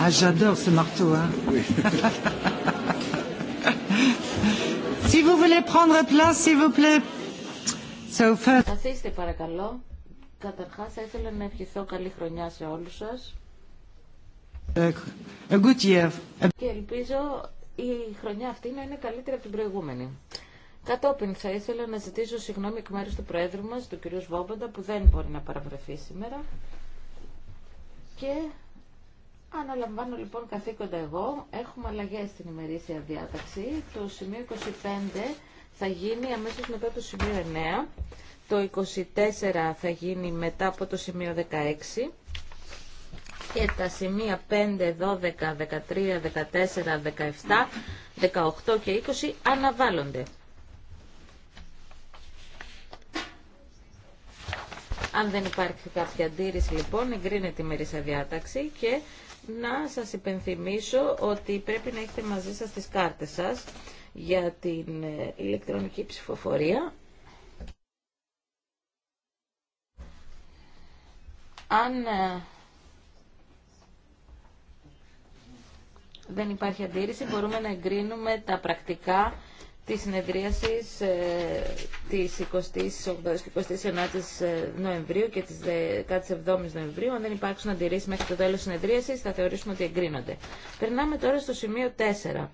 Ah, j'adore ce marteau. Hein. si vous voulez prendre place, s'il vous plaît. Καθίστε παρακαλώ. Καταρχάς θα ήθελα να ευχηθώ καλή χρονιά σε όλους σας. Ε, ε, A Και ελπίζω η χρονιά αυτή να είναι καλύτερη από την προηγούμενη. Κατόπιν θα ήθελα να ζητήσω συγγνώμη εκ μέρους του Προέδρου μας, του κ. Βόμποντα, που δεν μπορεί να παραβρεθεί σήμερα. Και Αναλαμβάνω λοιπόν καθήκοντα εγώ. Έχουμε αλλαγέ στην ημερήσια διάταξη. Το σημείο 25 θα γίνει αμέσως μετά το σημείο 9. Το 24 θα γίνει μετά από το σημείο 16. Και τα σημεία 5, 12, 13, 14, 17, 18 και 20 αναβάλλονται. Αν δεν υπάρχει κάποια αντίρρηση λοιπόν εγκρίνεται η μερίσια διάταξη και να σας υπενθυμίσω ότι πρέπει να έχετε μαζί σας τις κάρτες σας για την ε, ηλεκτρονική ψηφοφορία. Αν ε, δεν υπάρχει αντίρρηση, μπορούμε να εγκρίνουμε τα πρακτικά Τη συνεδρίαση τη 28 η και 29 η ε, Νοεμβρίου και της 17 η Νοεμβρίου. Αν δεν υπάρξουν αντιρρήσει μέχρι το τέλο της συνεδρίασης θα θεωρήσουμε ότι εγκρίνονται. Περνάμε τώρα στο σημείο 4.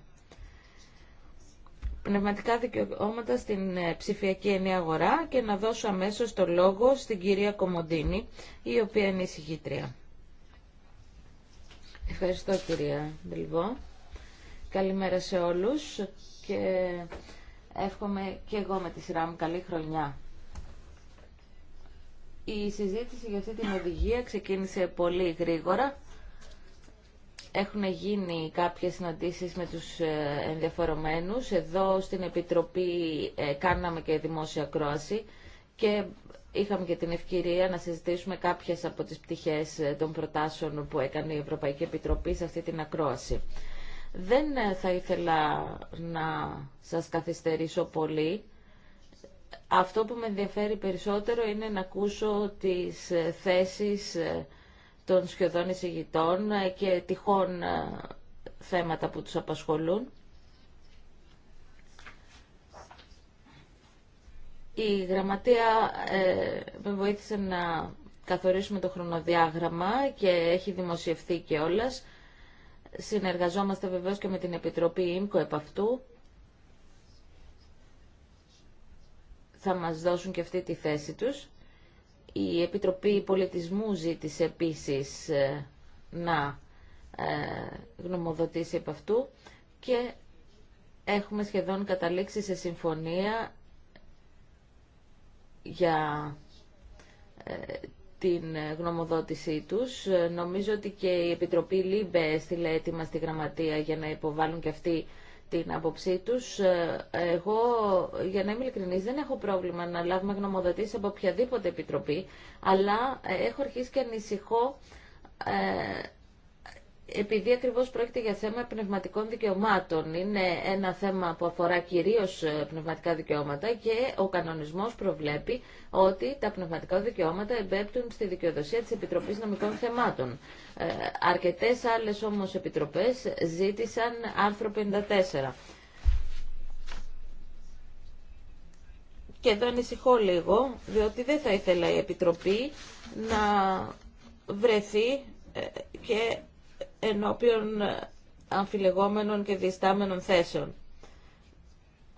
Πνευματικά δικαιώματα στην ε, ψηφιακή ενία αγορά και να δώσω αμέσως το λόγο στην κυρία Κομοντίνη, η οποία είναι η συγγήτρια. Ευχαριστώ κυρία Μπελβό. Καλημέρα σε όλους και εύχομαι και εγώ με τη σειρά μου καλή χρονιά. Η συζήτηση για αυτή την οδηγία ξεκίνησε πολύ γρήγορα. Έχουν γίνει κάποιες συναντήσεις με τους ε, ενδιαφορομένους. Εδώ στην Επιτροπή ε, κάναμε και δημόσια κρόαση και είχαμε και την ευκαιρία να συζητήσουμε κάποιες από τις πτυχές ε, των προτάσεων που έκανε η Ευρωπαϊκή Επιτροπή σε αυτή την ακρόαση. Δεν ε, θα ήθελα να σας καθυστερήσω πολύ. Αυτό που με ενδιαφέρει περισσότερο είναι να ακούσω τις ε, θέσεις ε, των σχεδόν εισηγητών και τυχόν θέματα που τους απασχολούν. Η γραμματεία ε, με βοήθησε να καθορίσουμε το χρονοδιάγραμμα και έχει δημοσιευθεί και όλας. Συνεργαζόμαστε βεβαίως και με την Επιτροπή ΙΜΚΟ επ' αυτού. Θα μας δώσουν και αυτή τη θέση τους. Η Επιτροπή Πολιτισμού ζήτησε επίσης ε, να ε, γνωμοδοτήσει επ' αυτού και έχουμε σχεδόν καταλήξει σε συμφωνία για ε, την ε, γνωμοδότησή τους. Ε, νομίζω ότι και η Επιτροπή ΛΥΜΠΕ έστειλε έτοιμα στη Γραμματεία για να υποβάλουν και αυτή την άποψή τους. Ε, εγώ, για να είμαι ειλικρινής, δεν έχω πρόβλημα να λάβουμε γνωμοδοτήσεις από οποιαδήποτε Επιτροπή, αλλά έχω αρχίσει και ανησυχώ επειδή ακριβώς πρόκειται για θέμα πνευματικών δικαιωμάτων. Είναι ένα θέμα που αφορά κυρίως ε, πνευματικά δικαιώματα και ο κανονισμός προβλέπει ότι τα πνευματικά δικαιώματα εμπέπτουν στη δικαιοδοσία της Επιτροπής Νομικών Θεμάτων. Αρκετέ αρκετές άλλες όμως επιτροπές ζήτησαν άρθρο 54. Και εδώ ανησυχώ λίγο, διότι δεν θα ήθελα η Επιτροπή να βρεθεί ε, και ενώπιον ε, αμφιλεγόμενων και διστάμενων θέσεων.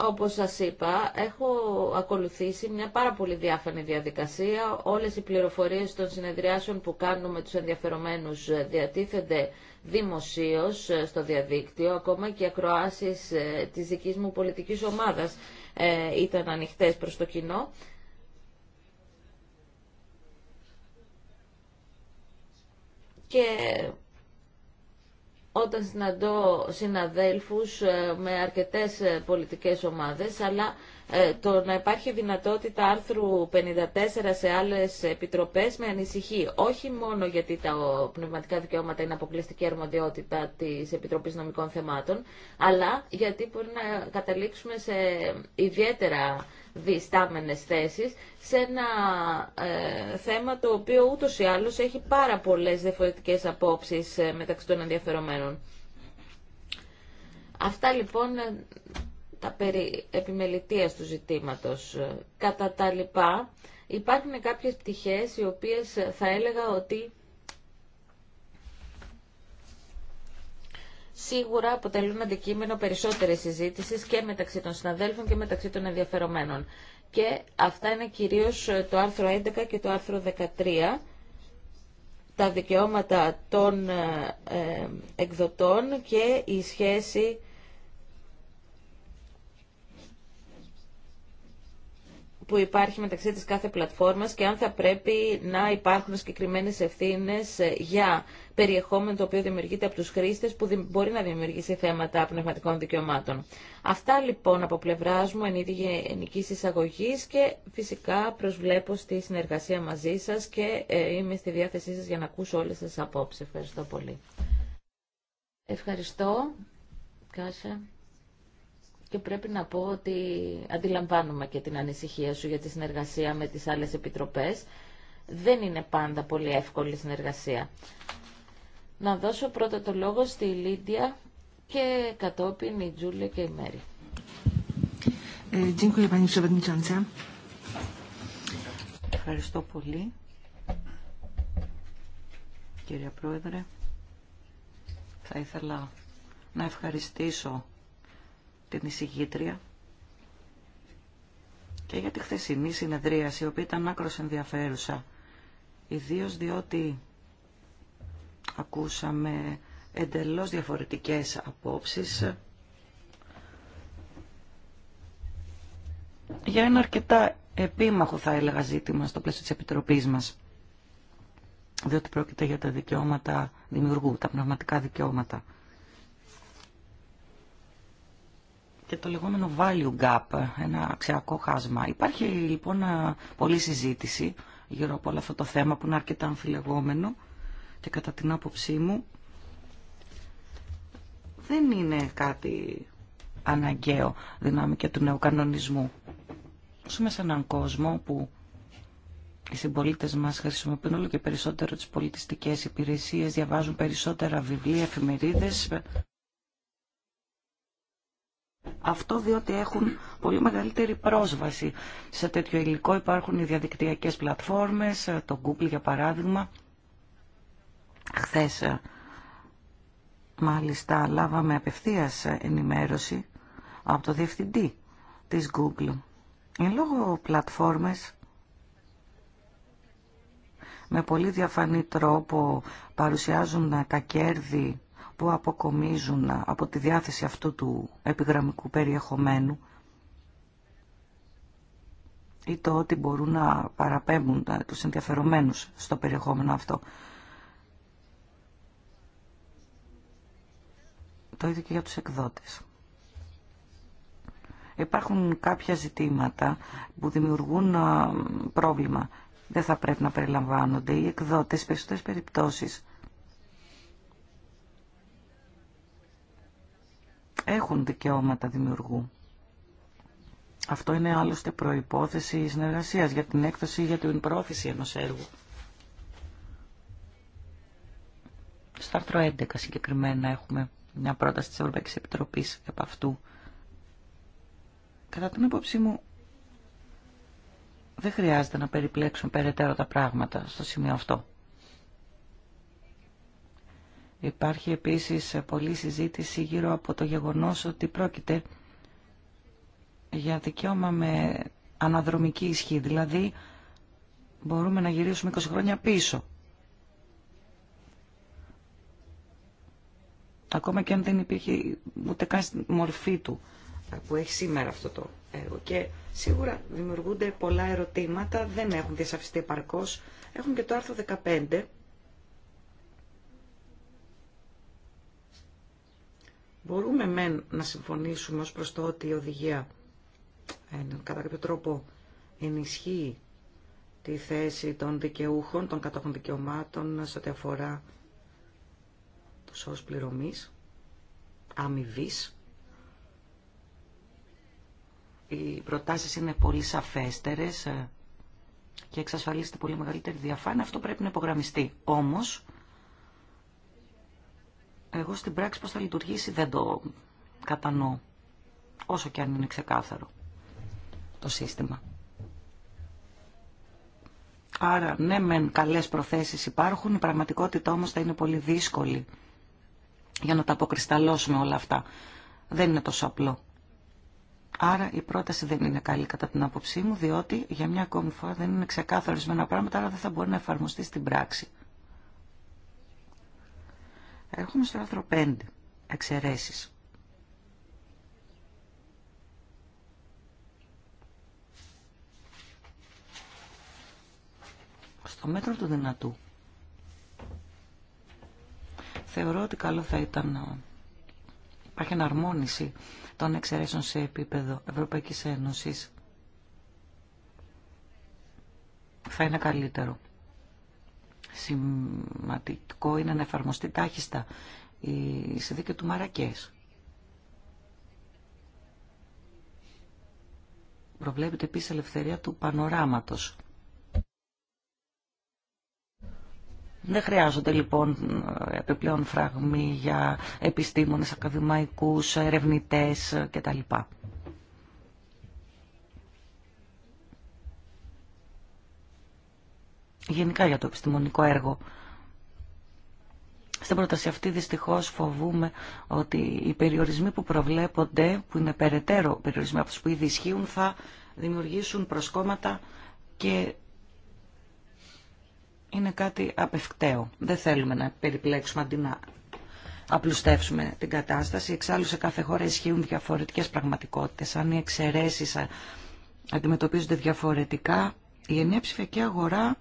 Όπως σας είπα, έχω ακολουθήσει μια πάρα πολύ διάφανη διαδικασία. Όλες οι πληροφορίες των συνεδριάσεων που κάνουμε τους ενδιαφερομένους ε, διατίθενται δημοσίως ε, στο διαδίκτυο. Ακόμα και οι ακροάσεις της δικής μου πολιτικής ομάδας ήταν ανοιχτές προς το κοινό. Και όταν συναντώ συναδέλφους ε, με αρκετές ε, πολιτικές ομάδες, αλλά ε, το να υπάρχει δυνατότητα άρθρου 54 σε άλλες επιτροπές με ανησυχεί. Όχι μόνο γιατί τα πνευματικά δικαιώματα είναι αποκλειστική αρμοδιότητα της Επιτροπής Νομικών Θεμάτων, αλλά γιατί μπορεί να καταλήξουμε σε ιδιαίτερα διστάμενες θέσεις σε ένα ε, θέμα το οποίο ούτως ή άλλως έχει πάρα πολλές διαφορετικέ απόψεις ε, μεταξύ των ενδιαφερομένων. Αυτά λοιπόν τα περί επιμελητίας του ζητήματος. Κατά τα λοιπά, υπάρχουν κάποιες πτυχές οι οποίες θα έλεγα ότι σίγουρα αποτελούν αντικείμενο περισσότερες συζήτηση και μεταξύ των συναδέλφων και μεταξύ των ενδιαφερομένων. Και αυτά είναι κυρίως το άρθρο 11 και το άρθρο 13 τα δικαιώματα των ε, ε, εκδοτών και η σχέση που υπάρχει μεταξύ της κάθε πλατφόρμας και αν θα πρέπει να υπάρχουν συγκεκριμένε ευθύνε ε, για περιεχόμενο το οποίο δημιουργείται από τους χρήστες που μπορεί να δημιουργήσει θέματα πνευματικών δικαιωμάτων. Αυτά λοιπόν από πλευρά μου εν είδη γενική εισαγωγή και φυσικά προσβλέπω στη συνεργασία μαζί σας και ε, είμαι στη διάθεσή σας για να ακούσω όλες τις απόψεις. Ευχαριστώ πολύ. Ευχαριστώ. Κάσα και πρέπει να πω ότι αντιλαμβάνουμε και την ανησυχία σου για τη συνεργασία με τις άλλες επιτροπές. Δεν είναι πάντα πολύ εύκολη συνεργασία. Να δώσω πρώτα το λόγο στη Λίντια και κατόπιν η Τζούλια και η Μέρη. Ε, Ευχαριστώ πολύ, κύριε Πρόεδρε. Θα ήθελα να ευχαριστήσω την εισηγήτρια και για τη χθεσινή συνεδρίαση, η οποία ήταν άκρος ενδιαφέρουσα. Ιδίως διότι ακούσαμε εντελώς διαφορετικές απόψεις για ένα αρκετά επίμαχο θα έλεγα ζήτημα στο πλαίσιο της Επιτροπής μας διότι πρόκειται για τα δικαιώματα δημιουργού, τα πνευματικά δικαιώματα. και το λεγόμενο value gap, ένα αξιακό χάσμα. Υπάρχει λοιπόν ε, πολλή συζήτηση γύρω από όλο αυτό το θέμα που είναι αρκετά αμφιλεγόμενο και κατά την άποψή μου δεν είναι κάτι αναγκαίο δυνάμει του νέου κανονισμού. Ζούμε σε έναν κόσμο που οι συμπολίτε μας χρησιμοποιούν όλο και περισσότερο τις πολιτιστικέ υπηρεσίε διαβάζουν περισσότερα βιβλία, εφημερίδε. Αυτό διότι έχουν πολύ μεγαλύτερη πρόσβαση σε τέτοιο υλικό. Υπάρχουν οι διαδικτυακές πλατφόρμες, το Google για παράδειγμα. Χθες ε, μάλιστα λάβαμε απευθείας ενημέρωση από το διευθυντή της Google. Εν λόγω πλατφόρμες με πολύ διαφανή τρόπο παρουσιάζουν τα κέρδη που αποκομίζουν από τη διάθεση αυτού του επιγραμμικού περιεχομένου ή το ότι μπορούν να παραπέμπουν τους ενδιαφερομένους στο περιεχόμενο αυτό. Το ίδιο και για τους εκδότες. Υπάρχουν κάποια ζητήματα που δημιουργούν πρόβλημα. Δεν θα πρέπει να περιλαμβάνονται. Οι εκδότες, σε περισσότερες περιπτώσεις, έχουν δικαιώματα δημιουργού. Αυτό είναι άλλωστε προϋπόθεση συνεργασίας για την έκδοση ή για την πρόθεση ενός έργου. Στο άρθρο 11 συγκεκριμένα έχουμε μια πρόταση της Ευρωπαϊκής Επιτροπής επ' αυτού. Κατά την υπόψη μου, δεν χρειάζεται να περιπλέξουν περαιτέρω τα πράγματα στο σημείο αυτό. Υπάρχει επίσης πολλή συζήτηση γύρω από το γεγονός ότι πρόκειται για δικαίωμα με αναδρομική ισχύ, δηλαδή μπορούμε να γυρίσουμε 20 χρόνια πίσω. Ακόμα και αν δεν υπήρχε ούτε καν μορφή του που έχει σήμερα αυτό το έργο. Και σίγουρα δημιουργούνται πολλά ερωτήματα, δεν έχουν διασαφιστεί επαρκώς. Έχουν και το άρθρο 15 Μπορούμε μεν να συμφωνήσουμε ως προς το ότι η οδηγία κατά κάποιο τρόπο ενισχύει τη θέση των δικαιούχων, των κατόχων δικαιωμάτων σε ό,τι αφορά τους ως πληρωμής, αμοιβή. Οι προτάσεις είναι πολύ σαφέστερες ε, και εξασφαλίζεται πολύ μεγαλύτερη διαφάνεια. Αυτό πρέπει να υπογραμμιστεί. Όμως, εγώ στην πράξη πώς θα λειτουργήσει δεν το κατανοώ, όσο και αν είναι ξεκάθαρο το σύστημα. Άρα, ναι, μεν καλές προθέσεις υπάρχουν, η πραγματικότητα όμως θα είναι πολύ δύσκολη για να τα αποκρισταλώσουμε όλα αυτά. Δεν είναι τόσο απλό. Άρα η πρόταση δεν είναι καλή κατά την άποψή μου, διότι για μια ακόμη φορά δεν είναι ξεκάθαρο πράγματα, άρα δεν θα μπορεί να εφαρμοστεί στην πράξη. Έρχομαι στο άρθρο 5. Εξαιρέσεις. Στο μέτρο του δυνατού. Θεωρώ ότι καλό θα ήταν να υπάρχει εναρμόνιση των εξαιρέσεων σε επίπεδο Ευρωπαϊκής Ένωσης. Θα είναι καλύτερο σημαντικό είναι να εφαρμοστεί τάχιστα η συνδίκη του Μαρακές. Προβλέπεται επίσης ελευθερία του πανοράματος. Δεν χρειάζονται λοιπόν επιπλέον φραγμοί για επιστήμονες, ακαδημαϊκούς, ερευνητές κτλ. γενικά για το επιστημονικό έργο. Στην πρόταση αυτή δυστυχώς φοβούμε ότι οι περιορισμοί που προβλέπονται, που είναι περαιτέρω περιορισμοί από που ήδη ισχύουν, θα δημιουργήσουν προσκόμματα και είναι κάτι απευκταίο. Δεν θέλουμε να περιπλέξουμε αντί να απλουστεύσουμε την κατάσταση. Εξάλλου σε κάθε χώρα ισχύουν διαφορετικές πραγματικότητες. Αν οι εξαιρέσεις αντιμετωπίζονται διαφορετικά, η ενιαία ψηφιακή αγορά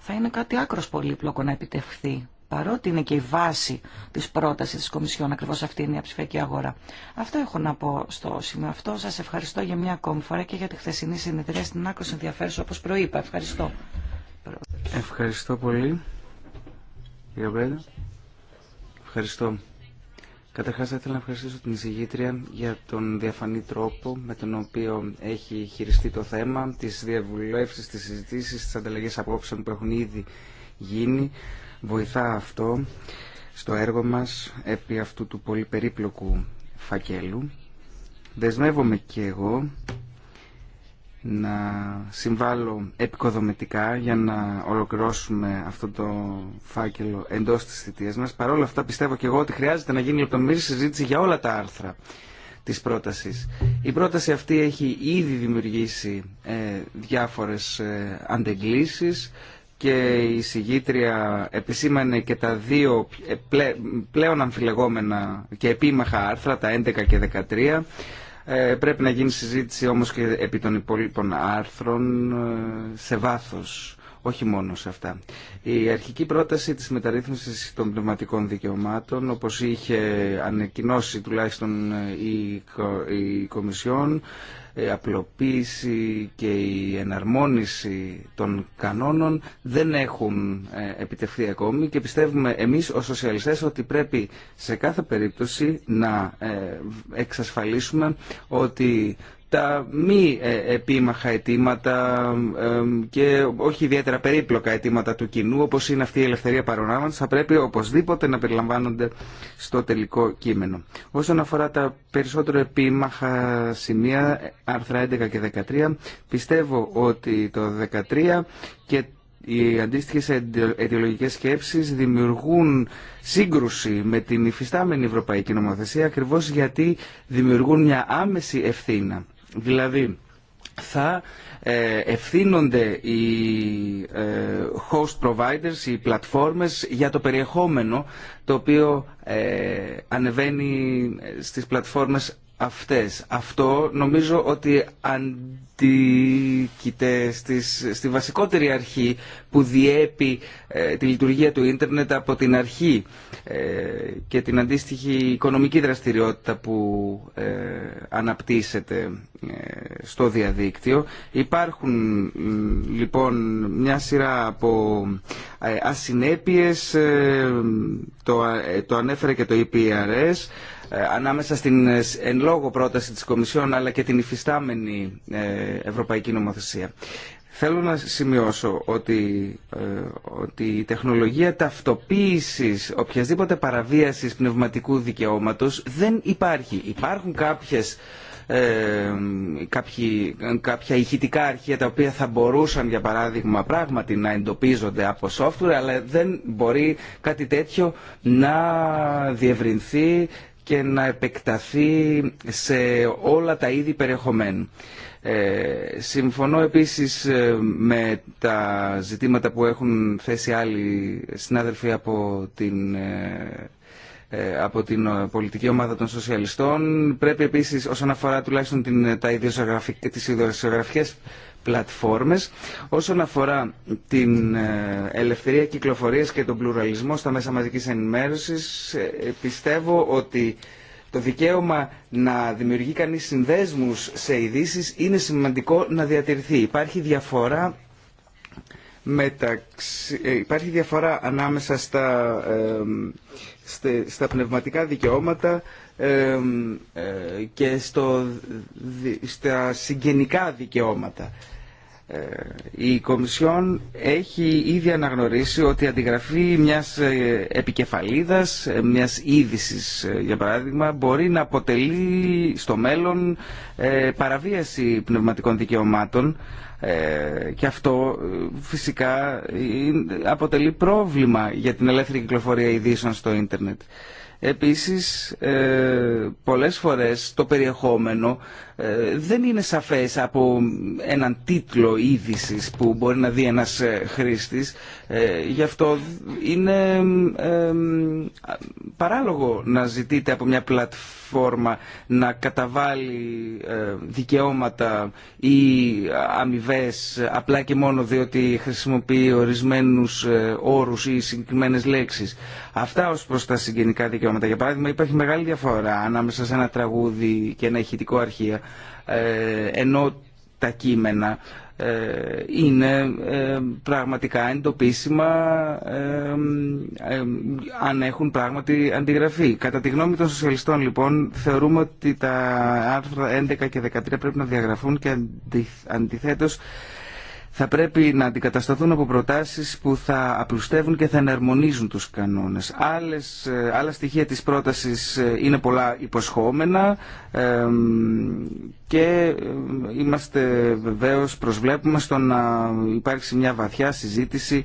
θα είναι κάτι άκρος πολύπλοκο να επιτευχθεί παρότι είναι και η βάση της πρότασης της Κομισιόν, ακριβώς αυτή είναι η ψηφιακή αγορά. Αυτό έχω να πω στο σημείο αυτό. Σας ευχαριστώ για μια ακόμη φορά και για τη χθεσινή συνεδρία στην άκρο ενδιαφέρουσα, όπως προείπα. Ευχαριστώ. Ευχαριστώ πολύ. Ευχαριστώ. Καταρχάς θα ήθελα να ευχαριστήσω την εισηγήτρια για τον διαφανή τρόπο με τον οποίο έχει χειριστεί το θέμα, τις διαβουλεύσεις, τις συζητήσεις, τις ανταλλαγές απόψεων που έχουν ήδη γίνει. Βοηθά αυτό στο έργο μας επί αυτού του πολύ περίπλοκου φακέλου. Δεσμεύομαι και εγώ να συμβάλλω επικοδομητικά για να ολοκληρώσουμε αυτό το φάκελο εντό τη θητεία μα. Παρ' όλα αυτά πιστεύω και εγώ ότι χρειάζεται να γίνει λεπτομερή συζήτηση για όλα τα άρθρα τη πρόταση. Η πρόταση αυτή έχει ήδη δημιουργήσει ε, διάφορες ε, και η συγγήτρια επισήμανε και τα δύο ε, πλέον αμφιλεγόμενα και επίμαχα άρθρα, τα 11 και 13, ε, πρέπει να γίνει συζήτηση όμως και επί των υπόλοιπων άρθρων ε, σε βάθος, όχι μόνο σε αυτά. Η αρχική πρόταση της μεταρρύθμισης των πνευματικών δικαιωμάτων, όπως είχε ανακοινώσει τουλάχιστον ε, η, Κομισιόν, ε, απλοποίηση και η εναρμόνιση των κανόνων δεν έχουν ε, επιτευχθεί ακόμη και πιστεύουμε εμείς ως σοσιαλιστές ότι πρέπει σε κάθε περίπτωση να ε, εξασφαλίσουμε ότι τα μη ε, επίμαχα αιτήματα και όχι ιδιαίτερα περίπλοκα αιτήματα του κοινού, όπως είναι αυτή η ελευθερία παρονάμανση, θα πρέπει οπωσδήποτε να περιλαμβάνονται στο τελικό κείμενο. Όσον αφορά τα περισσότερο επίμαχα σημεία, άρθρα 11 και 13, πιστεύω ότι το 13 και οι αντίστοιχες αιτιολογικές σκέψεις δημιουργούν σύγκρουση με την υφιστάμενη ευρωπαϊκή νομοθεσία ακριβώς γιατί δημιουργούν μια άμεση ευθύνα Δηλαδή, θα ε, ευθύνονται οι ε, host providers, οι πλατφόρμες για το περιεχόμενο το οποίο ε, ανεβαίνει στις πλατφόρμες αυτές. Αυτό νομίζω ότι αντικείται στη βασικότερη αρχή που διέπει ε, τη λειτουργία του ίντερνετ από την αρχή ε, και την αντίστοιχη οικονομική δραστηριότητα που ε, αναπτύσσεται στο διαδίκτυο. Υπάρχουν λοιπόν μια σειρά από ασυνέπειες, το, το ανέφερε και το EPRS, ε, ανάμεσα στην ε, εν λόγω πρόταση της Κομισιόν αλλά και την υφιστάμενη ε, ευρωπαϊκή νομοθεσία. Θέλω να σημειώσω ότι, ότι η τεχνολογία ταυτοποίησης οποιασδήποτε παραβίασης πνευματικού δικαιώματος δεν υπάρχει. Υπάρχουν κάποιες, κάποια ηχητικά αρχεία τα οποία θα μπορούσαν για παράδειγμα πράγματι να εντοπίζονται από software αλλά δεν μπορεί κάτι τέτοιο να διευρυνθεί και να επεκταθεί σε όλα τα είδη περιεχομένου. Ε, συμφωνώ επίσης ε, με τα ζητήματα που έχουν θέσει άλλοι συνάδελφοι από την ε, ε, από την πολιτική ομάδα των σοσιαλιστών. Πρέπει επίσης όσον αφορά τουλάχιστον την, τα ιδιοσιογραφικές, τις πλατφόρμες. Όσον αφορά την ε, ελευθερία κυκλοφορίας και τον πλουραλισμό στα μέσα μαζικής ενημέρωσης, ε, πιστεύω ότι το δικαίωμα να δημιουργεί κανείς συνδέσμους σε ειδήσει είναι σημαντικό να διατηρηθεί. Υπάρχει διαφορά μεταξύ, ε, υπάρχει διαφορά ανάμεσα στα, στα πνευματικά δικαιώματα και στο, στα συγγενικά δικαιώματα. Ε, η Κομισιόν έχει ήδη αναγνωρίσει ότι αντιγραφή μιας ε, επικεφαλίδας, ε, μιας είδηση, για παράδειγμα, μπορεί να αποτελεί στο μέλλον παραβίαση πνευματικών δικαιωμάτων και αυτό φυσικά αποτελεί πρόβλημα για την ελεύθερη κυκλοφορία ειδήσεων στο ίντερνετ. Επίσης, πολλές φορές το περιεχόμενο ε, δεν είναι σαφές από έναν τίτλο είδηση που μπορεί να δει ένας ε, χρήστης. Ε, γι' αυτό είναι παράλογο να ζητείτε από μια πλατφόρμα να καταβάλει δικαιώματα ή αμοιβέ απλά και μόνο διότι χρησιμοποιεί ορισμένους όρους ή συγκεκριμένες λέξεις. Αυτά ως προς τα συγγενικά δικαιώματα. Για παράδειγμα υπάρχει μεγάλη διαφορά ανάμεσα σε ένα τραγούδι και ένα ηχητικό αρχείο ε, ενώ τα κείμενα ε, είναι ε, πραγματικά εντοπίσιμα αν έχουν πράγματι αντιγραφή. Κατά τη γνώμη των σοσιαλιστών λοιπόν θεωρούμε ότι τα άρθρα 11 και 13 πρέπει να διαγραφούν και αντιθέτως θα πρέπει να αντικατασταθούν από προτάσεις που θα απλουστεύουν και θα εναρμονίζουν τους κανόνες. Άλλες, ε, άλλα στοιχεία της πρότασης ε, είναι πολλά υποσχόμενα και είμαστε βεβαίως προσβλέπουμε στο να υπάρξει μια βαθιά συζήτηση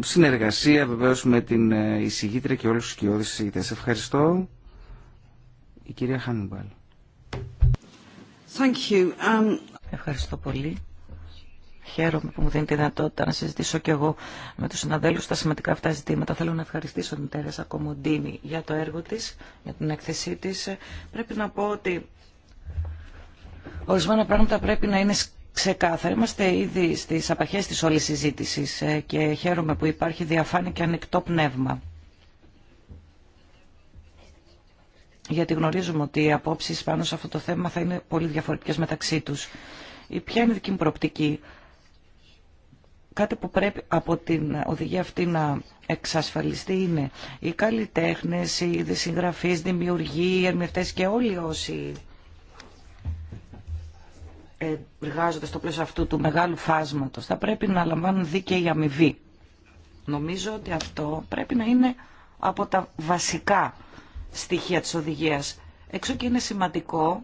συνεργασία βεβαίως με την ε, εισηγήτρια και όλους τους κοιόδους εισηγητές. Ευχαριστώ. Η κυρία Χάνουμπαλ. Thank you. Um, Ευχαριστώ πολύ. Χαίρομαι που μου δίνει τη δυνατότητα να συζητήσω και εγώ με τους συναδέλφου. τα σημαντικά αυτά ζητήματα. Θέλω να ευχαριστήσω την Τέρεσα Κομοντίνη για το έργο της, για την έκθεσή της. Πρέπει να πω ότι ορισμένα πράγματα πρέπει να είναι ξεκάθαρα. Είμαστε ήδη στις απαχές της όλης συζήτησης ε, και χαίρομαι που υπάρχει διαφάνεια και ανοιχτό πνεύμα. γιατί γνωρίζουμε ότι οι απόψεις πάνω σε αυτό το θέμα θα είναι πολύ διαφορετικές μεταξύ τους. Η ποια είναι η δική μου προοπτική κάτι που πρέπει από την οδηγία αυτή να εξασφαλιστεί είναι οι καλλιτέχνες, οι συγγραφείς, δημιουργοί, οι ερμηνευτές και όλοι όσοι εργάζονται στο πλαίσιο αυτού του μεγάλου φάσματος θα πρέπει να λαμβάνουν δίκαιη αμοιβή. Νομίζω ότι αυτό πρέπει να είναι από τα βασικά στοιχεία της οδηγίας. Έξω και είναι σημαντικό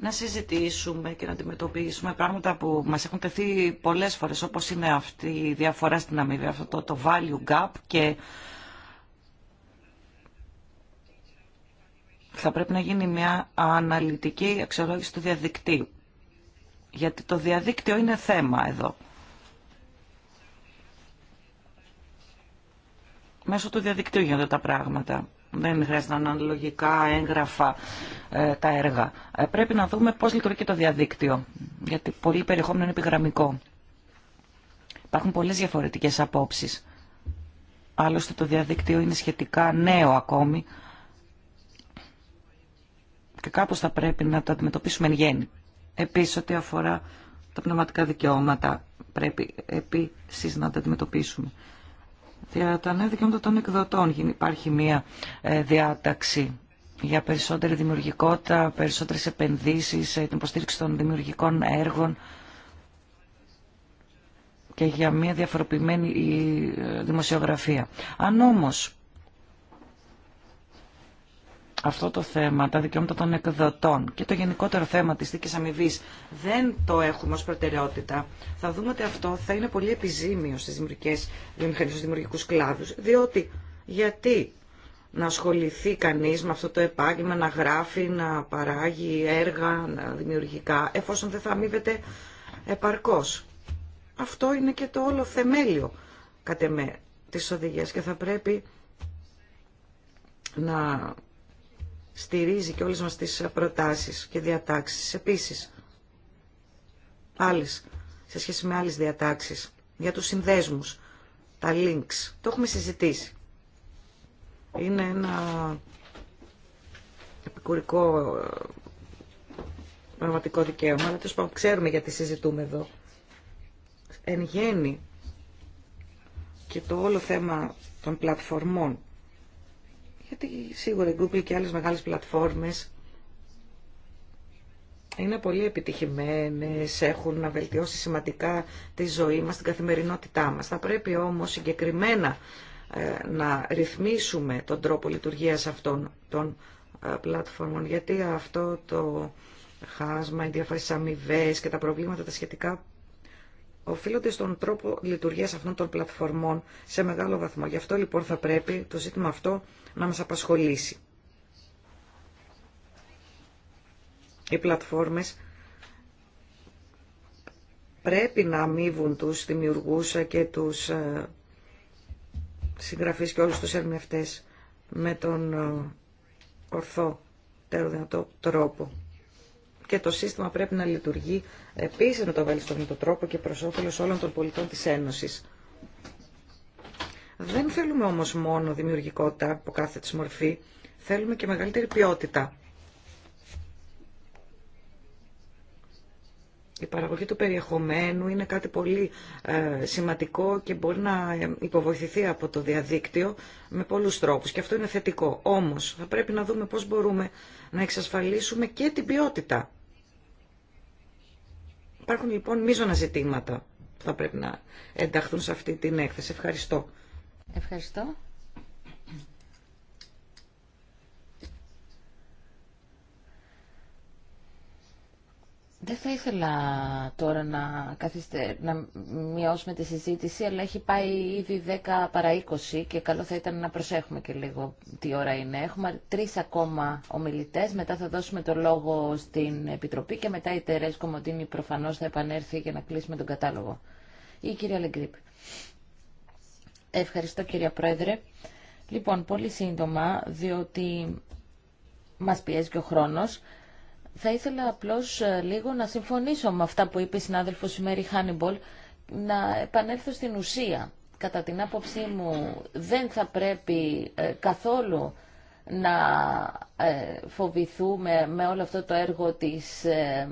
να συζητήσουμε και να αντιμετωπίσουμε πράγματα που μας έχουν τεθεί πολλές φορές, όπως είναι αυτή η διαφορά στην αμοιβή, αυτό το, το value gap και θα πρέπει να γίνει μια αναλυτική αξιολόγηση του διαδικτύου. Γιατί το διαδίκτυο είναι θέμα εδώ. Μέσω του διαδικτύου γίνονται τα πράγματα δεν χρειάζεται να αναλογικά έγγραφα ε, τα έργα. Ε, πρέπει να δούμε πώς λειτουργεί το διαδίκτυο, γιατί πολύ περιεχόμενο είναι επιγραμμικό. Υπάρχουν πολλές διαφορετικές απόψεις. Άλλωστε το διαδίκτυο είναι σχετικά νέο ακόμη και κάπως θα πρέπει να το αντιμετωπίσουμε εν γέννη. Επίσης, ό,τι αφορά τα πνευματικά δικαιώματα, πρέπει επίσης να τα αντιμετωπίσουμε. Για τα νέα δικαιώματα των εκδοτών υπάρχει μια ε, διάταξη για περισσότερη δημιουργικότητα, περισσότερες επενδύσεις, ε, την υποστήριξη των δημιουργικών έργων και για μια διαφοροποιημένη ε, δημοσιογραφία. Αν όμως αυτό το θέμα, τα δικαιώματα των εκδοτών και το γενικότερο θέμα της δίκης αμοιβή δεν το έχουμε ως προτεραιότητα, θα δούμε ότι αυτό θα είναι πολύ επιζήμιο στις δημιουργικές βιομηχανίες, δημιουργικούς κλάδους, διότι γιατί να ασχοληθεί κανείς με αυτό το επάγγελμα, να γράφει, να παράγει έργα δημιουργικά, εφόσον δεν θα αμοιβέται επαρκώς. Αυτό είναι και το όλο θεμέλιο, κατ' εμέ, της οδηγίας και θα πρέπει να στηρίζει και όλες μας τις προτάσεις και διατάξεις. Επίσης, άλλες, σε σχέση με άλλες διατάξεις, για τους συνδέσμους, τα links, το έχουμε συζητήσει. Είναι ένα επικουρικό ε, πραγματικό δικαίωμα, αλλά τους ξέρουμε γιατί συζητούμε εδώ. Εν γέννη και το όλο θέμα των πλατφορμών γιατί σίγουρα η Google και άλλες μεγάλες πλατφόρμες είναι πολύ επιτυχημένες, έχουν να βελτιώσει σημαντικά τη ζωή μας, την καθημερινότητά μας. Θα πρέπει όμως συγκεκριμένα ε, να ρυθμίσουμε τον τρόπο λειτουργίας αυτών των ε, πλατφόρμων, γιατί αυτό το χάσμα, οι διάφορες αμοιβέ και τα προβλήματα τα σχετικά οφείλονται στον τρόπο λειτουργίας αυτών των πλατφορμών σε μεγάλο βαθμό. Γι' αυτό λοιπόν θα πρέπει το ζήτημα αυτό να μας απασχολήσει. Οι πλατφόρμες πρέπει να αμείβουν τους δημιουργούς και τους ε, συγγραφείς και όλους τους ερμηνευτές με τον ε, ορθό τέρο δυνατό τρόπο και το σύστημα πρέπει να λειτουργεί επίσης με το τον τρόπο και προς όφελος όλων των πολιτών της Ένωσης. Δεν θέλουμε όμως μόνο δημιουργικότητα από κάθε της μορφή, θέλουμε και μεγαλύτερη ποιότητα. Η παραγωγή του περιεχομένου είναι κάτι πολύ ε, σημαντικό και μπορεί να ε, υποβοηθηθεί από το διαδίκτυο με πολλούς τρόπους και αυτό είναι θετικό. Όμως θα πρέπει να δούμε πώς μπορούμε να εξασφαλίσουμε και την ποιότητα. Υπάρχουν λοιπόν μείζωνα ζητήματα που θα πρέπει να ενταχθούν σε αυτή την έκθεση. Ευχαριστώ. Ευχαριστώ. Δεν θα ήθελα τώρα να, καθίστε, να μειώσουμε τη συζήτηση, αλλά έχει πάει ήδη 10 παρά 20 και καλό θα ήταν να προσέχουμε και λίγο τι ώρα είναι. Έχουμε τρει ακόμα ομιλητέ, μετά θα δώσουμε το λόγο στην Επιτροπή και μετά η Τερέ Κομωτίνη προφανώ θα επανέλθει για να κλείσουμε τον κατάλογο. Η κυρία Λεγκρίπ. Ευχαριστώ κυρία Πρόεδρε. Λοιπόν, πολύ σύντομα, διότι μας πιέζει και ο χρόνος. Θα ήθελα απλώς ε, λίγο να συμφωνήσω με αυτά που είπε η συνάδελφος η Μέρη Χάνιμπολ, να επανέλθω στην ουσία. Κατά την άποψή μου δεν θα πρέπει ε, καθόλου να ε, φοβηθούμε με όλο αυτό το έργο της ε,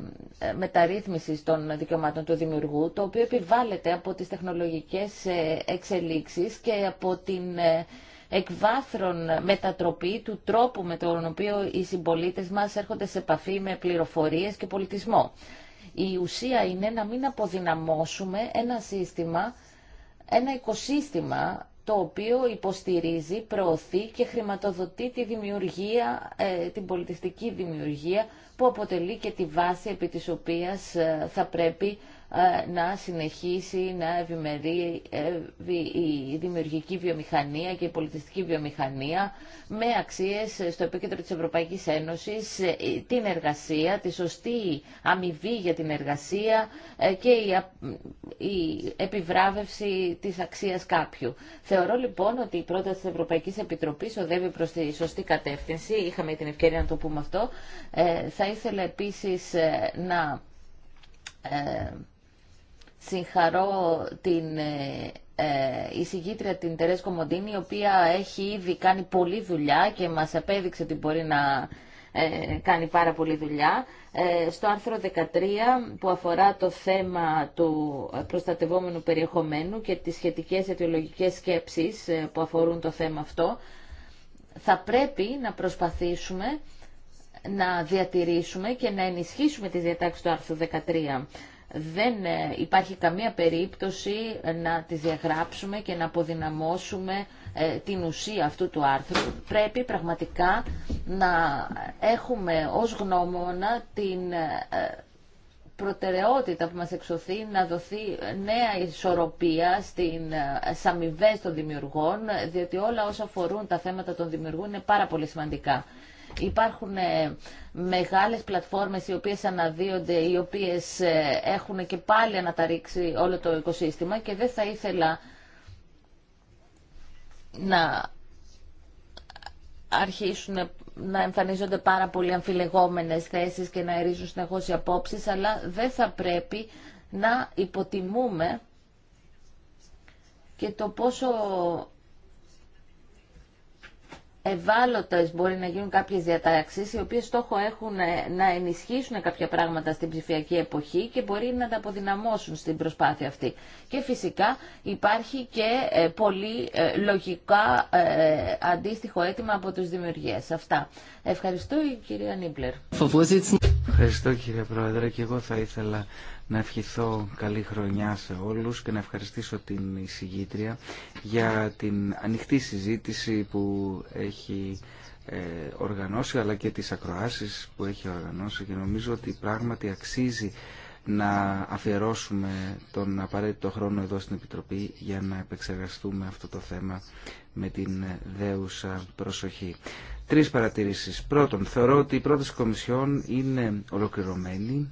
μεταρρύθμισης των δικαιωμάτων του δημιουργού, το οποίο επιβάλλεται από τις τεχνολογικές εξελίξεις και από την εκβάθρων μετατροπή του τρόπου με τον οποίο οι συμπολίτε μας έρχονται σε επαφή με πληροφορίες και πολιτισμό. Η ουσία είναι να μην αποδυναμώσουμε ένα σύστημα, ένα οικοσύστημα το οποίο υποστηρίζει, προωθεί και χρηματοδοτεί τη δημιουργία, ε, την πολιτιστική δημιουργία που αποτελεί και τη βάση επί της οποίας ε, θα πρέπει ε, να συνεχίσει να ευημερεί η δημιουργική βιομηχανία και η πολιτιστική βιομηχανία με αξίες στο επίκεντρο της Ευρωπαϊκής Ένωσης, ε, την εργασία, τη σωστή αμοιβή για την εργασία ε, και η επιβράβευση της αξίας κάποιου. Θεωρώ λοιπόν ότι η πρόταση της Ευρωπαϊκής Επιτροπής οδεύει προς τη σωστή κατεύθυνση. Είχαμε την ευκαιρία να το πούμε αυτό. Θα ήθελα επίσης να συγχαρώ την ε, ε, η την Τερέσκο Κομοντίνη, η οποία έχει ήδη κάνει πολλή δουλειά και μας απέδειξε ότι μπορεί να ε, κάνει πάρα πολλή δουλειά. στο άρθρο 13 που αφορά το θέμα του προστατευόμενου περιεχομένου και τις σχετικές αιτιολογικές σκέψεις που αφορούν το θέμα αυτό, θα πρέπει να προσπαθήσουμε να διατηρήσουμε και να ενισχύσουμε τις διατάξεις του άρθρου 13 δεν ε, υπάρχει καμία περίπτωση να τη διαγράψουμε και να αποδυναμώσουμε ε, την ουσία αυτού του άρθρου. Πρέπει πραγματικά να έχουμε ως γνώμονα την ε, προτεραιότητα που μας εξωθεί να δοθεί νέα ισορροπία στην αμοιβέ των δημιουργών, διότι όλα όσα αφορούν τα θέματα των δημιουργών είναι πάρα πολύ σημαντικά. Υπάρχουν ε, μεγάλες πλατφόρμες οι οποίες αναδύονται, οι οποίες ε, έχουν και πάλι αναταρρήξει όλο το οικοσύστημα και δεν θα ήθελα να αρχίσουν να εμφανίζονται πάρα πολύ αμφιλεγόμενες θέσεις και να ερίζουν συνεχώς οι απόψεις, αλλά δεν θα πρέπει να υποτιμούμε και το πόσο ευάλωτε μπορεί να γίνουν κάποιες διατάξει, οι οποίες στόχο έχουν ε, να ενισχύσουν κάποια πράγματα στην ψηφιακή εποχή και μπορεί να τα αποδυναμώσουν στην προσπάθεια αυτή. Και φυσικά υπάρχει και ε, πολύ ε, λογικά αντίστοιχο αίτημα από τους δημιουργίες. Αυτά. Ευχαριστώ κυρία Νίμπλερ. Ευχαριστώ κύριε Πρόεδρε και εγώ θα ήθελα να ευχηθώ καλή χρονιά σε όλους και να ευχαριστήσω την εισηγήτρια για την ανοιχτή συζήτηση που έχει ε, οργανώσει αλλά και τις ακροάσεις που έχει οργανώσει και νομίζω ότι πράγματι αξίζει να αφιερώσουμε τον απαραίτητο χρόνο εδώ στην Επιτροπή για να επεξεργαστούμε αυτό το θέμα με την δέουσα προσοχή. Τρεις παρατηρήσεις. Πρώτον, θεωρώ ότι η πρόταση Κομισιόν είναι ολοκληρωμένη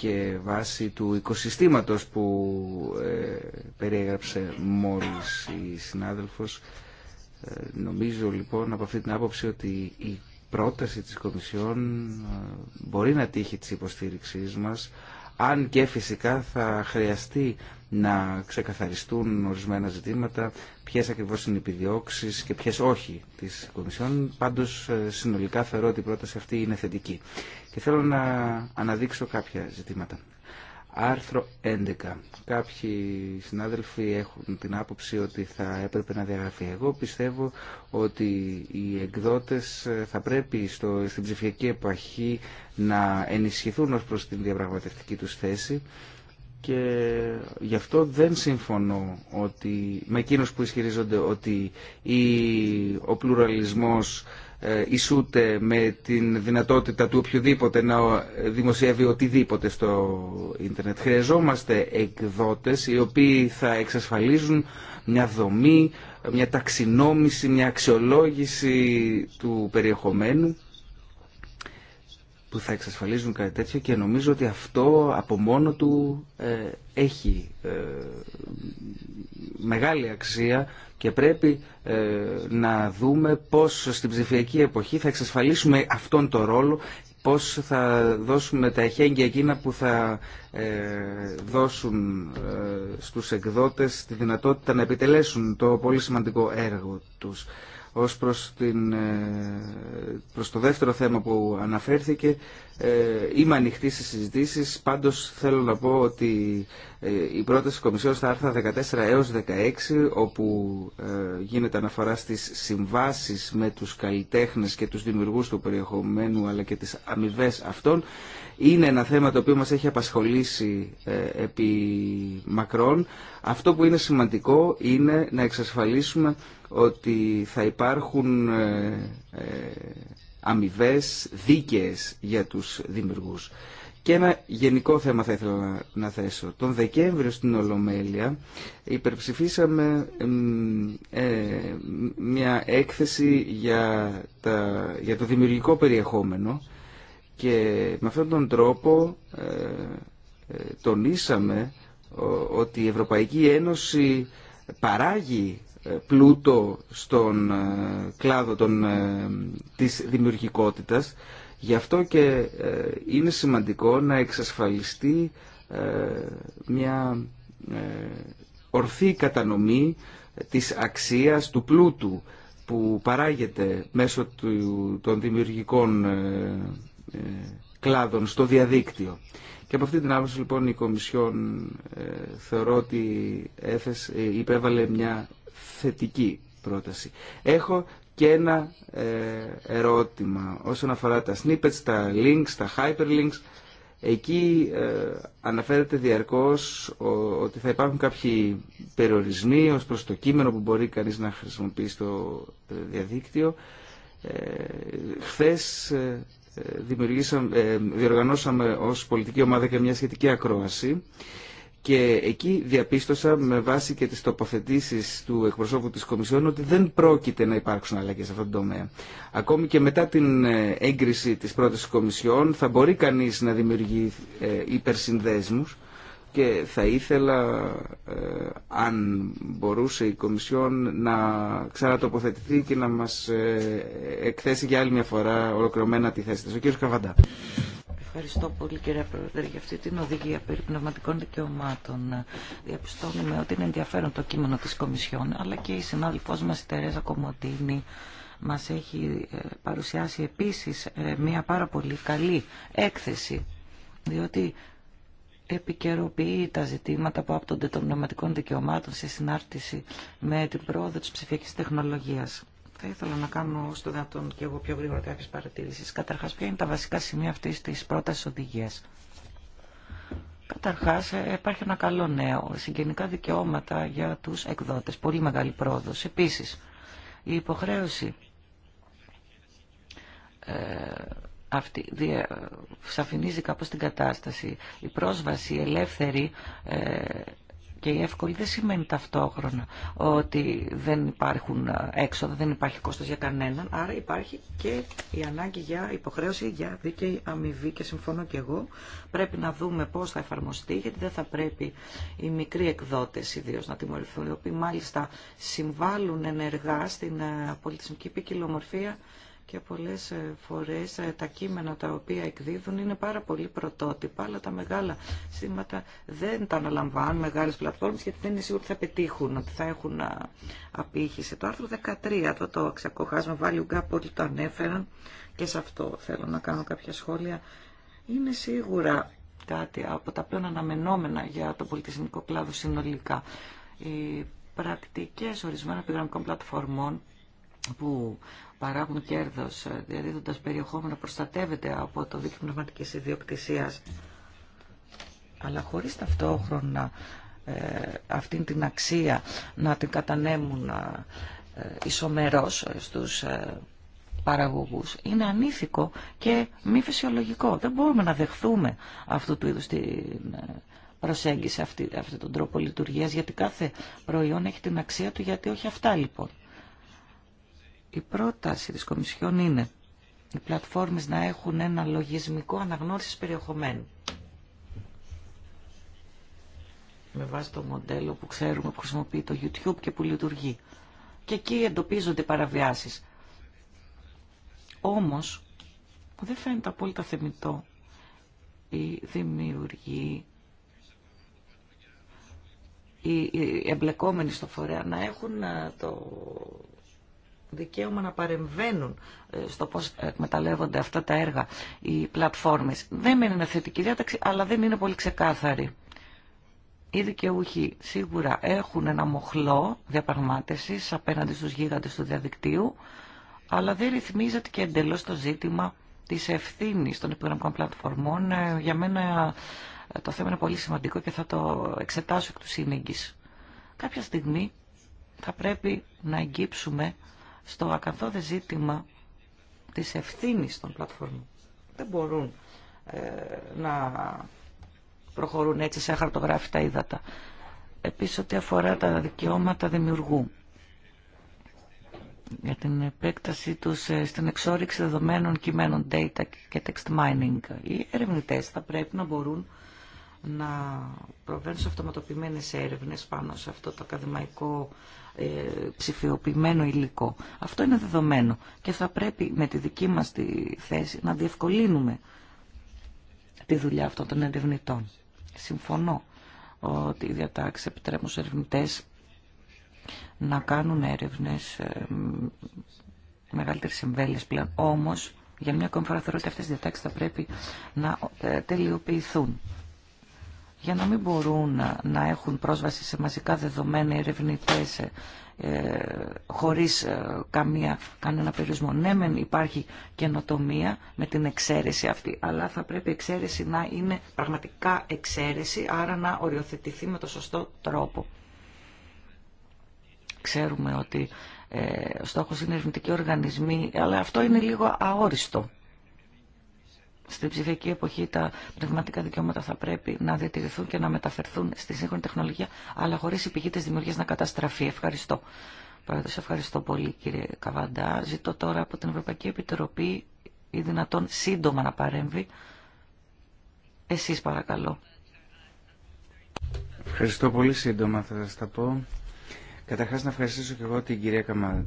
και βάσει του οικοσυστήματος που ε, περιέγραψε μόλις η συνάδελφος. Ε, νομίζω λοιπόν από αυτή την άποψη ότι η πρόταση της Κομισιόν ε, μπορεί να τύχει της υποστήριξής μας αν και φυσικά θα χρειαστεί να ξεκαθαριστούν ορισμένα ζητήματα, ποιε ακριβώ είναι οι επιδιώξει και ποιε όχι τη Κομισιόν. Πάντω, ε, συνολικά θεωρώ ότι η πρόταση αυτή είναι θετική. Και θέλω να αναδείξω κάποια ζητήματα. Άρθρο 11. Κάποιοι συνάδελφοι έχουν την άποψη ότι θα έπρεπε να διαγραφεί. Εγώ πιστεύω ότι οι εκδότες ε, θα πρέπει στο, στην ψηφιακή εποχή να ενισχυθούν ως προς την διαπραγματευτική τους θέση και γι' αυτό δεν συμφωνώ ότι, με εκείνους που ισχυρίζονται ότι η, ο πλουραλισμός ε, ισούται με την δυνατότητα του οποιοδήποτε να δημοσιεύει οτιδήποτε στο ίντερνετ. Χρειαζόμαστε εκδότες οι οποίοι θα εξασφαλίζουν μια δομή, μια ταξινόμηση, μια αξιολόγηση του περιεχομένου που θα εξασφαλίζουν κάτι τέτοιο και νομίζω ότι αυτό από μόνο του ε, έχει ε, μεγάλη αξία και πρέπει ε, να δούμε πώς στην ψηφιακή εποχή θα εξασφαλίσουμε αυτόν τον ρόλο πώς θα δώσουμε τα εχέγγυα εκείνα που θα δώσουν ε, στους εκδότες τη δυνατότητα να επιτελέσουν το πολύ σημαντικό έργο τους. Ως προς, την, ε, προς το δεύτερο θέμα που αναφέρθηκε, ε, είμαι ανοιχτή σε συζητήσεις. Πάντως θέλω να πω ότι ε, η πρόταση Κομισιόν θα έρθει 14 έως 16, όπου γίνεται αναφορά στις συμβάσεις με τους καλλιτέχνες και τους δημιουργούς του περιεχομένου, αλλά και τις αμοιβέ αυτών, είναι ένα θέμα το οποίο μας έχει απασχολήσει ε, επί μακρόν. Αυτό που είναι σημαντικό είναι να εξασφαλίσουμε ότι θα υπάρχουν ε, ε, αμοιβέ δίκαιες για τους δημιουργούς. Και ένα γενικό θέμα θα ήθελα να θέσω. Τον Δεκέμβριο στην Ολομέλεια υπερψηφίσαμε μια έκθεση για, για το δημιουργικό περιεχόμενο και με αυτόν τον τρόπο ε, ε, τονίσαμε ότι η Ευρωπαϊκή Ένωση παράγει ε, πλούτο στον κλάδο των, της δημιουργικότητας. Γι' αυτό και είναι σημαντικό να εξασφαλιστεί μια ορθή κατανομή της αξίας του πλούτου που παράγεται μέσω του, των δημιουργικών ε, κλάδων, στο διαδίκτυο. Και από αυτή την άποψη λοιπόν η Κομισιόν ε, θεωρώ ότι έθεσε, υπέβαλε μια θετική πρόταση. Έχω και ένα ε, ερώτημα όσον αφορά τα snippets, τα links, τα hyperlinks. Εκεί αναφέρεται διαρκώς ότι θα υπάρχουν κάποιοι περιορισμοί ως προς το κείμενο που μπορεί κανείς να χρησιμοποιήσει στο διαδίκτυο. Ε, χθες δημιουργήσαμε, ε, διοργανώσαμε ως πολιτική ομάδα και μια σχετική ακρόαση και εκεί διαπίστωσα με βάση και τις τοποθετήσεις του εκπροσώπου της Κομισιόν ότι δεν πρόκειται να υπάρξουν αλλαγές σε αυτόν τον τομέα. Ακόμη και μετά την ε, έγκριση της πρώτης Κομισιόν θα μπορεί κανείς να δημιουργεί ε, υπερσυνδέσμους και θα ήθελα ε, αν μπορούσε η Κομισιόν να ξανατοποθετηθεί και να μας ε, εκθέσει για άλλη μια φορά ολοκληρωμένα τη θέση της. Ο κ. Καβαντά. Ευχαριστώ πολύ κύριε Πρόεδρε για αυτή την οδηγία περί πνευματικών δικαιωμάτων. Διαπιστώνουμε ότι είναι ενδιαφέρον το κείμενο της Κομισιόν αλλά και η συνάδελφός μας η Τερέζα Κομωτίνη μας έχει ε, παρουσιάσει επίσης ε, μια πάρα πολύ καλή έκθεση διότι επικαιροποιεί τα ζητήματα που άπτονται των πνευματικών δικαιωμάτων σε συνάρτηση με την πρόοδο της ψηφιακής τεχνολογίας. Θα ήθελα να κάνω στο δυνατόν και εγώ πιο γρήγορα κάποιε παρατηρήσει. Καταρχά, ποια είναι τα βασικά σημεία αυτή τη πρόταση οδηγία. Καταρχά, ε, υπάρχει ένα καλό νέο. Συγγενικά δικαιώματα για του εκδότε. Πολύ μεγάλη πρόοδο. Επίση, η υποχρέωση ε, αυτή σαφηνίζει κάπως την κατάσταση. Η πρόσβαση ελεύθερη ε, και η εύκολη δεν σημαίνει ταυτόχρονα ότι δεν υπάρχουν ε, έξοδα, δεν υπάρχει κόστος για κανέναν, άρα υπάρχει και η ανάγκη για υποχρέωση για δίκαιη αμοιβή και συμφωνώ και εγώ. Πρέπει να δούμε πώς θα εφαρμοστεί, γιατί δεν θα πρέπει οι μικροί εκδότες ιδίως να τιμωρηθούν, οι οποίοι μάλιστα συμβάλλουν ενεργά στην ε, πολιτισμική ποικιλομορφία και πολλές ε, φορές ε, τα κείμενα τα οποία εκδίδουν είναι πάρα πολύ πρωτότυπα, αλλά τα μεγάλα σήματα δεν τα αναλαμβάνουν μεγάλες πλατφόρμες γιατί δεν είναι σίγουρο ότι θα πετύχουν, ότι θα έχουν απήχηση. Το άρθρο 13, το, το ξακοχάσμα βάλει gap, όλοι το ανέφεραν και σε αυτό θέλω να κάνω κάποια σχόλια. Είναι σίγουρα κάτι από τα πλέον αναμενόμενα για τον πολιτισμικό κλάδο συνολικά. Οι πρακτικές ορισμένων επιγραμμικών πλατφορμών που παράγουν κέρδο, ε, διαδίδοντα περιεχόμενο προστατεύεται από το δίκτυο πνευματική ιδιοκτησία. αλλά χωρίς ταυτόχρονα ε, αυτήν την αξία να την κατανέμουν ε, ισομερός στους παραγωγούς είναι ανήθικο και μη φυσιολογικό. Δεν μπορούμε να δεχθούμε αυτού του είδους την προσέγγιση αυτή, αυτόν τον τρόπο λειτουργίας γιατί κάθε προϊόν έχει την αξία του γιατί όχι αυτά λοιπόν. Η πρόταση της Κομισιόν είναι οι πλατφόρμες να έχουν ένα λογισμικό αναγνώρισης περιεχομένου. Με βάση το μοντέλο που ξέρουμε που χρησιμοποιεί το YouTube και που λειτουργεί. Και εκεί εντοπίζονται παραβιάσεις. Όμως, δεν φαίνεται απόλυτα θεμητό η δημιουργή οι εμπλεκόμενοι στο φορέα να έχουν ε, το δικαίωμα να παρεμβαίνουν ε, στο πώς εκμεταλλεύονται αυτά τα έργα οι πλατφόρμες. Δεν είναι θετική διάταξη, αλλά δεν είναι πολύ ξεκάθαρη. Οι δικαιούχοι σίγουρα έχουν ένα μοχλό διαπραγμάτευσης απέναντι στους γίγαντες του διαδικτύου, αλλά δεν ρυθμίζεται και εντελώς το ζήτημα της ευθύνη των επιγραμμικών πλατφορμών. Ε, για μένα ε, το θέμα είναι πολύ σημαντικό και θα το εξετάσω εκ του σύνεγγης. Κάποια στιγμή θα πρέπει να εγγύψουμε στο ακαθόδε ζήτημα της ευθύνης των πλατφορμών. Δεν μπορούν ε, να προχωρούν έτσι σε χαρτογράφητα ύδατα. Επίσης ό,τι αφορά τα δικαιώματα δημιουργού για την επέκτασή τους ε, στην εξόριξη δεδομένων κειμένων data και text mining. Οι ερευνητές θα πρέπει να μπορούν να προβαίνουν σε αυτοματοποιημένες έρευνες πάνω σε αυτό το ακαδημαϊκό ε, ψηφιοποιημένο υλικό. Αυτό είναι δεδομένο και θα πρέπει με τη δική μας τη θέση να διευκολύνουμε τη δουλειά αυτών των ερευνητών. Συμφωνώ ότι οι διατάξεις επιτρέπουν στους ερευνητές να κάνουν έρευνες ε, μεγαλύτερη εμβέλειας πλέον. Όμως, για μια ακόμη φορά θεωρώ ότι αυτές οι διατάξεις θα πρέπει να ε, τελειοποιηθούν για να μην μπορούν να έχουν πρόσβαση σε μαζικά δεδομένα ερευνητέ ε, ε, χωρίς ε, καμία, κανένα περιορισμό. Ναι, υπάρχει καινοτομία με την εξαίρεση αυτή, αλλά θα πρέπει η εξαίρεση να είναι πραγματικά εξαίρεση, άρα να οριοθετηθεί με το σωστό τρόπο. Ξέρουμε ότι ε, ο στόχος είναι ερευνητικοί οργανισμοί, αλλά αυτό είναι λίγο αόριστο στην ψηφιακή εποχή τα πνευματικά δικαιώματα θα πρέπει να διατηρηθούν και να μεταφερθούν στη σύγχρονη τεχνολογία, αλλά χωρίς η πηγή δημιουργίας να καταστραφεί. Ευχαριστώ. Πρόεδρε, ευχαριστώ πολύ κύριε Καβαντά. Ζητώ τώρα από την Ευρωπαϊκή Επιτροπή ή δυνατόν σύντομα να παρέμβει. Εσείς παρακαλώ. Ευχαριστώ πολύ σύντομα θα σας τα πω. Καταρχάς να ευχαριστήσω και εγώ την κυρία Καμα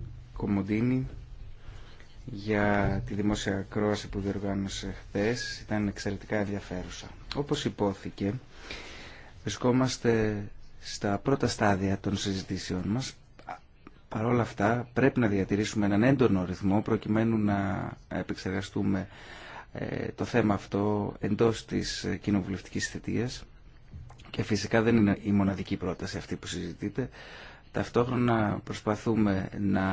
για τη δημόσια ακρόαση που διοργάνωσε χθε. Ήταν εξαιρετικά ενδιαφέρουσα. Όπως υπόθηκε, βρισκόμαστε στα πρώτα στάδια των συζητήσεών μας. Παρ' όλα αυτά πρέπει να διατηρήσουμε έναν έντονο ρυθμό προκειμένου να επεξεργαστούμε ε, το θέμα αυτό εντός της κοινοβουλευτική θητεία. και φυσικά δεν είναι η μοναδική πρόταση αυτή που συζητείτε Ταυτόχρονα προσπαθούμε να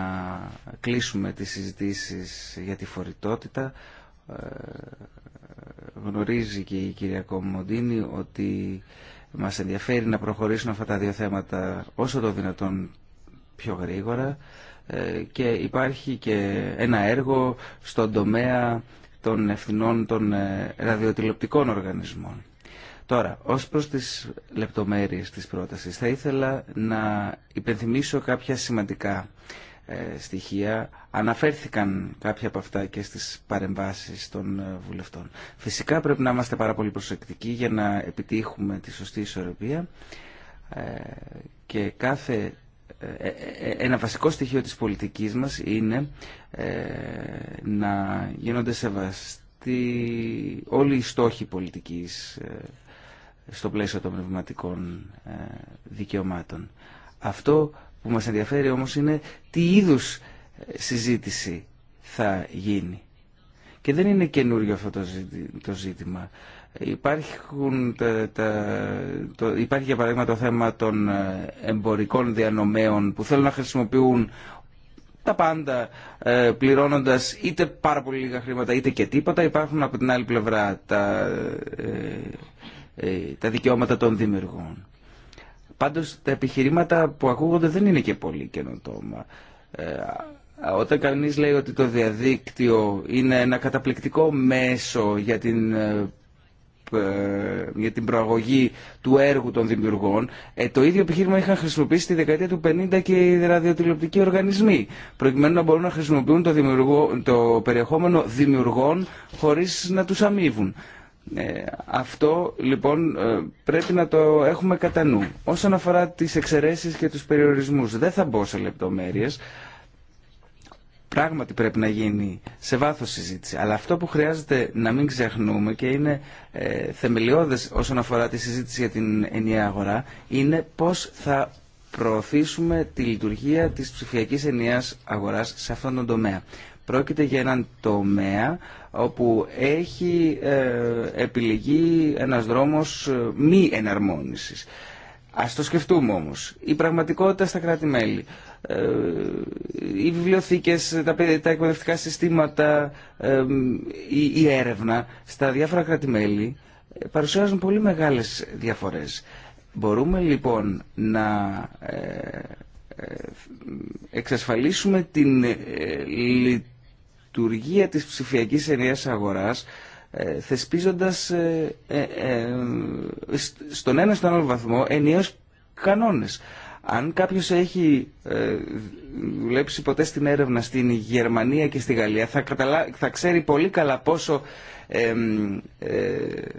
κλείσουμε τις συζητήσεις για τη φορητότητα. Ε, γνωρίζει και η κυρία Κομμοντίνη ότι μας ενδιαφέρει να προχωρήσουν αυτά τα δύο θέματα όσο το δυνατόν πιο γρήγορα ε, και υπάρχει και ένα έργο στον τομέα των ευθυνών των ε, ραδιοτηλεπτικών οργανισμών. Τώρα, ως προς τις λεπτομέρειες της πρότασης, θα ήθελα να υπενθυμίσω κάποια σημαντικά ε, στοιχεία. Αναφέρθηκαν κάποια από αυτά και στις παρεμβάσεις των ε, βουλευτών. Φυσικά πρέπει να είμαστε πάρα πολύ προσεκτικοί για να επιτύχουμε τη σωστή ισορροπία ε, και κάθε ένα βασικό στοιχείο της πολιτικής μας είναι να γίνονται σεβαστοί όλοι οι στόχοι πολιτικής στο πλαίσιο των πνευματικών ε, δικαιωμάτων. Αυτό που μας ενδιαφέρει όμως είναι τι είδους ε, συζήτηση θα γίνει. Και δεν είναι καινούριο αυτό το ζήτημα. Υπάρχουν τα, το, υπάρχει για παράδειγμα το θέμα των ε, εμπορικών διανομέων που θέλουν να χρησιμοποιούν τα πάντα ε, πληρώνοντας είτε πάρα πολύ λίγα χρήματα είτε και τίποτα. Υπάρχουν από την άλλη πλευρά τα ε, τα δικαιώματα των δημιουργών. Πάντως τα επιχειρήματα που ακούγονται δεν είναι και πολύ καινοτόμα. Ε, όταν κανείς λέει ότι το διαδίκτυο είναι ένα καταπληκτικό μέσο για την ε, για την προαγωγή του έργου των δημιουργών. το ίδιο επιχείρημα είχαν χρησιμοποιήσει τη δεκαετία του 50 και οι ραδιοτηλεοπτικοί οργανισμοί, προκειμένου να μπορούν να χρησιμοποιούν το, το περιεχόμενο δημιουργών χωρίς να τους αμείβουν. Ε, αυτό λοιπόν ε, πρέπει να το έχουμε κατά νου. Όσον αφορά τις εξαιρέσεις και τους περιορισμούς, δεν θα μπω σε λεπτομέρειες. Πράγματι πρέπει να γίνει σε βάθος συζήτηση. Αλλά αυτό που χρειάζεται να μην ξεχνούμε και είναι ε, θεμελιώδες όσον αφορά τη συζήτηση για την ενιαία αγορά είναι πώς θα προωθήσουμε τη λειτουργία της ψηφιακής ενιαίας αγοράς σε αυτόν τον τομέα. Πρόκειται για έναν τομέα όπου έχει ε, επιλεγεί ένας δρόμος ε, μη εναρμόνισης. Ας το σκεφτούμε όμως. Η πραγματικότητα στα κράτη-μέλη. Ε, οι βιβλιοθήκες, τα εκπαιδευτικά συστήματα, η έρευνα στα διάφορα κράτη-μέλη παρουσιάζουν πολύ μεγάλες διαφορές. Μπορούμε λοιπόν να εξασφαλίσουμε την λειτουργία λειτουργία της ψηφιακής ενιαίας αγοράς ε, θεσπίζοντας ε, ε, στον ένα στον άλλο βαθμό ενιαίους κανόνες. Αν κάποιος έχει δουλέψει ποτέ στην έρευνα στην Γερμανία και στη Γαλλία θα, καταλά... θα ξέρει πολύ καλά πόσο ε,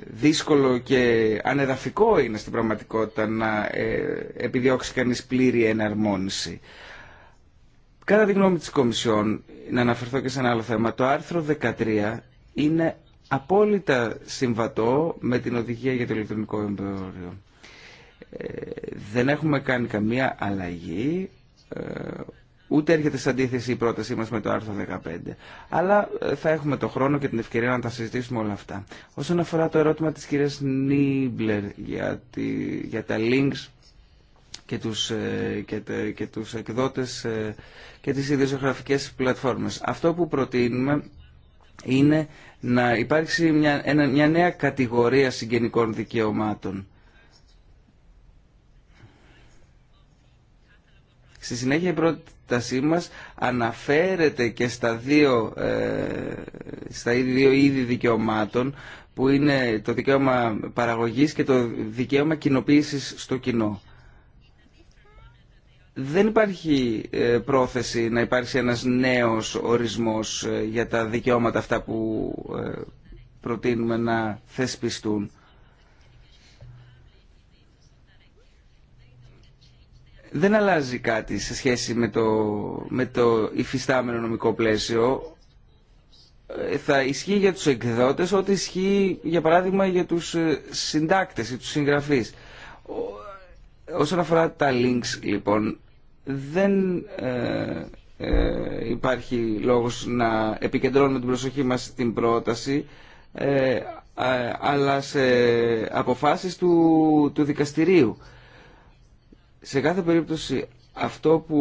δύσκολο και ανεδαφικό είναι στην πραγματικότητα να ε, επιδιώξει κανείς πλήρη εναρμόνιση. Κατά τη γνώμη της Κομισιόν, να αναφερθώ και σε ένα άλλο θέμα, το άρθρο 13 είναι απόλυτα συμβατό με την οδηγία για το ηλεκτρονικό εμπόριο. Ε, δεν έχουμε κάνει καμία αλλαγή, ε, ούτε έρχεται σε αντίθεση η πρότασή μας με το άρθρο 15. Αλλά ε, θα έχουμε το χρόνο και την ευκαιρία να τα συζητήσουμε όλα αυτά. Όσον αφορά το ερώτημα της κυρίας Νίμπλερ για, για τα links και τους, ε, και, και τους εκδότες ε, και τις πλατφόρμες. Αυτό που προτείνουμε είναι να υπάρξει μια, μια νέα κατηγορία συγγενικών δικαιωμάτων. Στη συνέχεια η πρότασή μας αναφέρεται και στα, δύο, ε, στα δύο είδη δικαιωμάτων που είναι το δικαίωμα παραγωγής και το δικαίωμα κοινοποίησης στο κοινό δεν υπάρχει ε, πρόθεση να υπάρξει ένας νέος ορισμός ε, για τα δικαιώματα αυτά που ε, προτείνουμε να θεσπιστούν. Δεν αλλάζει κάτι σε σχέση με το, με το υφιστάμενο νομικό πλαίσιο. Θα ισχύει για τους εκδότες ό,τι ισχύει για παράδειγμα για τους συντάκτες ή τους συγγραφείς. Όσον αφορά τα links λοιπόν δεν ε, ε, υπάρχει λόγος να επικεντρώνουμε την προσοχή μας στην πρόταση ε, αλλά σε αποφάσεις του, του δικαστηρίου. Σε κάθε περίπτωση αυτό που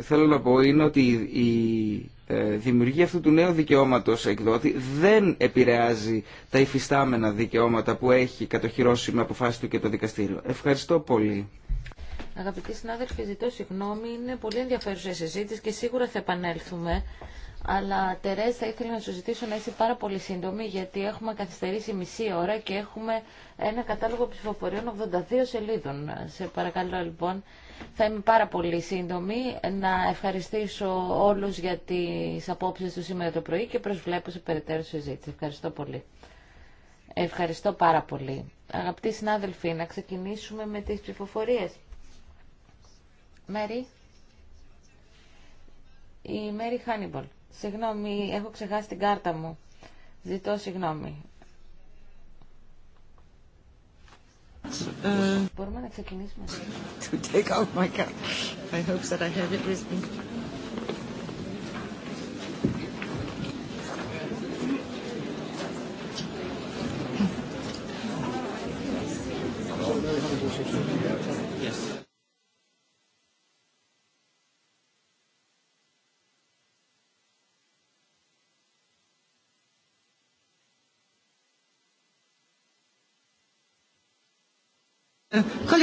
θέλω να πω είναι ότι η δημιουργία αυτού του νέου δικαιώματος εκδότη δεν επηρεάζει τα υφιστάμενα δικαιώματα που έχει κατοχυρώσει με αποφάση του και το δικαστήριο. Ευχαριστώ πολύ. Αγαπητοί συνάδελφοι, ζητώ συγγνώμη. Είναι πολύ ενδιαφέρουσα η συζήτηση και σίγουρα θα επανέλθουμε. Αλλά Τερέ, θα ήθελα να σου ζητήσω να είσαι πάρα πολύ σύντομη γιατί έχουμε καθυστερήσει μισή ώρα και έχουμε ένα κατάλογο ψηφοφοριών 82 σελίδων. Σε παρακαλώ λοιπόν, θα είμαι πάρα πολύ σύντομη να ευχαριστήσω όλους για τις απόψεις του σήμερα το πρωί και προσβλέπω σε περαιτέρω συζήτηση. Ευχαριστώ πολύ. Ευχαριστώ πάρα πολύ. Αγαπητοί συνάδελφοι, να ξεκινήσουμε με τις ψηφοφορίες. Μέρι. Η Μέρι Χάνιμπολ. Συγγνώμη, έχω ξεχάσει την κάρτα μου. Ζητώ συγγνώμη. Ε, Μπορούμε να ξεκινήσουμε. To take out my card. I hope that I have it with me.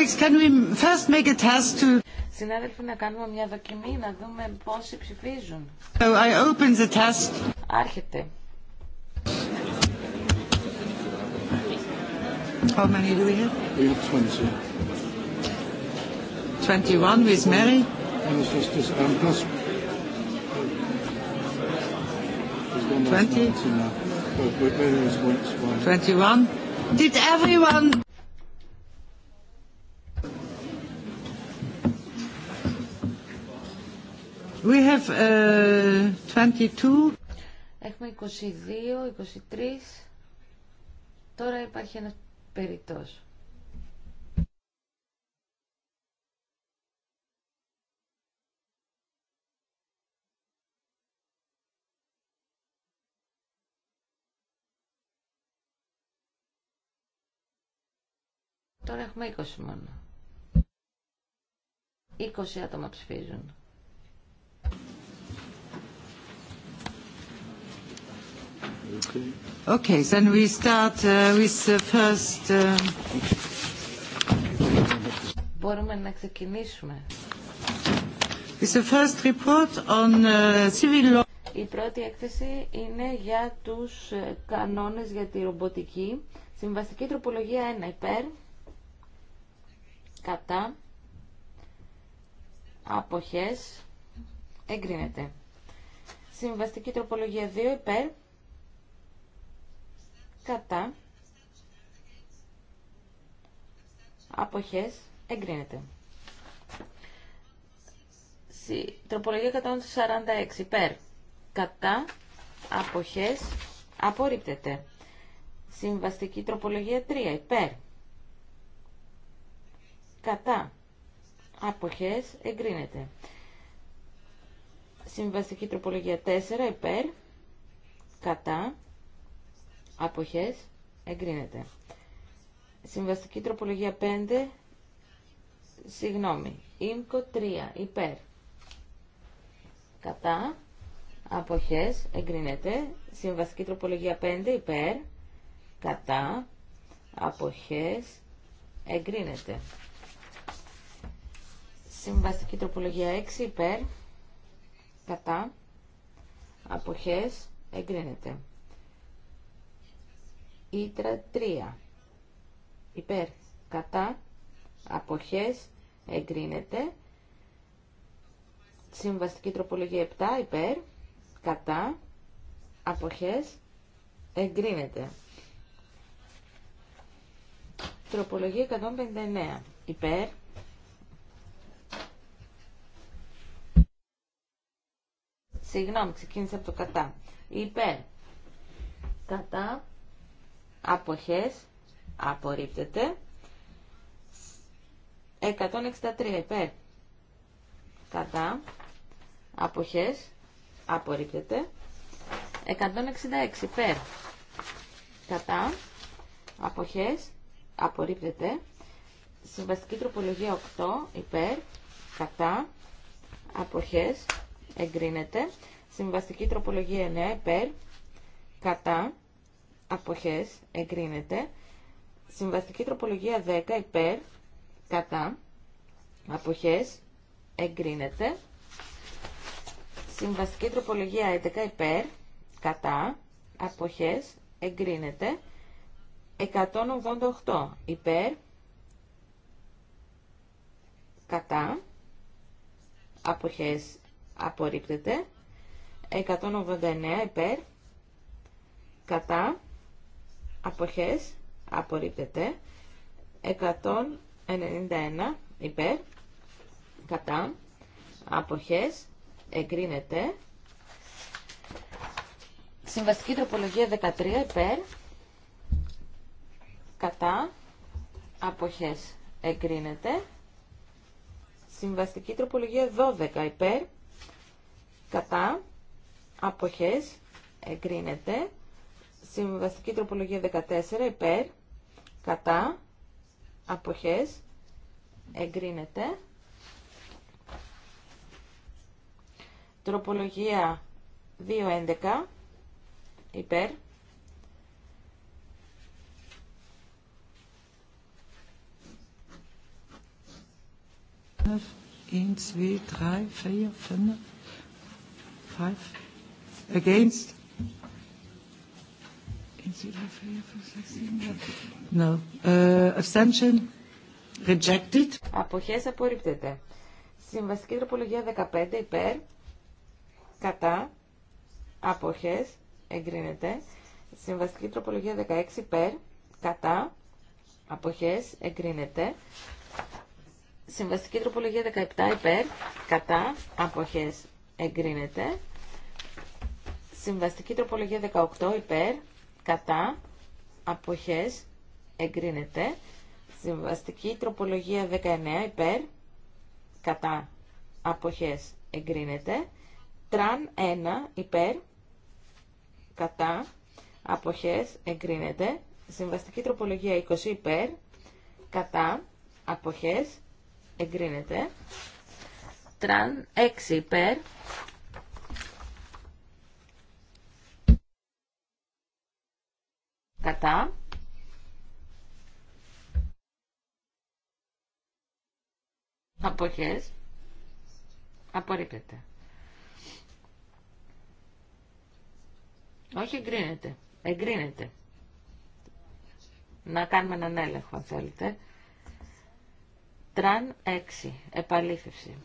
Colleagues, can we first make a test to... Συνάδελφοι, να κάνουμε μια δοκιμή, να δούμε πόσοι ψηφίζουν. So I open the test. Άρχεται. How many do we have? We have 20. 21 with Mary. And it's just this, um, plus 20. 21. Did everyone Uh, έχουμε 22, 23. Τώρα υπάρχει ένας περιττός. Τώρα έχουμε 20 μόνο. 20 άτομα ψηφίζουν. Okay, then we start uh, with the first. Uh, Μπορούμε να ξεκινήσουμε. the first report on uh, civil law. Η πρώτη έκθεση είναι για τους ε, κανόνες για τη ρομποτική. Συμβαστική τροπολογία 1 υπέρ, κατά, αποχές, εγκρίνεται. Συμβαστική τροπολογία 2 υπέρ, κατά, αποχές, εγκρίνεται. Τροπολογία 146 υπέρ, κατά, αποχές, απορρίπτεται. Συμβαστική τροπολογία 3 υπέρ, κατά, αποχές, εγκρίνεται. Συμβαστική τροπολογία 4 υπέρ, κατά, αποχές εγκρίνεται. Συμβαστική τροπολογία 5, συγγνώμη, ΙΜΚΟ 3, υπέρ, κατά, αποχές εγκρίνεται. Συμβαστική τροπολογία 5, υπέρ, κατά, αποχές εγκρίνεται. Συμβαστική τροπολογία 6, υπέρ, κατά, αποχές εγκρίνεται. Ήτρα 3. Υπέρ. Κατά. Αποχές. Εγκρίνεται. Συμβαστική τροπολογία 7. Υπέρ. Κατά. Αποχές. Εγκρίνεται. Τροπολογία 159. Υπέρ. Συγγνώμη, ξεκίνησα από το κατά. Υπέρ. Κατά αποχές, απορρίπτεται. 163 υπέρ, κατά, αποχές, απορρίπτεται. 166 υπέρ, κατά, αποχές, απορρίπτεται. Συμβαστική τροπολογία 8 υπέρ, κατά, αποχές, εγκρίνεται. Συμβαστική τροπολογία 9 υπέρ, κατά, αποχές εγκρίνεται. Συμβαστική τροπολογία 10 υπέρ κατά αποχές εγκρίνεται. Συμβαστική τροπολογία 11 υπέρ κατά αποχές εγκρίνεται. 188 υπέρ κατά αποχές απορρίπτεται. 189 υπέρ κατά αποχές απορρίπτεται 191 υπέρ κατά αποχές εγκρίνεται συμβαστική τροπολογία 13 υπέρ κατά αποχές εγκρίνεται συμβαστική τροπολογία 12 υπέρ κατά αποχές εγκρίνεται Συμβαστική τροπολογία 14 υπέρ, κατά, αποχές, εγκρίνεται. Τροπολογία 2.11 υπέρ. Against. No. Uh, abstention. Rejected. Αποχές απορρίπτεται. Συμβαστική τροπολογία 15 υπέρ. Κατά. Αποχές. Εγκρίνεται. Συμβαστική τροπολογία 16 υπέρ. Κατά. Αποχές. Εγκρίνεται. Συμβαστική τροπολογία 17 υπέρ. Κατά. Αποχές. Εγκρίνεται. Συμβαστική τροπολογία 18 υπέρ κατά, αποχές, εγκρίνεται. Συμβαστική τροπολογία 19 υπέρ, κατά, αποχές, εγκρίνεται. Τραν 1 υπέρ, κατά, αποχές, εγκρίνεται. Συμβαστική τροπολογία 20 υπέρ, κατά, αποχές, εγκρίνεται. Τραν 6 υπέρ, Κατά. Αποχές. Απορρίπτεται. Όχι εγκρίνεται. Εγκρίνεται. Να κάνουμε έναν έλεγχο αν θέλετε. Τραν 6. Επαλήθευση.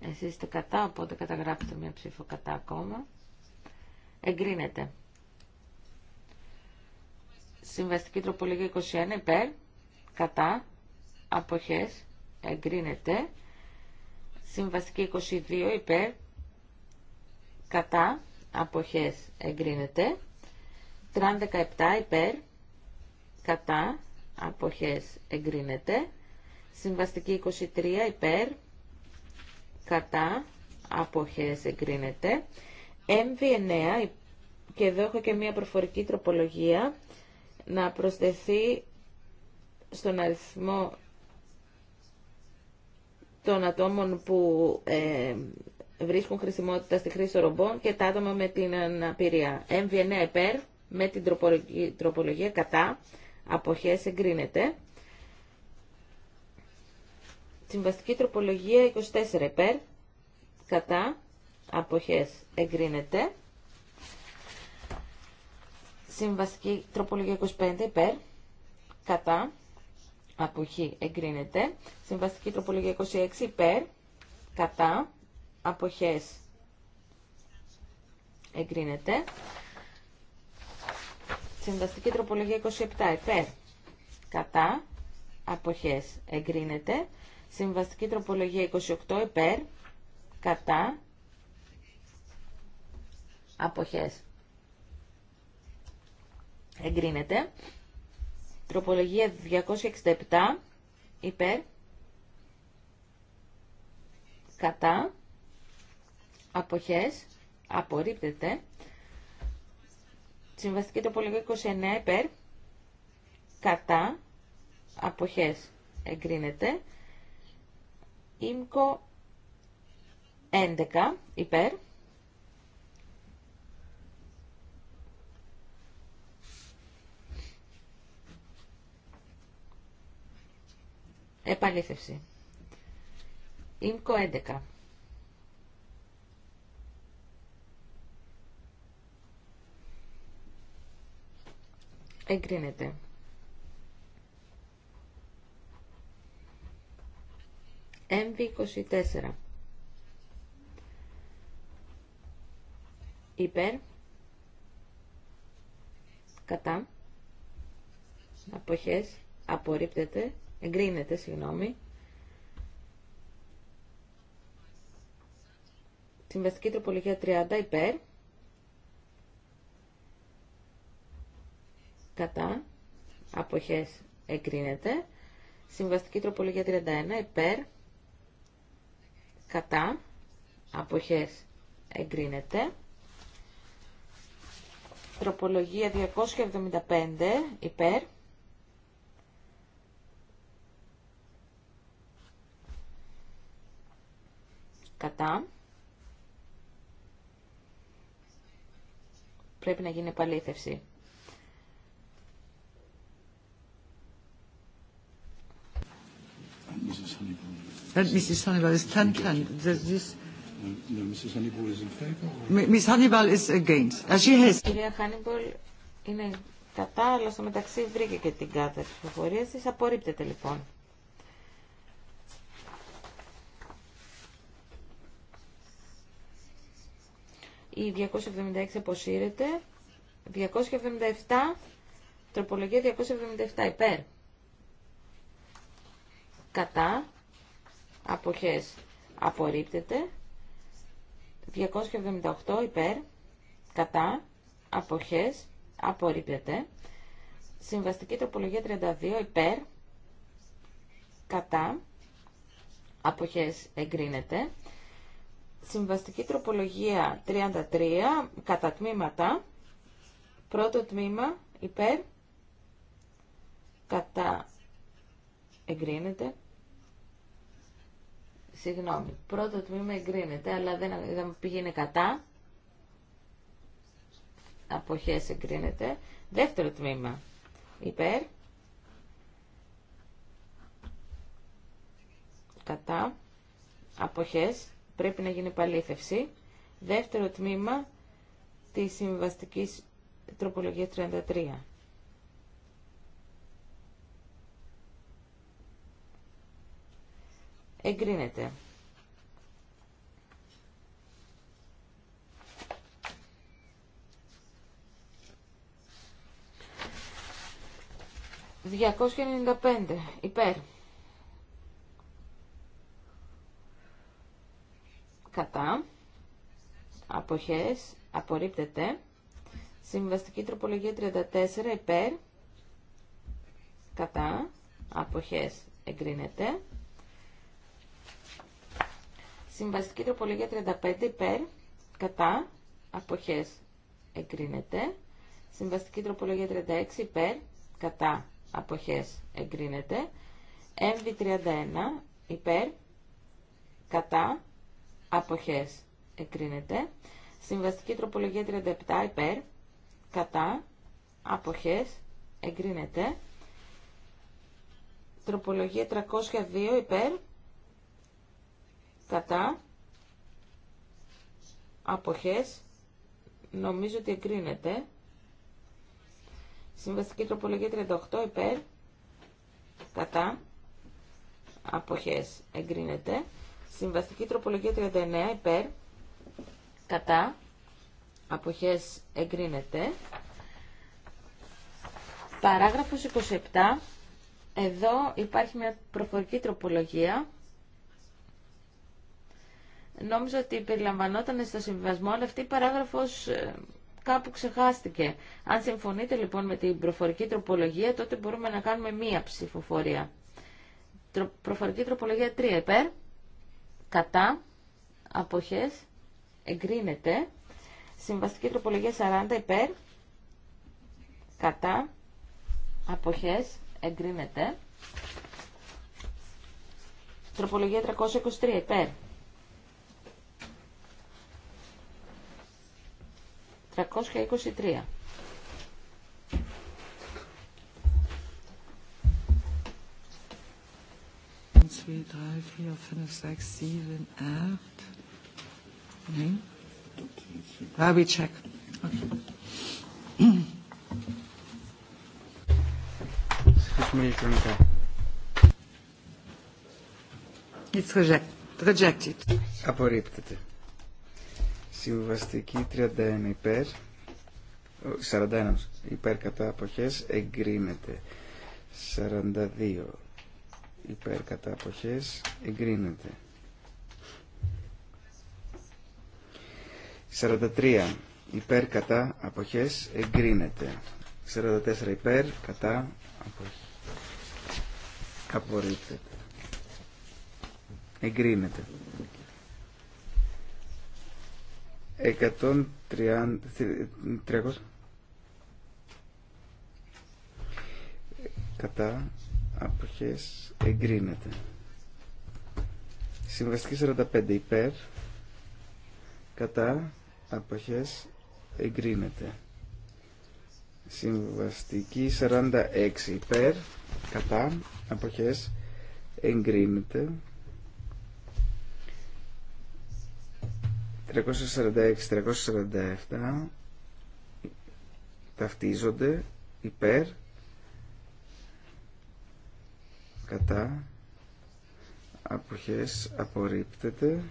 Εσείς είστε κατά, οπότε καταγράφετε μια ψήφο κατά ακόμα. Εγκρίνεται. Συμβαστική τροπολογία 21 υπέρ, κατά, αποχές, εγκρίνεται. Συμβαστική 22 υπέρ, κατά, αποχές, εγκρίνεται. Τραν 17 υπέρ, κατά, αποχές, εγκρίνεται. Συμβαστική 23 υπέρ, κατά, αποχές, εγκρίνεται. MV9, και εδώ έχω και μία προφορική τροπολογία, να προσθεθεί στον αριθμό των ατόμων που ε, βρίσκουν χρησιμότητα στη χρήση των ρομπών και τα άτομα με την αναπηρία. MV9 υπέρ, με την τροπολογία κατά, αποχές εγκρίνεται. Συμβαστική τροπολογία 24 υπέρ, κατά, αποχές εγκρίνεται. Συμβαστική τροπολογία 25 υπέρ, κατά, αποχή εγκρίνεται. Συμβαστική τροπολογία 26 υπέρ, κατά, αποχές εγκρίνεται. Συμβαστική τροπολογία 27 υπέρ, κατά, αποχές εγκρίνεται. Συμβαστική τροπολογία 28 υπέρ, κατά, αποχές εγκρίνεται. Τροπολογία 267 υπέρ κατά αποχές απορρίπτεται. Συμβαστική τροπολογία 29 υπέρ κατά αποχές εγκρίνεται. Ήμκο 11 υπέρ Επαλήθευση. Ήμκο 11. Εγκρίνεται. MV24. Υπέρ. Κατά. Αποχές. Απορρίπτεται εγκρίνεται, συγγνώμη. Συμβαστική τροπολογία 30 υπέρ. Κατά. Αποχές εγκρίνεται. Συμβαστική τροπολογία 31 υπέρ. Κατά. Αποχές εγκρίνεται. Τροπολογία 275 υπέρ. Κατά. Πρέπει να γίνει επαλήθευση. Κυρία Χάνιμπολ είναι κατά, αλλά στο μεταξύ βρήκε και την κάρτα της προφορίας της. Απορρίπτεται λοιπόν. Η 276 αποσύρεται. 277. Τροπολογία 277 υπέρ. Κατά. Αποχές. Απορρίπτεται. 278 υπέρ. Κατά. Αποχές. Απορρίπτεται. Συμβαστική τροπολογία 32 υπέρ. Κατά. Αποχές εγκρίνεται συμβαστική τροπολογία 33 κατά τμήματα. Πρώτο τμήμα υπέρ, κατά εγκρίνεται. Συγγνώμη, πρώτο τμήμα εγκρίνεται, αλλά δεν είδαμε πηγαίνει κατά. Αποχές εγκρίνεται. Δεύτερο τμήμα υπέρ, κατά, αποχές Πρέπει να γίνει παλήθευση. Δεύτερο τμήμα τη συμβαστικής τροπολογία 33. Εγκρίνεται. 295. υπέρ. κατά, αποχές, απορρίπτεται. Συμβαστική τροπολογία 34 υπέρ, κατά, αποχές, εγκρίνεται. Συμβαστική τροπολογία 35 υπέρ, κατά, αποχές, εγκρίνεται. Συμβαστική τροπολογία 36 υπέρ, κατά, αποχές, εγκρίνεται. MV31 υπέρ, κατά, αποχές εγκρίνεται. Συμβαστική τροπολογία 37 υπέρ, κατά, αποχές εγκρίνεται. Τροπολογία 302 υπέρ, κατά, αποχές, νομίζω ότι εγκρίνεται. Συμβαστική τροπολογία 38 υπέρ, κατά, αποχές εγκρίνεται. Συμβαστική τροπολογία 39 υπέρ, κατά, αποχές εγκρίνεται. Παράγραφος 27, εδώ υπάρχει μια προφορική τροπολογία. Νόμιζα ότι περιλαμβανόταν στο συμβασμό, αλλά αυτή η παράγραφος ε, κάπου ξεχάστηκε. Αν συμφωνείτε λοιπόν με την προφορική τροπολογία, τότε μπορούμε να κάνουμε μία ψηφοφορία. Προφορική τροπολογία 3 υπέρ, κατά, αποχές, εγκρίνεται. Συμβαστική τροπολογία 40 υπέρ, κατά, αποχές, εγκρίνεται. Τροπολογία 323 υπέρ. 323. 2, 3, 4, 5, 6, 7, 8. Nein? Ah, we check. Okay. Ψηφίσουμε ηλεκτρονικά. It's reject. rejected. Απορρίπτεται. Συμβαστική 31 υπέρ. 41 υπέρ κατά αποχές εγκρίνεται. 42 υπέρ κατά αποχές εγκρίνεται 43 υπέρ κατά αποχές εγκρίνεται 44 υπέρ κατά αποχές απορρίπτεται εγκρίνεται 130 κατά αποχές εγκρίνεται. Συμβαστική 45 υπέρ κατά αποχές εγκρίνεται. Συμβαστική 46 υπέρ κατά αποχές εγκρίνεται. 346-347 ταυτίζονται υπέρ κατά αποχές απορρίπτεται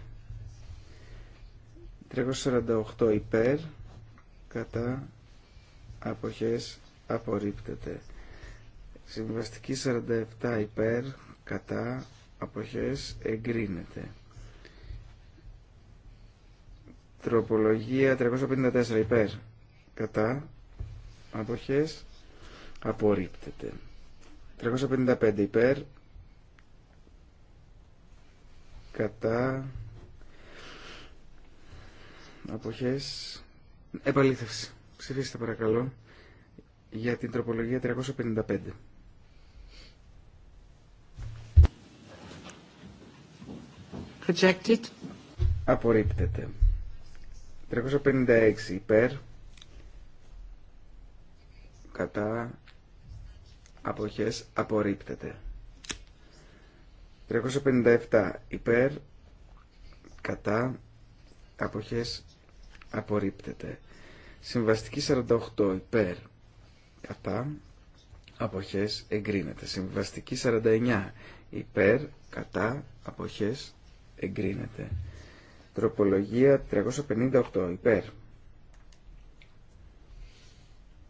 348 υπέρ κατά αποχές απορρίπτεται συμβαστική 47 υπέρ κατά αποχές εγκρίνεται τροπολογία 354 υπέρ κατά αποχές απορρίπτεται 355 υπέρ κατά αποχές επαλήθευση. Ψηφίστε παρακαλώ για την τροπολογία 355. Projected. Απορρίπτεται. 356 υπέρ κατά αποχές απορρίπτεται. 357 υπέρ, κατά, αποχές απορρίπτεται. Συμβαστική 48 υπέρ, κατά, αποχές εγκρίνεται. Συμβαστική 49 υπέρ, κατά, αποχές εγκρίνεται. Τροπολογία 358 υπέρ,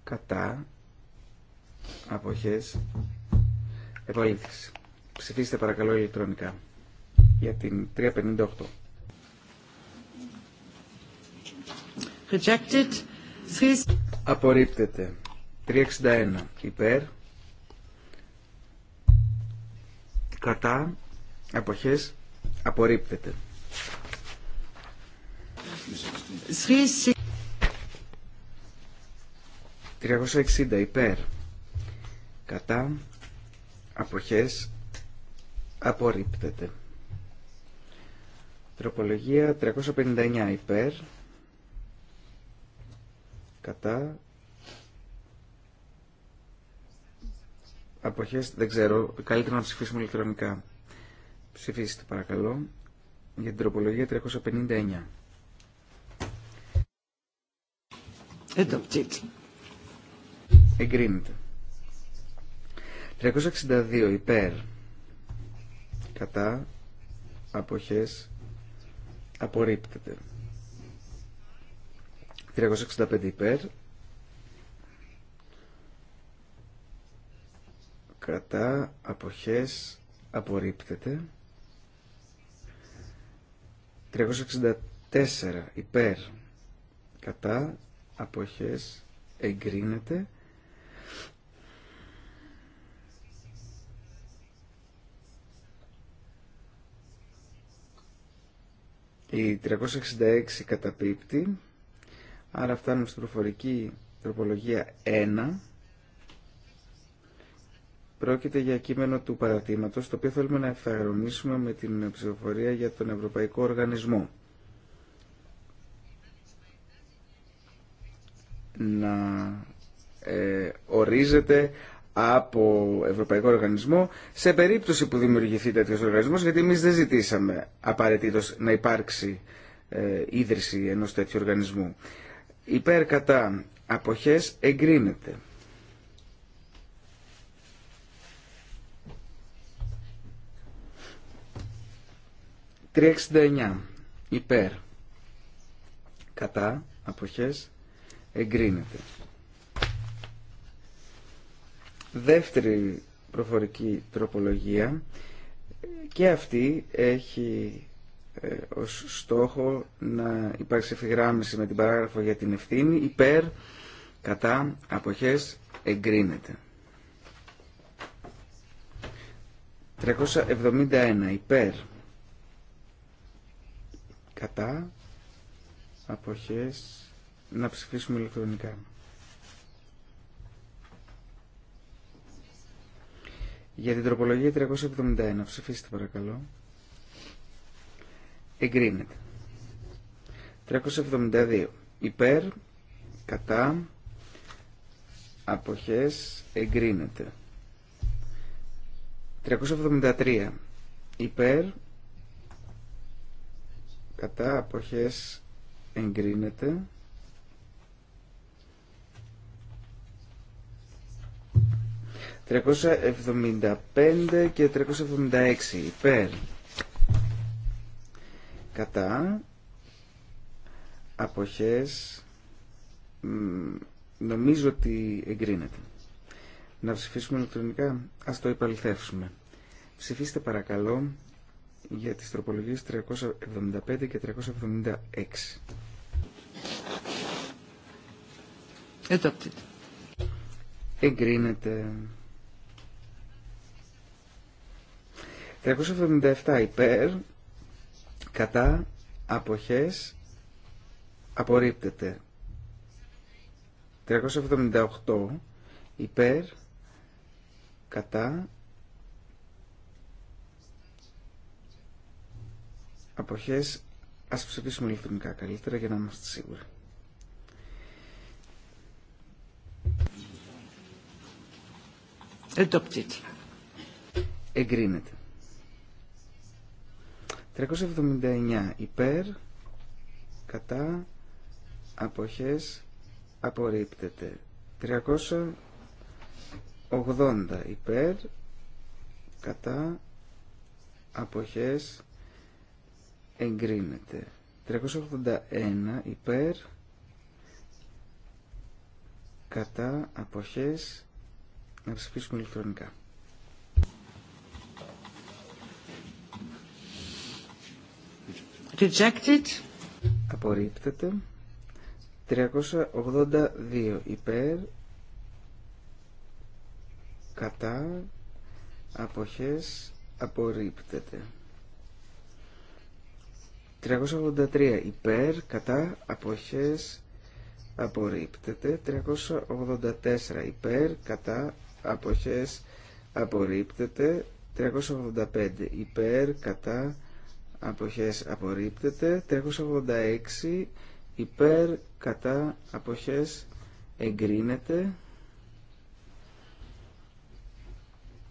κατά, αποχές επαλήθευση. Ψηφίστε παρακαλώ ηλεκτρονικά για την 358. Rejected. Απορρίπτεται. 361 υπέρ. Κατά. Αποχές. Απορρίπτεται. 360 υπέρ κατά αποχές απορρίπτεται. Τροπολογία 359 υπέρ κατά αποχές δεν ξέρω, καλύτερα να ψηφίσουμε ηλεκτρονικά. Ψηφίστε παρακαλώ για την τροπολογία 359. Εγκρίνεται. 362 υπέρ κατά αποχές απορρίπτεται 365 υπέρ κατά αποχές απορρίπτεται 364 υπέρ κατά αποχές εγκρίνεται Η 366 καταπίπτει, άρα φτάνουμε στην προφορική τροπολογία 1. Πρόκειται για κείμενο του παρατήματος, το οποίο θέλουμε να ευθαγρονίσουμε με την ψηφοφορία για τον Ευρωπαϊκό Οργανισμό. Να ε, ορίζεται από Ευρωπαϊκό Οργανισμό σε περίπτωση που δημιουργηθεί τέτοιο οργανισμό, γιατί εμεί δεν ζητήσαμε απαραίτητο να υπάρξει ε, ίδρυση ενό τέτοιου οργανισμού. Υπέρ κατά αποχές εγκρίνεται. ...369 υπέρ κατά αποχές εγκρίνεται. Δεύτερη προφορική τροπολογία και αυτή έχει ε, ως στόχο να υπάρξει εφηγράμμιση με την παράγραφο για την ευθύνη υπέρ κατά αποχές εγκρίνεται. 371 υπέρ κατά αποχές να ψηφίσουμε ηλεκτρονικά. Για την τροπολογία 371 ψηφίστε παρακαλώ. Εγκρίνεται. 372 υπέρ, κατά, αποχές, εγκρίνεται. 373 υπέρ, κατά, αποχές, εγκρίνεται. 375 και 376 υπέρ κατά αποχές νομίζω ότι εγκρίνεται να ψηφίσουμε ηλεκτρονικά ας το υπαλληθεύσουμε ψηφίστε παρακαλώ για τις τροπολογίες 375 και 376 Adopted. Εγκρίνεται. 377 υπέρ, κατά, αποχές, απορρίπτεται. 378 υπέρ, κατά, αποχές, ας ψηφίσουμε ηλεκτρονικά καλύτερα για να είμαστε σίγουροι. Adopted. Εγκρίνεται. 379 υπέρ, κατά, αποχές, απορρίπτεται. 380 υπέρ, κατά, αποχές, εγκρίνεται. 381 υπέρ, κατά, αποχές, να ψηφίσουμε ηλεκτρονικά. Rejected. Απορρίπτεται. 382 υπέρ. Κατά. Αποχές. Απορρίπτεται. 383 υπέρ. Κατά. Αποχές. Απορρίπτεται. 384 υπέρ. Κατά. Αποχές. Απορρίπτεται. 385 υπέρ. Κατά αποχές απορρίπτεται 386 υπέρ κατά αποχές εγκρίνεται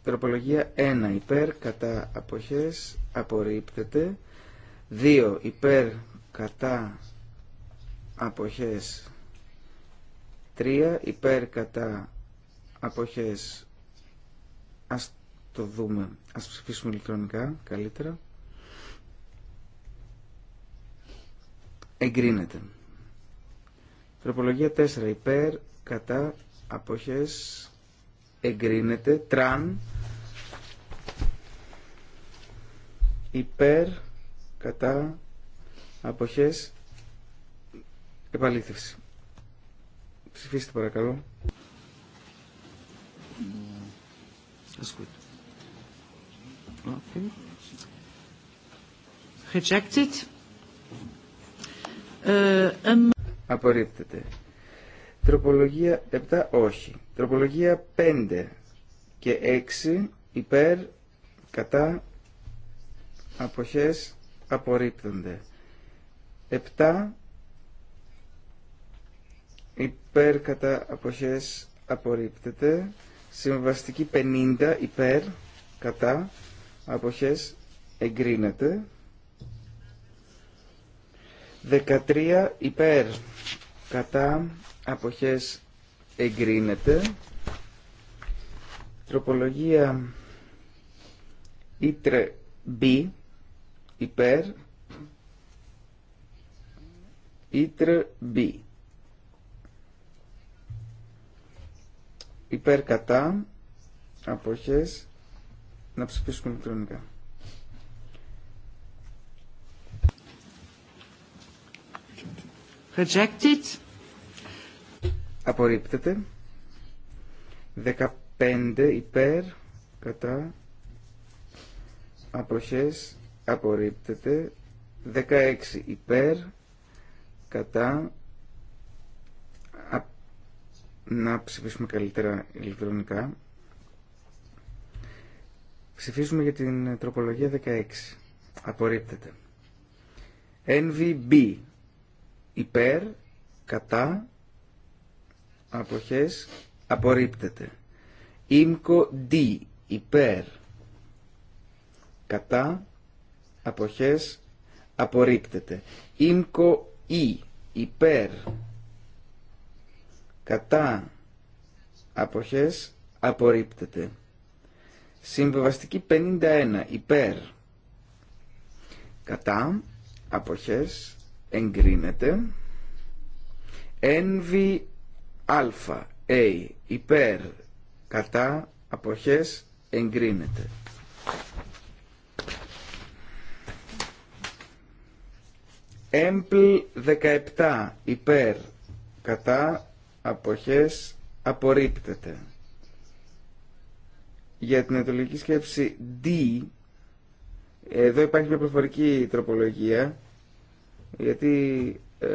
τροπολογία 1 υπέρ κατά αποχές απορρίπτεται 2 υπέρ κατά αποχές 3 υπέρ κατά αποχές ας το δούμε ας ψηφίσουμε ηλεκτρονικά καλύτερα εγκρίνεται. Τροπολογία 4 υπέρ, κατά, αποχές, εγκρίνεται. Τραν, υπέρ, κατά, αποχές, επαλήθευση. Ψηφίστε παρακαλώ. Rejected. Ε, απορρίπτεται. Τροπολογία 7 όχι. Τροπολογία 5 και 6 υπέρ κατά αποχές απορρίπτονται. 7 υπέρ κατά αποχές απορρίπτεται. Συμβαστική 50 υπέρ κατά αποχές εγκρίνεται. 13 υπέρ κατά αποχές εγκρίνεται τροπολογία ήτρε B υπέρ ήτρε B υπέρ κατά αποχές να ψηφίσουμε ηλεκτρονικά. Rejected. Απορρίπτεται. 15 υπέρ κατά αποχές απορρίπτεται. 16 υπέρ κατά να ψηφίσουμε καλύτερα ηλεκτρονικά. Ψηφίσουμε για την τροπολογία 16. Απορρίπτεται. NVB υπέρ, κατά, αποχές, απορρίπτεται. Ήμκο D, υπέρ, κατά, αποχές, απορρίπτεται. Ήμκο E, υπέρ, κατά, αποχές, απορρίπτεται. Συμβεβαστική 51, υπέρ, κατά, αποχές, εγκρίνεται. ενβι α, υπέρ, κατά, αποχές, εγκρίνεται. Έμπλ 17 υπέρ κατά αποχές απορρίπτεται. Για την ετολογική σκέψη D εδώ υπάρχει μια προφορική τροπολογία γιατί ε,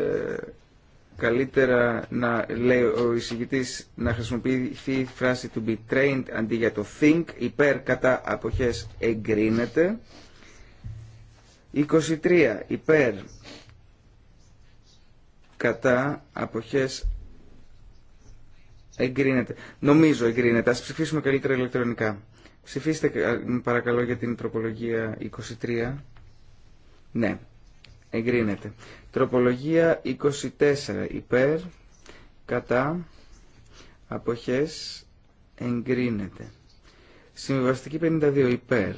καλύτερα να λέει ο εισηγητής να χρησιμοποιηθεί η φράση to be trained αντί για το think, υπέρ κατά αποχές εγκρίνεται. 23 υπέρ κατά αποχές εγκρίνεται. Νομίζω εγκρίνεται. Ας ψηφίσουμε καλύτερα ηλεκτρονικά. Ψηφίστε ε, παρακαλώ για την τροπολογία 23. Ναι εγκρίνεται. Τροπολογία 24 υπέρ, κατά, αποχές, εγκρίνεται. Συμβιβαστική 52 υπέρ.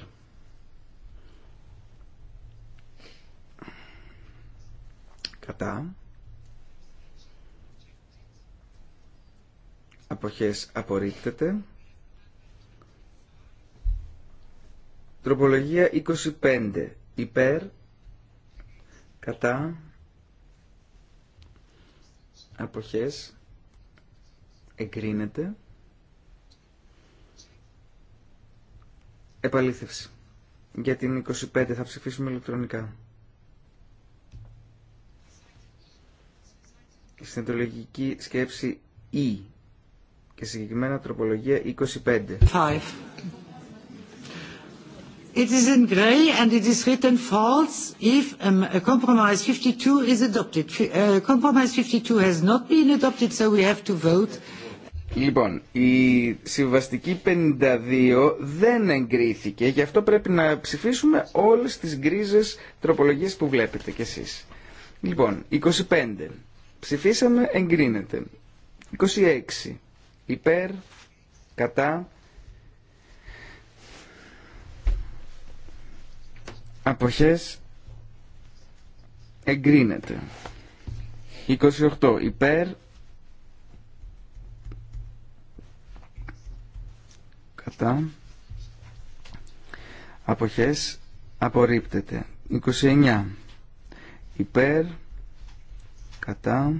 Κατά. Αποχές απορρίπτεται. Τροπολογία 25 υπέρ κατά αποχές εγκρίνεται επαλήθευση. Για την 25 θα ψηφίσουμε ηλεκτρονικά. Η σκέψη E και συγκεκριμένα τροπολογία 25. It is in grey and it is written false if um, a compromise 52 is adopted. Uh, compromise 52 has not been adopted, so we have to vote. Λοιπόν, η συμβαστική 52 δεν εγκρίθηκε, γι' αυτό πρέπει να ψηφίσουμε όλες τις γκρίζες τροπολογίες που βλέπετε κι εσείς. Λοιπόν, 25. Ψηφίσαμε, εγκρίνεται. 26. Υπέρ, κατά, αποχές εγκρίνεται 28 υπέρ κατά αποχές απορρίπτεται 29 υπέρ κατά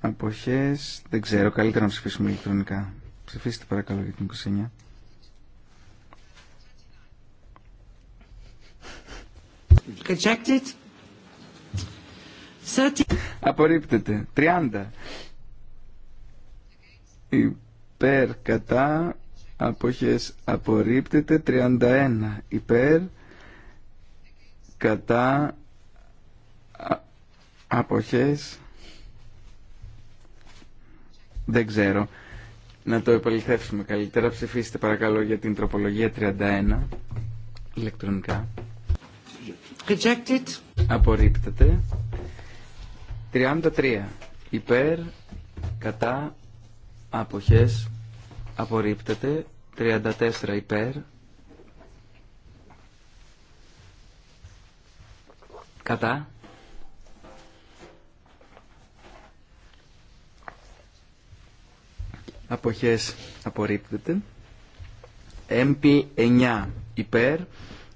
αποχές δεν ξέρω καλύτερα να ψηφίσουμε ηλεκτρονικά ψηφίστε παρακαλώ για την 29 30. Απορρίπτεται. 30. Υπέρ κατά αποχές απορρίπτεται. 31. Υπέρ κατά αποχές δεν ξέρω. Να το επαληθεύσουμε καλύτερα. Ψηφίστε παρακαλώ για την τροπολογία 31 ηλεκτρονικά. Rejected. Απορρίπτεται. 33. Υπέρ, κατά, αποχές, απορρίπτεται. 34. Υπέρ, κατά, αποχές, απορρίπτεται. MP9. Υπέρ,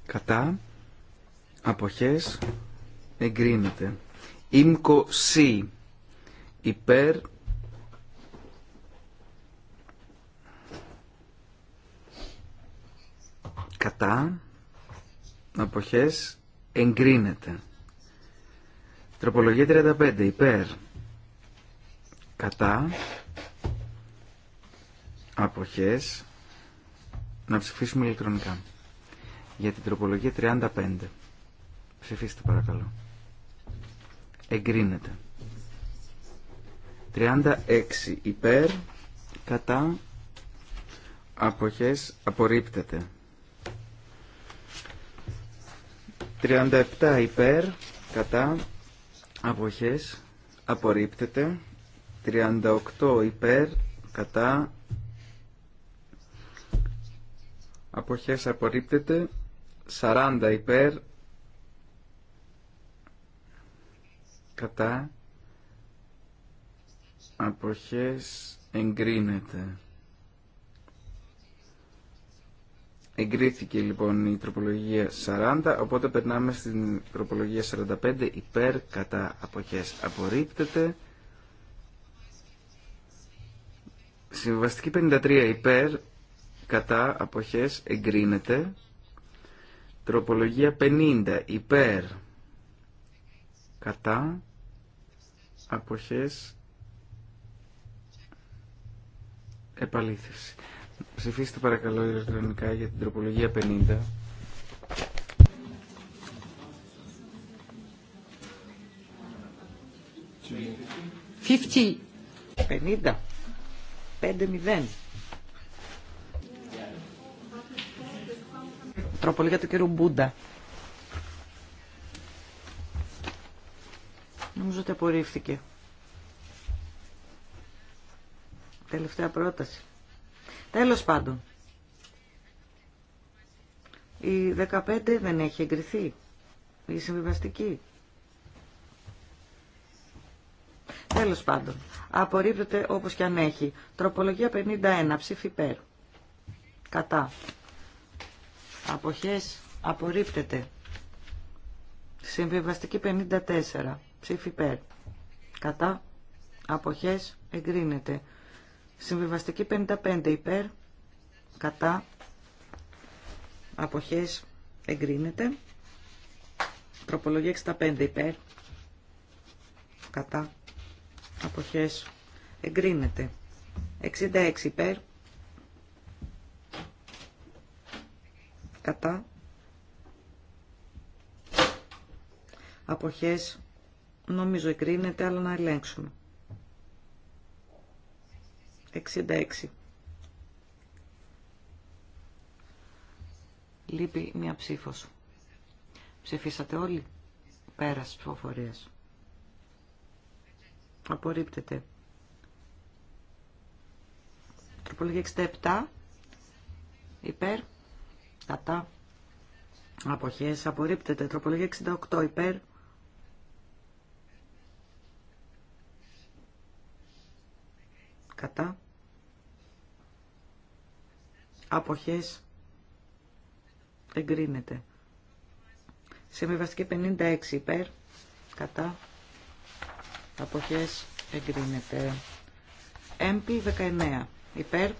κατά, αποχές εγκρίνεται. Ήμκο υπέρ κατά αποχές εγκρίνεται. Τροπολογία 35 υπέρ κατά αποχές να ψηφίσουμε ηλεκτρονικά για την τροπολογία 35. Ψηφίστε παρακαλώ. Εγκρίνεται. 36 υπέρ κατά αποχές απορρίπτεται. 37 υπέρ κατά αποχές απορρίπτεται. 38 υπέρ κατά αποχές απορρίπτεται. 40 υπέρ κατά αποχές εγκρίνεται. Εγκρίθηκε λοιπόν η τροπολογία 40, οπότε περνάμε στην τροπολογία 45, υπέρ κατά αποχές απορρίπτεται. Συμβαστική 53 υπέρ κατά αποχές εγκρίνεται. Τροπολογία 50 υπέρ κατά αποχές επαλήθευση. Ψηφίστε παρακαλώ ηλεκτρονικά για την τροπολογία 50. 50. 5-0. Τροπολογία του κύριου Μπούντα. Νομίζω ότι απορρίφθηκε. Τελευταία πρόταση. Τέλος πάντων. Η 15 δεν έχει εγκριθεί. Η συμβιβαστική. Τέλος πάντων. Απορρίπτεται όπως και αν έχει. Τροπολογία 51. Ψήφι υπέρ. Κατά. Αποχές. Απορρίπτεται. Συμβιβαστική 54 ψήφι υπέρ. Κατά αποχές εγκρίνεται. Συμβιβαστική 55 υπέρ. Κατά αποχές εγκρίνεται. Τροπολογία 65 υπέρ. Κατά αποχές εγκρίνεται. 66 υπέρ. Κατά αποχές Νομίζω εγκρίνεται, αλλά να ελέγξουμε. 66. Λείπει μια ψήφος. Ψηφίσατε όλοι. Πέρας ψηφοφορίας. Απορρίπτεται. Τροπολογία 67. Υπέρ. Κατά. Αποχές. Απορρίπτεται. Τροπολογία 68. Υπέρ. κατά αποχές εγκρίνεται. Συμβιβαστική 56 υπέρ κατά αποχές εγκρίνεται. Έμπι 19 υπέρ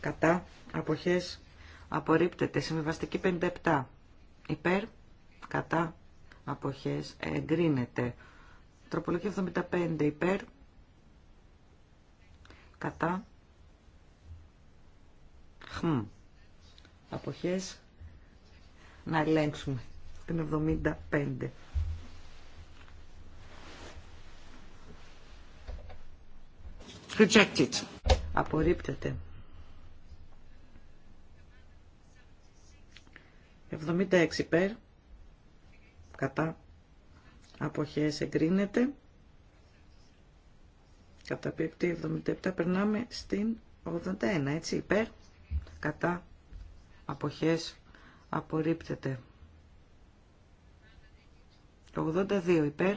κατά αποχές απορρίπτεται. Συμβιβαστική 57 υπέρ κατά αποχές εγκρίνεται. Τροπολογία 75 υπέρ κατά χμ, αποχές να ελέγξουμε την 75 Rejected. Απορρίπτεται. 76 υπέρ. Κατά. Αποχές εγκρίνεται καταπίπτει 77. Περνάμε στην 81, έτσι, υπέρ, κατά, αποχές, απορρίπτεται. 82 υπέρ.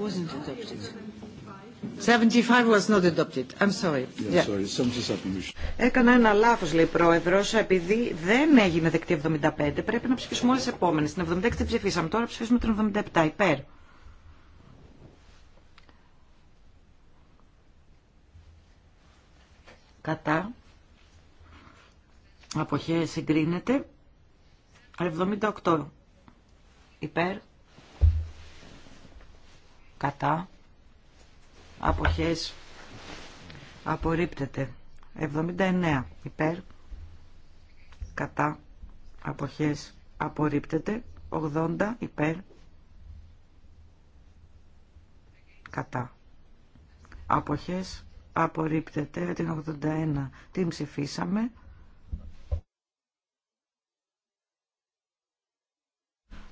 Wasn't adopted. 75 was not adopted. I'm sorry. Yeah, sorry. Έκανα ένα λάθος, λέει η Πρόεδρος, επειδή δεν έγινε δεκτή 75, πρέπει να ψηφίσουμε όλε τι επόμενες. Την 76 την ψηφίσαμε, τώρα ψηφίσουμε την 77, υπέρ. Κατά. Αποχέ συγκρίνεται. 78 υπέρ. Κατά αποχές απορρίπτεται 79 υπέρ κατά αποχές απορρίπτεται 80 υπέρ κατά αποχές απορρίπτεται την 81 την ψηφίσαμε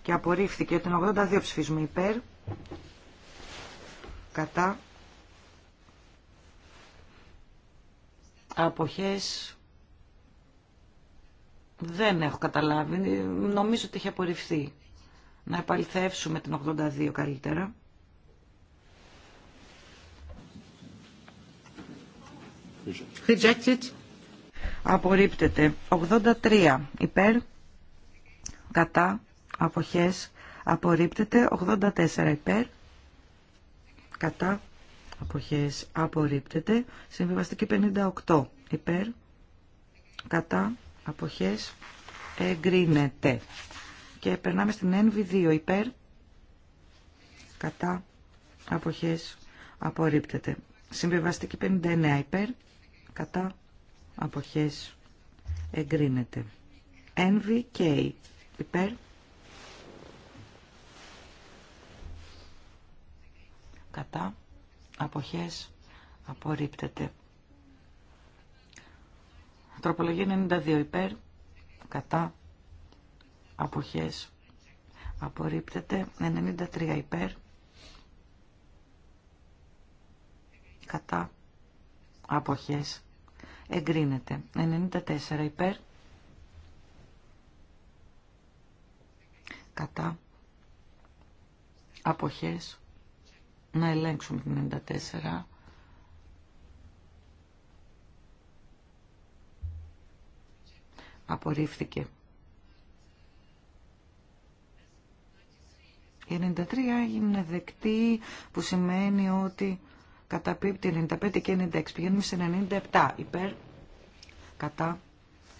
και απορρίφθηκε την 82 ψηφίσουμε υπέρ κατά Αποχές δεν έχω καταλάβει. Νομίζω ότι έχει απορριφθεί. Να επαληθεύσουμε την 82 καλύτερα. Rejected. Απορρίπτεται. 83 υπέρ. Κατά. Αποχές. Απορρίπτεται. 84 υπέρ. Κατά αποχές απορρίπτεται. Συμβιβαστική 58 υπέρ κατά αποχές εγκρίνεται. Και περνάμε στην NV2 υπέρ κατά αποχές απορρίπτεται. Συμβιβαστική 59 υπέρ κατά αποχές εγκρίνεται. NVK υπέρ κατά αποχές απορρίπτεται. Τροπολογία 92 υπέρ, κατά, αποχές απορρίπτεται. 93 υπέρ, κατά, αποχές εγκρίνεται. 94 υπέρ, κατά, αποχές να ελέγξουμε την 94. Απορρίφθηκε. Η 93 έγινε δεκτή που σημαίνει ότι καταπίπτει 95 και 96. Πηγαίνουμε σε 97 υπέρ κατά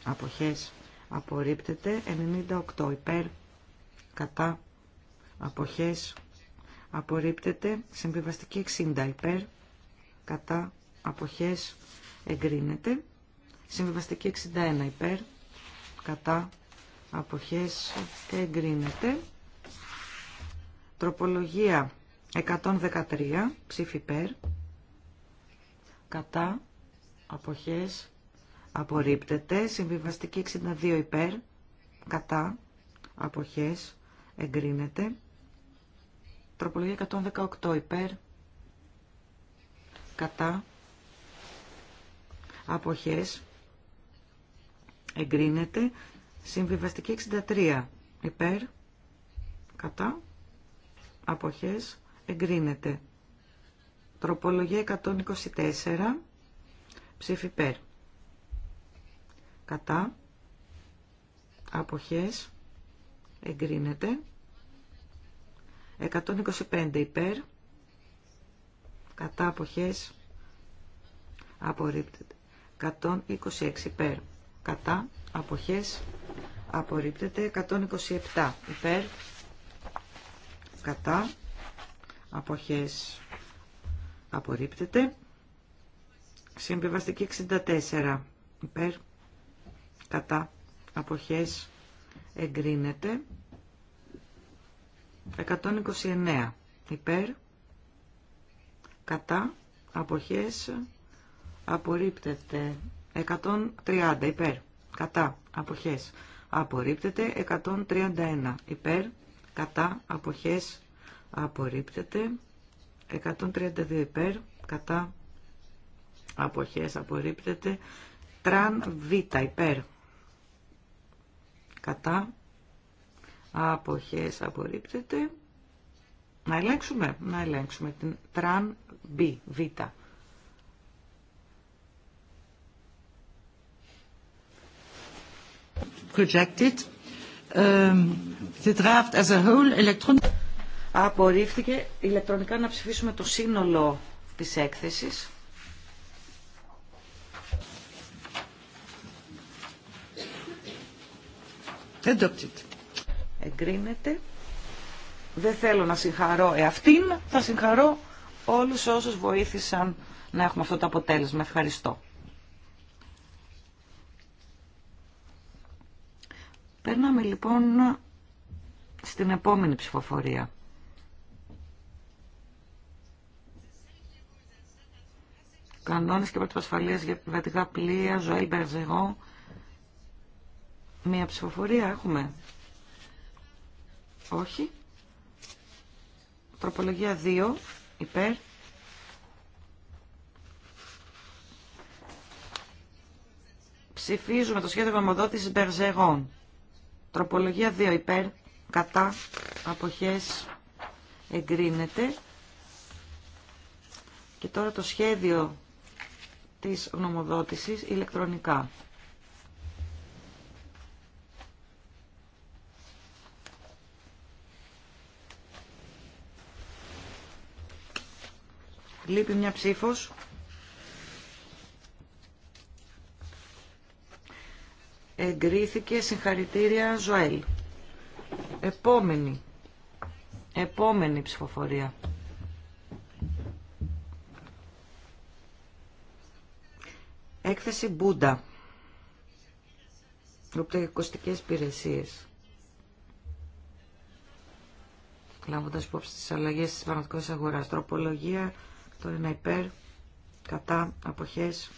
αποχές απορρίπτεται 98 υπέρ κατά αποχές απορρίπτεται. Συμβιβαστική 60 υπέρ, κατά, αποχές, εγκρίνεται. Συμβιβαστική 61 υπέρ, κατά, αποχές, εγκρίνεται. Τροπολογία 113, ψήφι υπέρ, κατά, αποχές, απορρίπτεται. Συμβιβαστική 62 υπέρ, κατά, αποχές, εγκρίνεται. Τροπολογία 118 υπέρ, κατά, αποχές, εγκρίνεται. Συμβιβαστική 63 υπέρ, κατά, αποχές, εγκρίνεται. Τροπολογία 124, ψήφι υπέρ, κατά, αποχές, εγκρίνεται. 125 υπέρ, κατά αποχές απορρίπτεται. 126 υπέρ, κατά αποχές απορρίπτεται. 127 υπέρ, κατά αποχές απορρίπτεται. Συμπιβαστική 64 υπέρ, κατά αποχές εγκρίνεται. 129 υπέρ, κατά, αποχές, απορρίπτεται. 130 υπέρ, κατά, αποχές, απορρίπτεται. 131 υπέρ, κατά, αποχές, απορρίπτεται. 132 υπέρ, κατά, αποχές, απορρίπτεται. Τραν β υπέρ, κατά, αποχές απορρίπτεται. Να ελέγξουμε, να ελέγξουμε την τραν B, β. Projected. Um, the draft as a whole electron... Απορρίφθηκε ηλεκτρονικά να ψηφίσουμε το σύνολο της έκθεσης. Adopted εγκρίνεται. Δεν θέλω να συγχαρώ εαυτήν, θα συγχαρώ όλους όσους βοήθησαν να έχουμε αυτό το αποτέλεσμα. Ευχαριστώ. Περνάμε λοιπόν στην επόμενη ψηφοφορία. Κανόνες και πρότυπα ασφαλείας για πιβατικά πλοία, Ζωή μπερζεγό. Μία ψηφοφορία έχουμε. Όχι. Τροπολογία 2. Υπέρ. Ψηφίζουμε το σχέδιο γνωμοδότησης Μπερζερών. Τροπολογία 2. Υπέρ. Κατά. Αποχές. Εγκρίνεται. Και τώρα το σχέδιο της γνωμοδότησης ηλεκτρονικά. Λείπει μια ψήφος. Εγκρίθηκε συγχαρητήρια Ζωέλ. Επόμενη. Επόμενη ψηφοφορία. Έκθεση Μπούντα. εκκοστικές υπηρεσίε. Λάβοντας υπόψη τις αλλαγές της πραγματικότητας αγοράς. Τροπολογία είναι υπέρ, κατά, αποχές,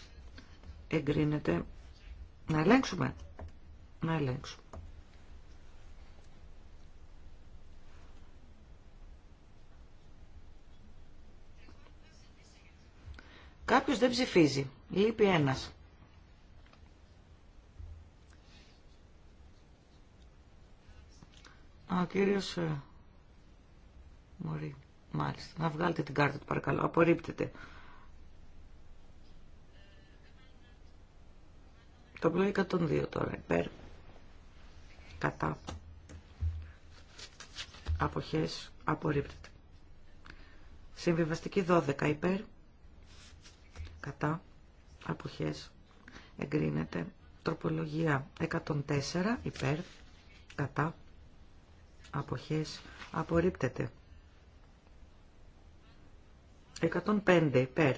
εγκρίνεται. Να ελέγξουμε. Να ελέγξουμε. Κάποιος δεν ψηφίζει. Λείπει ένας. Ο κύριος ε, Μωρή. Μάλιστα. Να βγάλετε την κάρτα του παρακαλώ. Απορρίπτεται. Το πλοίο 102 τώρα. Υπέρ. Κατά. Αποχές. Απορρίπτεται. Συμβιβαστική 12. Υπέρ. Κατά. Αποχές. Εγκρίνεται. Τροπολογία 104. Υπέρ. Κατά. Αποχές. Απορρίπτεται. 105 υπέρ.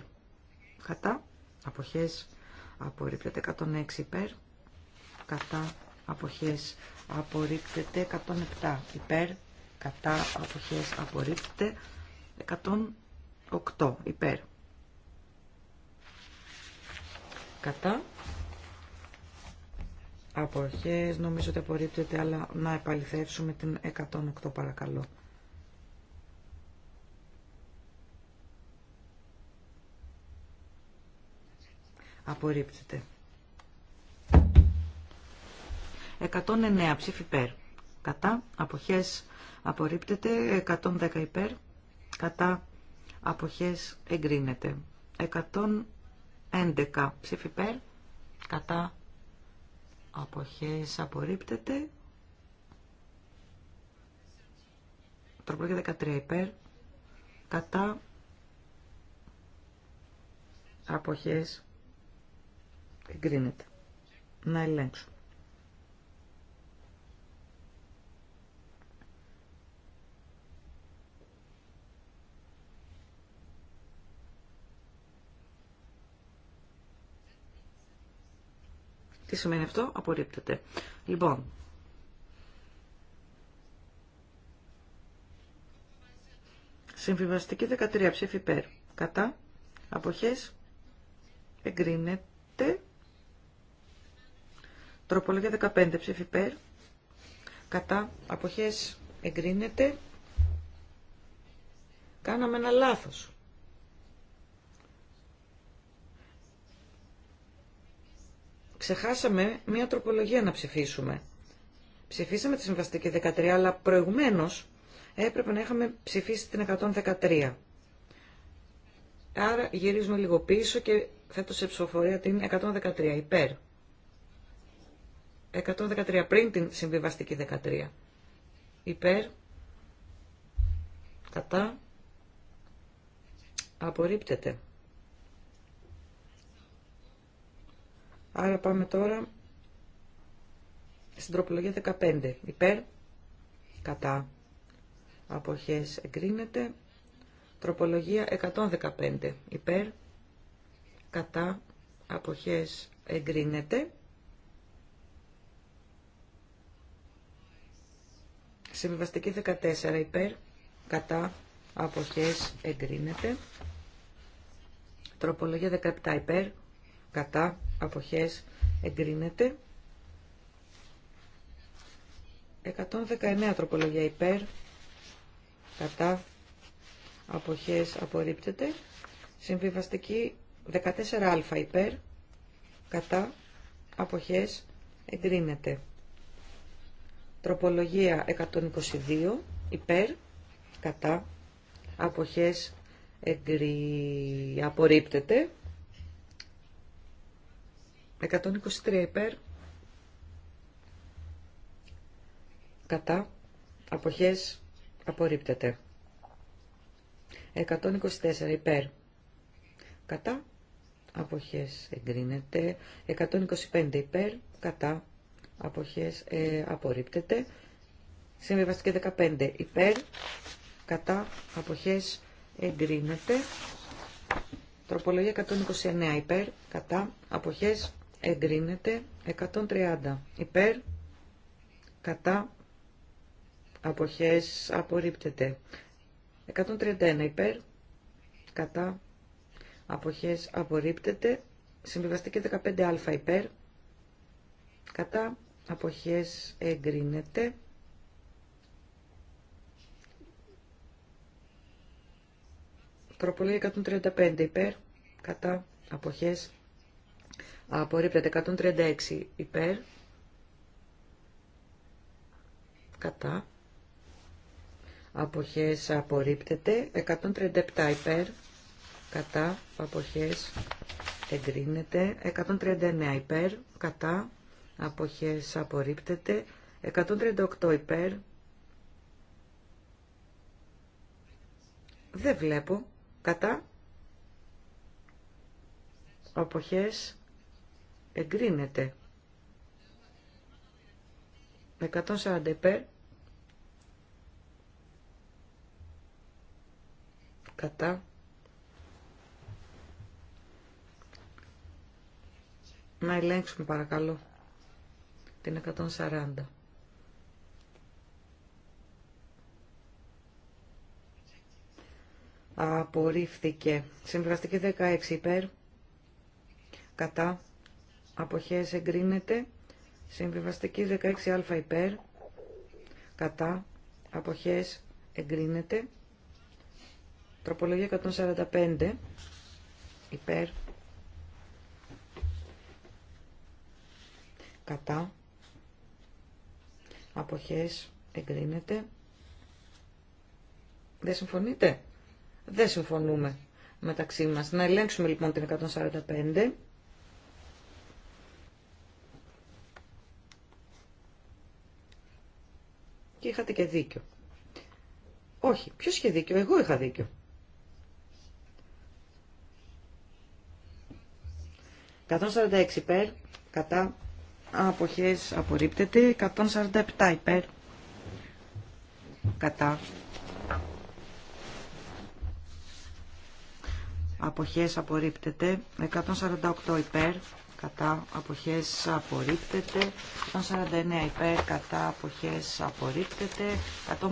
Κατά. Αποχές απορρίπτεται. 106 υπέρ. Κατά. Αποχές απορρίπτεται. 107 υπέρ. Κατά. Αποχές απορρίπτεται. 108 υπέρ. Κατά. Αποχές νομίζω ότι απορρίπτεται αλλά να επαληθεύσουμε την 108 παρακαλώ. Απορρίπτεται. 109 ψήφι υπέρ. Κατά αποχές απορρίπτεται. 110 υπέρ. Κατά αποχές εγκρίνεται. 111 ψήφι υπέρ. Κατά αποχές απορρίπτεται. Τροπολογία 13 υπέρ. Κατά αποχές Εγκρίνεται. Να ελέγξω. Τι σημαίνει αυτό, απορρίπτεται. Λοιπόν, Συμβιβαστική 13 ψήφι υπέρ. Κατά. Αποχές. Εγκρίνεται. Τροπολογία 15 ψήφι υπέρ. Κατά αποχές εγκρίνεται. Κάναμε ένα λάθος. Ξεχάσαμε μία τροπολογία να ψηφίσουμε. Ψηφίσαμε τη συμβαστική 13, αλλά προηγουμένως έπρεπε να είχαμε ψηφίσει την 113. Άρα γυρίζουμε λίγο πίσω και θέτω σε ψηφοφορία την 113 υπέρ. 113 πριν την συμβιβαστική 13. Υπέρ, κατά, απορρίπτεται. Άρα πάμε τώρα στην τροπολογία 15. Υπέρ, κατά, αποχές εγκρίνεται. Τροπολογία 115. Υπέρ, κατά, αποχές εγκρίνεται. Συμβιβαστική 14 υπέρ, κατά, αποχές, εγκρίνεται. Τροπολογία 17 υπέρ, κατά, αποχές, εγκρίνεται. 119 τροπολογία υπέρ, κατά, αποχές, απορρίπτεται. Συμβιβαστική 14α υπέρ, κατά, αποχές, εγκρίνεται. Τροπολογία 122 υπέρ κατά αποχές εγκρι... απορρίπτεται. 123 υπέρ κατά αποχές απορρίπτεται. 124 υπέρ κατά αποχές εγκρίνεται. 125 υπέρ κατά αποχές ε, απορρίπτεται. Συμβιβαστική 15 υπέρ, κατά αποχές εγκρίνεται. Τροπολογία 129 υπέρ, κατά αποχές εγκρίνεται. 130 υπέρ, κατά αποχές απορρίπτεται. 131 υπέρ, κατά αποχές απορρίπτεται. Συμβιβαστική 15α υπέρ, κατά αποχές εγκρίνεται. Προπολή 135 υπέρ, κατά, αποχές, απορρίπτεται 136 υπέρ, κατά, αποχές απορρίπτεται, 137 υπέρ, κατά, αποχές εγκρίνεται, 139 υπέρ, κατά, αποχές απορρίπτεται 138 υπέρ δεν βλέπω κατά αποχές εγκρίνεται 140 υπέρ κατά να ελέγξουμε παρακαλώ την 140. Απορρίφθηκε. Συμβαστική 16 υπέρ. Κατά. Αποχές εγκρίνεται. Συμβιβαστική 16α υπέρ. Κατά. Αποχές εγκρίνεται. Τροπολογία 145 υπέρ. Κατά αποχές εγκρίνεται. Δεν συμφωνείτε? Δεν συμφωνούμε μεταξύ μας. Να ελέγξουμε λοιπόν την 145. Και είχατε και δίκιο. Όχι, ποιος είχε δίκιο, εγώ είχα δίκιο. «146 υπέρ, κατά αποχές απορρίπτεται 147 υπέρ κατά αποχές απορρίπτεται 148 υπέρ κατά αποχές απορρίπτεται 149 υπέρ κατά αποχές απορρίπτεται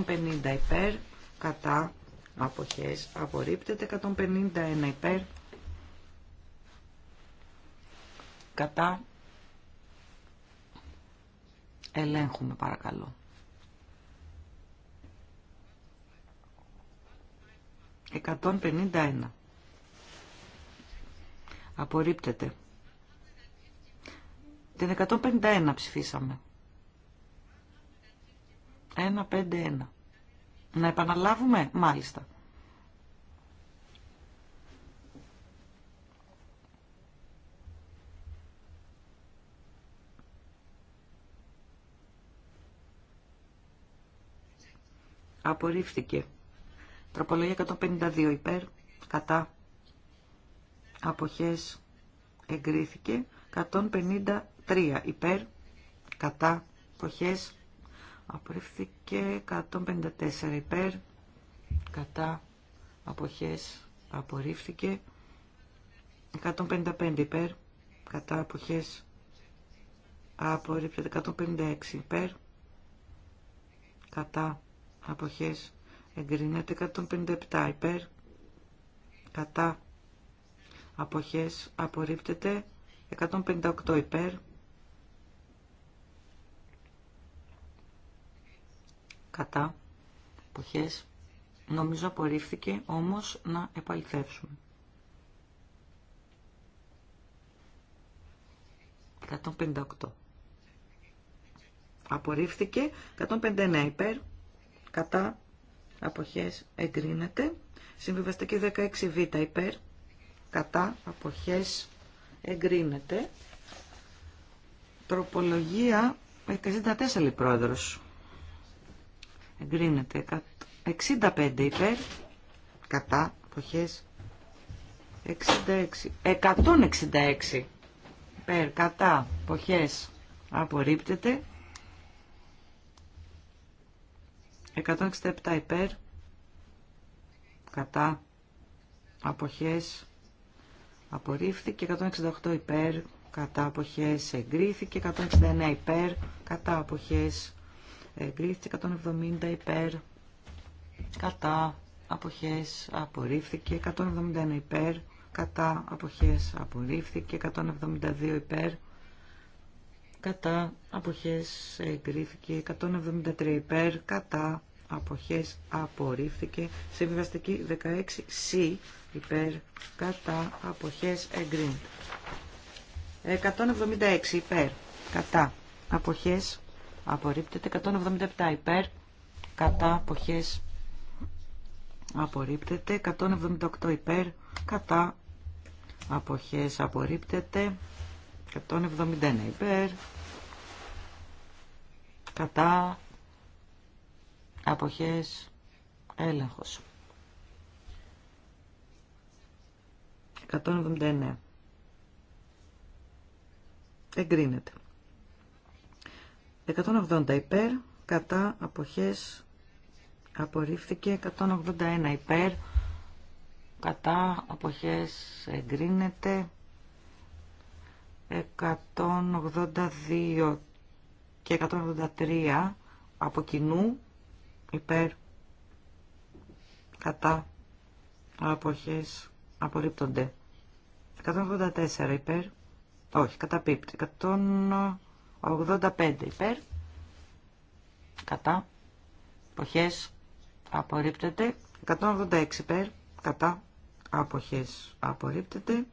150 υπέρ κατά αποχές απορρίπτεται 151 υπέρ κατά Ελέγχουμε παρακαλώ. 151. Απορρίπτεται. Την 151 ψηφίσαμε. 151. Να επαναλάβουμε, μάλιστα. Απορρίφθηκε. Τροπολογία 152 υπέρ. Κατά. Αποχές. Εγκρίθηκε. 153 υπέρ. Κατά. Αποχές. Απορρίφθηκε. 154 υπέρ. Κατά. Αποχές. Απορρίφθηκε. 155 υπέρ. Κατά. Αποχές. Απορρίφθηκε. 156 υπέρ. Κατά αποχές εγκρίνεται 157 υπέρ κατά αποχές απορρίπτεται 158 υπέρ κατά αποχές νομίζω απορρίφθηκε όμως να επαληθεύσουμε 158 απορρίφθηκε 159 υπέρ κατά αποχές εγκρίνεται. Συμβιβαστική 16β υπέρ κατά αποχές εγκρίνεται. Τροπολογία 64 πρόεδρος. Εγκρίνεται. 65 υπέρ κατά αποχές 66. 166 υπέρ κατά αποχές απορρίπτεται. 167 υπέρ, κατά, αποχές, απορρίφθηκε. 168 υπέρ, κατά, αποχές, εγκρίθηκε. 169 υπέρ, κατά, αποχές, εγκρίθηκε. 170 υπέρ, κατά, αποχές, απορρίφθηκε. 171 υπέρ, κατά, αποχές, απορρίφθηκε. 172 υπέρ, κατά αποχές εγκρίθηκε 173 υπέρ κατά αποχές απορρίφθηκε. Συμβιβαστική 16C υπέρ κατά αποχές εγκρίνεται. 176 υπέρ κατά αποχές απορρίπτεται. 177 υπέρ κατά αποχές απορρίπτεται. 178 υπέρ κατά αποχές απορρίπτεται. 171 υπέρ κατά αποχές έλεγχος 179 εγκρίνεται 180 υπέρ κατά αποχές απορρίφθηκε 181 υπέρ κατά αποχές εγκρίνεται 182 και 183 από κοινού υπέρ κατά αποχές απορρίπτονται 184 υπέρ όχι καταπίπτει 185 υπέρ κατά αποχές απορρίπτεται 186 υπέρ κατά αποχές απορρίπτεται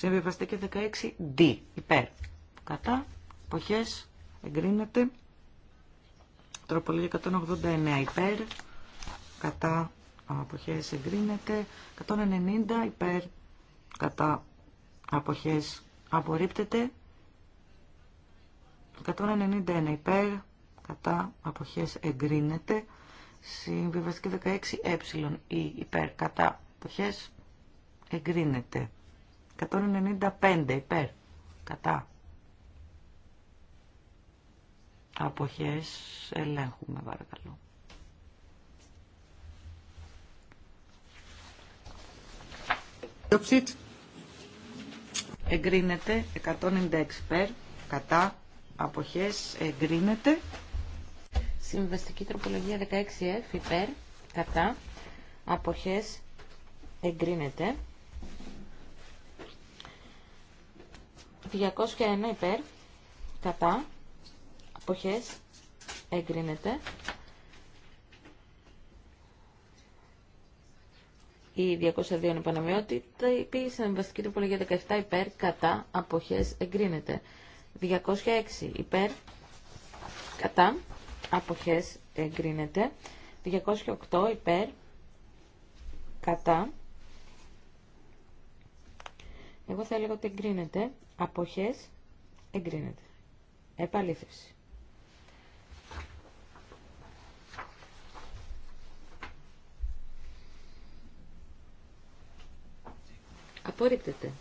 και 16 D υπέρ κατά αποχές εγκρίνεται Τροπολογία 189 υπέρ, κατά αποχές εγκρίνεται. 190 υπέρ, κατά αποχές απορρίπτεται. 191 υπέρ, κατά αποχές εγκρίνεται. Συμβιβαστική 16 ε ή υπέρ, κατά αποχές εγκρίνεται. 195 υπέρ, κατά Αποχές ελέγχουμε παρακαλώ. Εγκρίνεται 196 περ, κατά, αποχές, εγκρίνεται. Συμβαστική τροπολογία 16F υπέρ, κατά, αποχές, εγκρίνεται. 201 υπέρ, κατά, αποχές εγκρίνεται. Η 202 είναι πανομοιότητα. Η του τροπολογία 17 υπέρ κατά αποχές εγκρίνεται. 206 υπέρ κατά αποχές εγκρίνεται. 208 υπέρ κατά. Εγώ θα έλεγα ότι εγκρίνεται. Αποχές εγκρίνεται. Επαλήθευση. Απορρίπτεται.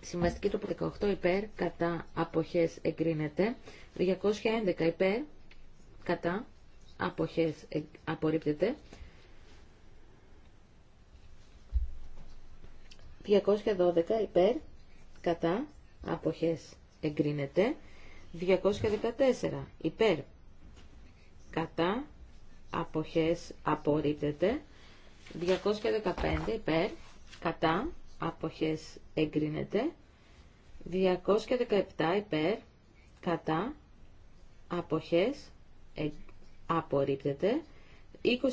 Συμβαστική το 18 υπέρ, κατά αποχές εγκρίνεται. 211 ε, υπέρ, κατά αποχές απορρίπτεται. 212 υπέρ, κατά αποχές εγκρίνεται. 214 υπέρ, κατά αποχές απορρίπτεται. 215 υπέρ, κατά, αποχές εγκρίνεται. 217 ε, υπέρ, κατά, αποχές απορρίπτεται.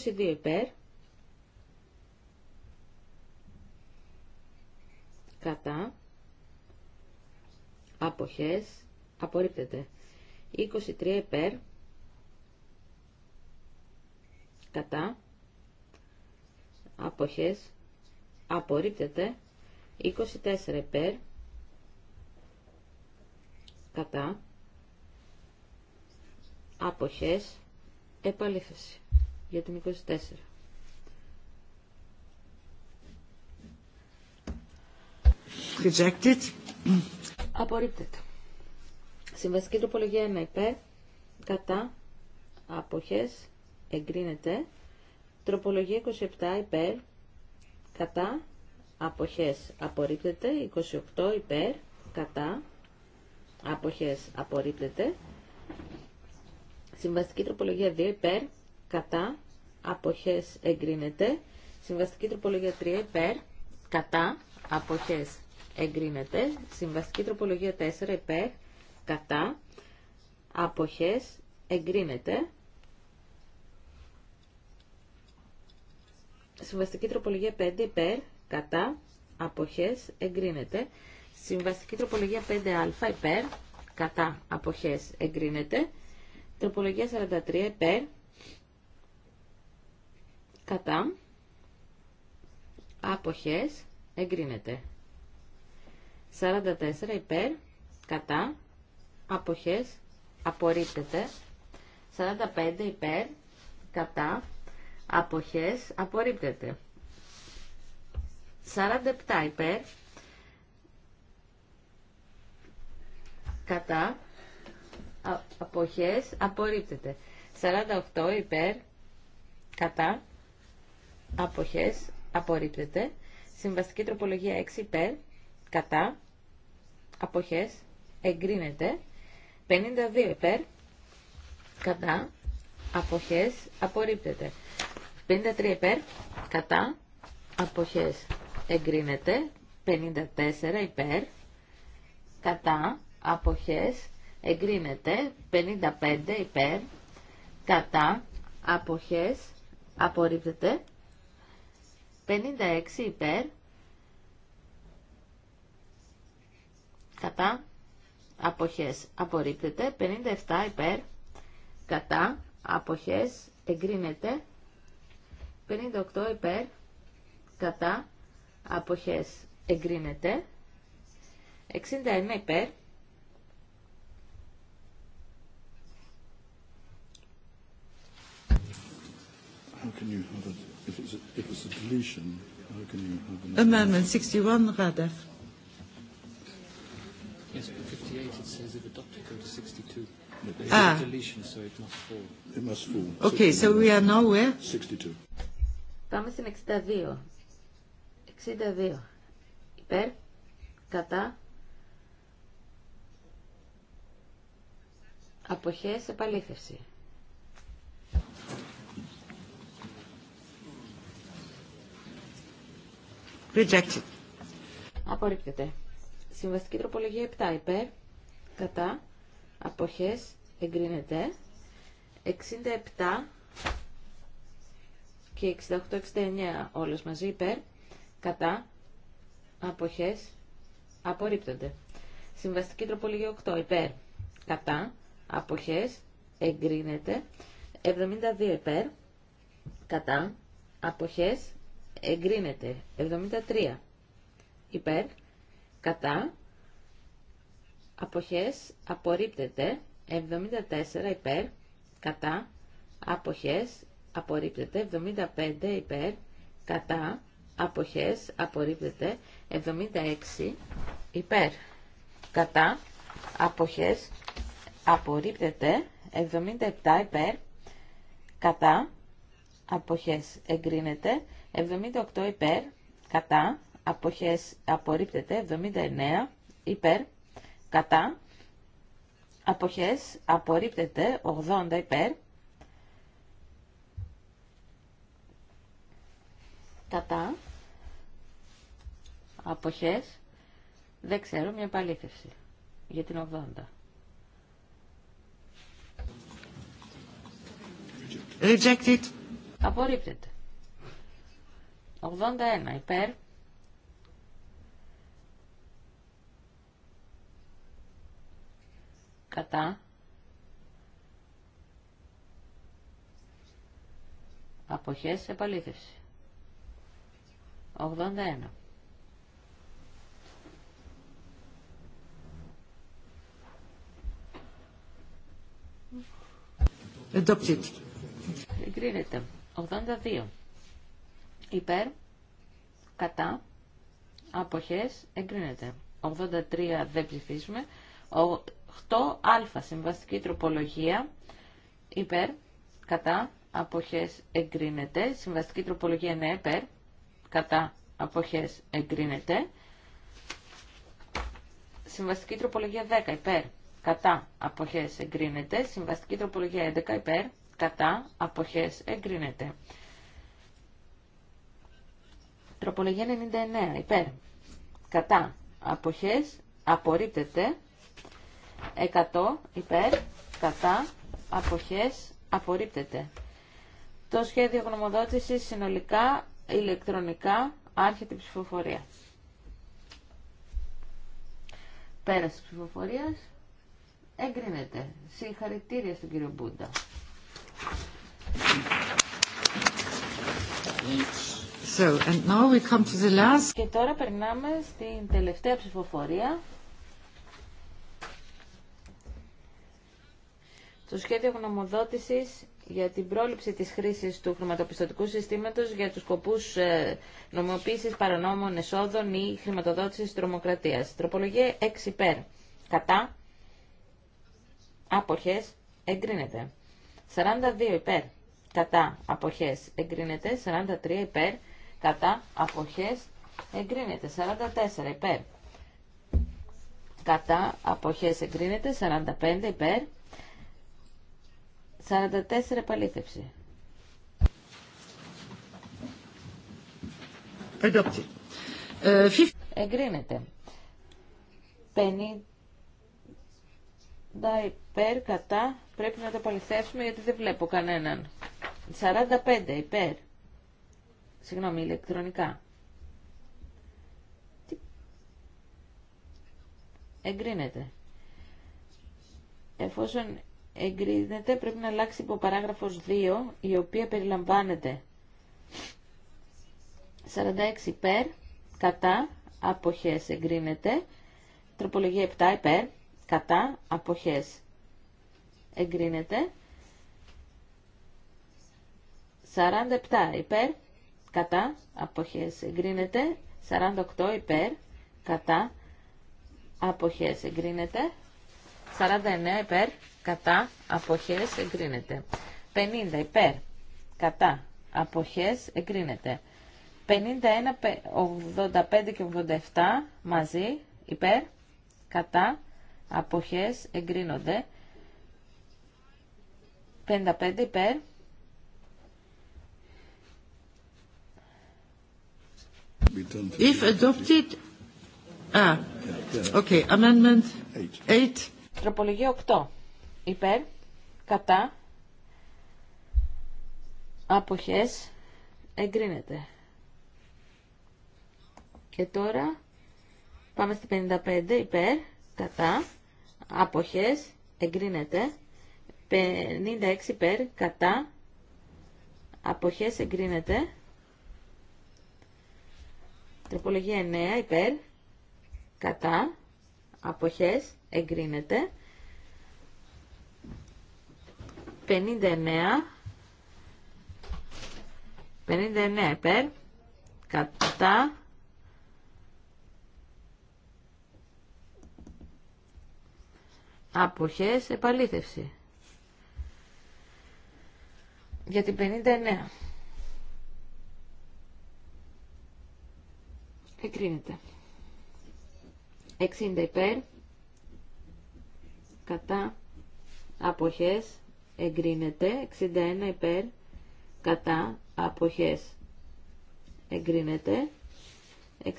22 υπέρ, κατά, αποχές απορρίπτεται. 23 υπέρ, κατά, αποχές απορρίπτεται 24 υπέρ κατά αποχές επαλήθευση για την 24 Rejected. Απορρίπτεται. Συμβαστική τροπολογία 1 υπέρ, κατά, αποχές, εγκρίνεται. Τροπολογία 27 υπέρ, κατά, αποχές απορρίπτεται. 28 υπέρ, κατά, αποχές απορρίπτεται. Συμβαστική τροπολογία 2 υπέρ, κατά, αποχές εγκρίνεται. Συμβαστική τροπολογία 3 υπέρ, κατά, αποχές εγκρίνεται. Συμβαστική τροπολογία 4 υπέρ, κατά, αποχές εγκρίνεται. Συμβαστική τροπολογία 5 υπέρ, κατά, αποχές, εγκρίνεται. Συμβαστική τροπολογία 5α υπέρ, κατά, αποχές, εγκρίνεται. Τροπολογία 43 υπέρ, κατά, αποχές, εγκρίνεται. 44 υπέρ, κατά, αποχές, απορρίπτεται. 45 υπέρ, κατά, αποχές απορρίπτεται. 47 υπέρ, κατά, αποχές απορρίπτεται. 48 υπέρ, κατά, αποχές απορρίπτεται. Συμβαστική τροπολογία 6 υπέρ, κατά, αποχές εγκρίνεται. 52 υπέρ, κατά, αποχές απορρίπτεται. 53 υπέρ, κατά, αποχές εγκρίνεται, 54 υπέρ, κατά, αποχές εγκρίνεται, 55 υπέρ, κατά, αποχές απορρίπτεται, 56 υπέρ, κατά, αποχές απορρίπτεται, 57 υπέρ, κατά, αποχές εγκρίνεται, 58 υπέρ, κατά, αποχές εγκρίνεται. 61 υπέρ, How can you have a, if it's a, if it's a deletion, how can you have an Amendment 61, Radev. Yes, but 58 it says if adopted go to 62. Ah. It's a deletion, so it must fall. It must fall. Okay, so we are now where? 62. Πάμε στην 62. 62. Υπέρ, κατά, αποχές, επαλήθευση. Rejected. Απορρίπτεται. Συμβαστική τροπολογία 7. Υπέρ, κατά, αποχές, εγκρίνεται. 67 και 68-69 όλες μαζί υπέρ, κατά, αποχές, απορρίπτονται. Συμβαστική τροπολογία 8 υπέρ, κατά, αποχές, εγκρίνεται. 72 υπέρ, κατά, αποχές, εγκρίνεται. 73 υπέρ, κατά, αποχές, απορρίπτεται. 74 υπέρ, κατά, αποχές, απορρίπτεται, 75 υπέρ, κατά, αποχές, απορρίπτεται, 76 υπέρ, κατά, αποχές, απορρίπτεται, 77 υπέρ, κατά, αποχές, εγκρίνεται, 78 υπέρ, κατά, αποχές, απορρίπτεται, 79 υπέρ, κατά, αποχές, απορρίπτεται, 80 υπέρ, Κατά. Αποχές. Δεν ξέρω, μια επαλήθευση. Για την 80. Rejected. Απορρίπτεται. 81 υπέρ. Κατά. Αποχές επαλήθευση. 81. Εγκρίνεται. 82. Υπέρ, κατά, αποχές, εγκρίνεται. 83 δεν ψηφίσουμε. 8α συμβαστική τροπολογία. Υπέρ, κατά, αποχές, εγκρίνεται. Συμβαστική τροπολογία ναι, υπέρ, κατά αποχές εγκρίνεται. Συμβαστική τροπολογία 10 υπέρ κατά αποχές εγκρίνεται. Συμβαστική τροπολογία 11 υπέρ κατά αποχές εγκρίνεται. Τροπολογία 99 υπέρ κατά αποχές απορρίπτεται. 100 υπέρ κατά αποχές απορρίπτεται. Το σχέδιο γνωμοδότησης συνολικά ηλεκτρονικά άρχεται η ψηφοφορία. Πέραση της ψηφοφορίας εγκρίνεται. Συγχαρητήρια στον κύριο Μπούντα. So, and now we come to the last... Και τώρα περνάμε στην τελευταία ψηφοφορία. Το σχέδιο γνωμοδότησης για την πρόληψη της χρήσης του χρηματοπιστωτικού συστήματος για τους σκοπούς ε, νομοποίησης παρανόμων εσόδων ή χρηματοδότησης τρομοκρατίας. Τροπολογία 6 υπέρ. Κατά. Αποχές. Εγκρίνεται. 42 υπέρ. Κατά. Αποχές. Εγκρίνεται. 43 υπέρ. Κατά. Αποχές. Εγκρίνεται. 44 υπέρ. Κατά. Αποχές. Εγκρίνεται. 45 υπέρ 44 επαλήθευση. Ε, Εγκρίνεται. 50 υπέρ, κατά. Πρέπει να το παληθεύσουμε γιατί δεν βλέπω κανέναν. 45 υπέρ. Συγγνώμη, ηλεκτρονικά. Εγκρίνεται. Εφόσον εγκρίνεται πρέπει να αλλάξει υπό παράγραφος 2 η οποία περιλαμβάνεται 46 υπέρ κατά αποχές εγκρίνεται τροπολογία 7 υπέρ κατά αποχές εγκρίνεται 47 υπέρ κατά αποχές εγκρίνεται 48 υπέρ κατά αποχές εγκρίνεται 49 υπέρ, κατά, αποχές, εγκρίνεται. 50 υπέρ, κατά, αποχές, εγκρίνεται. 51, 85 και 87 μαζί, υπέρ, κατά, αποχές, εγκρίνονται. 55 υπέρ, If adopted, ah, okay, amendment 8 Τροπολογία 8. Υπέρ, κατά, αποχές, εγκρίνεται. Και τώρα πάμε στη 55. Υπέρ, κατά, αποχές, εγκρίνεται. 56 υπέρ, κατά, αποχές, εγκρίνεται. Τροπολογία 9 υπέρ, κατά, αποχές εγκρίνεται 59 59 υπέρ κατά αποχές επαλήθευση για την 59 εκρίνεται 60 υπέρ, κατά αποχές εγκρίνεται, 61 υπέρ, κατά αποχές εγκρίνεται, 62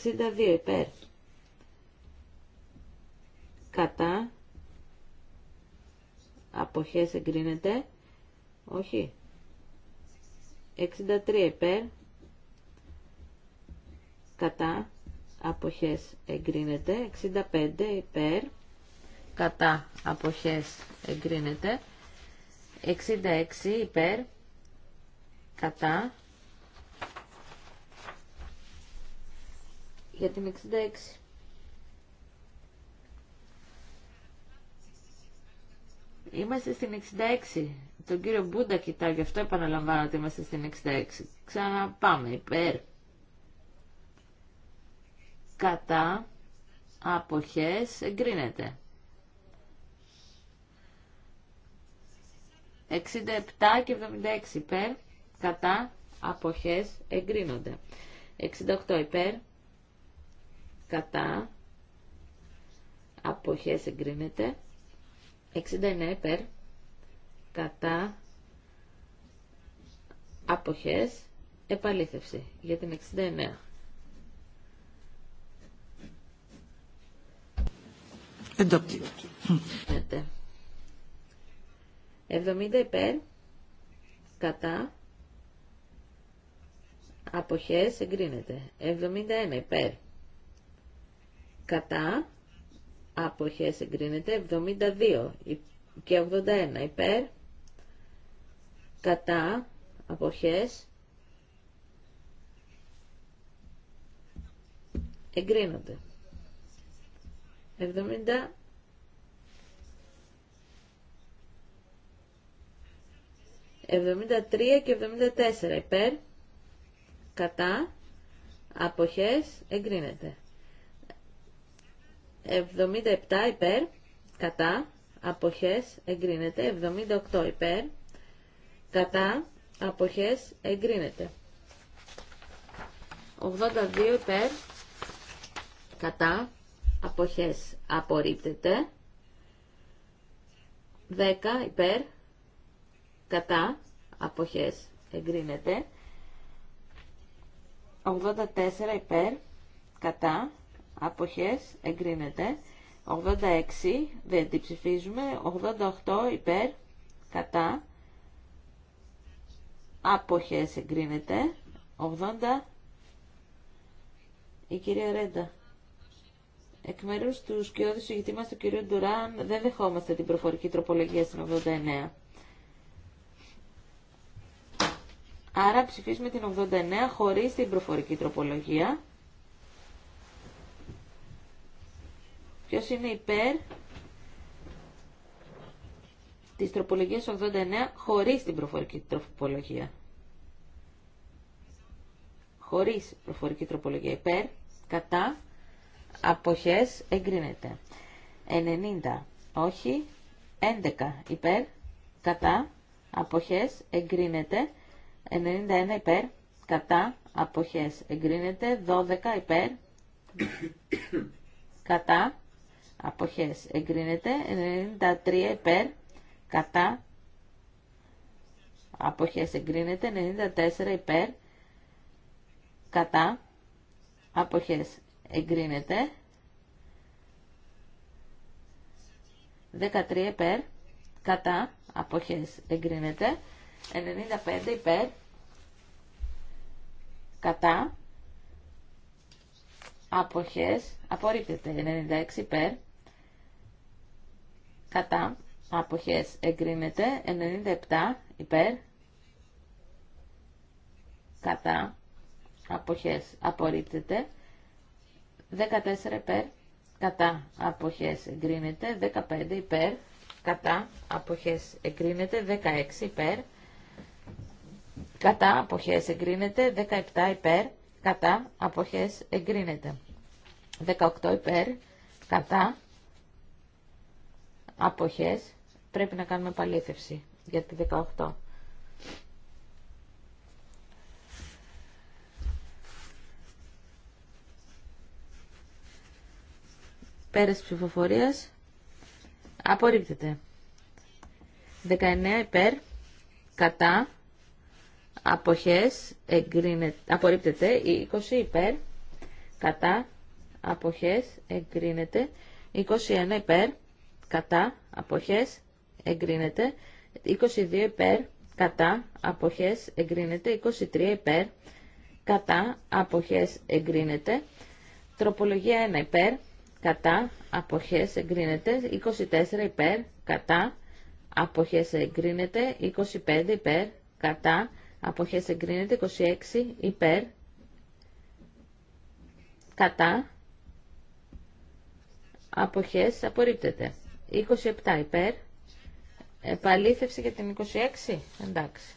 υπέρ, κατά αποχές εγκρίνεται, όχι, 63 υπέρ, κατά αποχές εγκρίνεται 65 υπέρ κατά αποχές εγκρίνεται 66 υπέρ κατά για την 66 Είμαστε στην 66. Τον κύριο Μπούντα κοιτάει, γι' αυτό επαναλαμβάνω ότι είμαστε στην 66. Ξαναπάμε, υπέρ, κατά, αποχές, εγκρίνεται. 67 και 76 υπέρ, κατά, αποχές, εγκρίνονται. 68 υπέρ, κατά, αποχές, εγκρίνεται. 69 υπέρ, κατά, αποχές, επαλήθευση για την 69. 70 υπέρ, κατά, αποχές εγκρίνεται. 71 υπέρ, κατά, αποχές εγκρίνεται. 72 και 81 υπέρ, κατά, αποχές εγκρίνονται. 73 και 74 υπέρ κατά αποχές εγκρίνεται 77 υπέρ κατά αποχές εγκρίνεται 78 υπέρ κατά αποχές εγκρίνεται 82 υπέρ κατά αποχές απορρίπτεται. 10 υπέρ, κατά, αποχές εγκρίνεται. 84 υπέρ, κατά, αποχές εγκρίνεται. 86 δεν την ψηφίζουμε. 88 υπέρ, κατά, αποχές εγκρίνεται. 80 η κυρία Ρέντα. Εκ μέρου του σκιώδης ηγητή μα του κ. Ντουράν, δεν δεχόμαστε την προφορική τροπολογία στην 89. Άρα ψηφίσουμε την 89 χωρί την προφορική τροπολογία. Ποιο είναι υπέρ Τη τροπολογία 89 χωρί την προφορική τροπολογία. Χωρί προφορική τροπολογία υπέρ, κατά, αποχές εγκρίνεται. 90 όχι, 11 υπέρ, κατά, αποχές εγκρίνεται. 91 υπέρ, κατά, αποχές εγκρίνεται. 12 υπέρ, κατά, αποχές εγκρίνεται. 93 υπέρ, κατά, αποχές εγκρίνεται. 94 υπέρ, κατά, αποχές εγκρίνεται. 13 υπέρ, κατά, αποχές εγκρίνεται. 95 υπέρ, κατά, αποχές, απορρίπτεται. 96 υπέρ, κατά, αποχές εγκρίνεται. 97 υπέρ, κατά, αποχές απορρίπτεται. 14 υπέρ, κατά αποχές εγκρίνεται, 15 υπέρ, κατά αποχές εγκρίνεται, 16 υπέρ, κατά αποχές εγκρίνεται, 17 υπέρ, κατά αποχές εγκρίνεται, 18 υπέρ, κατά αποχές πρέπει να κάνουμε παλήθευση για τη 18. Πέρας ψηφοφορία, Απορρίπτεται. 19 υπέρ. Κατά. Αποχές. Εγκρίνεται. Απορρίπτεται. 20 υπέρ. Κατά. Αποχές. Εγκρίνεται. 21 υπέρ. Κατά. Αποχές. Εγκρίνεται. 22 υπέρ. Κατά. Αποχές. Εγκρίνεται. 23 υπέρ. Κατά. Αποχές. Εγκρίνεται. Τροπολογία 1 υπέρ κατά, αποχές εγκρίνεται, 24 υπέρ, κατά, αποχές εγκρίνεται, 25 υπέρ, κατά, αποχές εγκρίνεται, 26 υπέρ, κατά, αποχές απορρίπτεται, 27 υπέρ, επαλήθευση για την 26, εντάξει.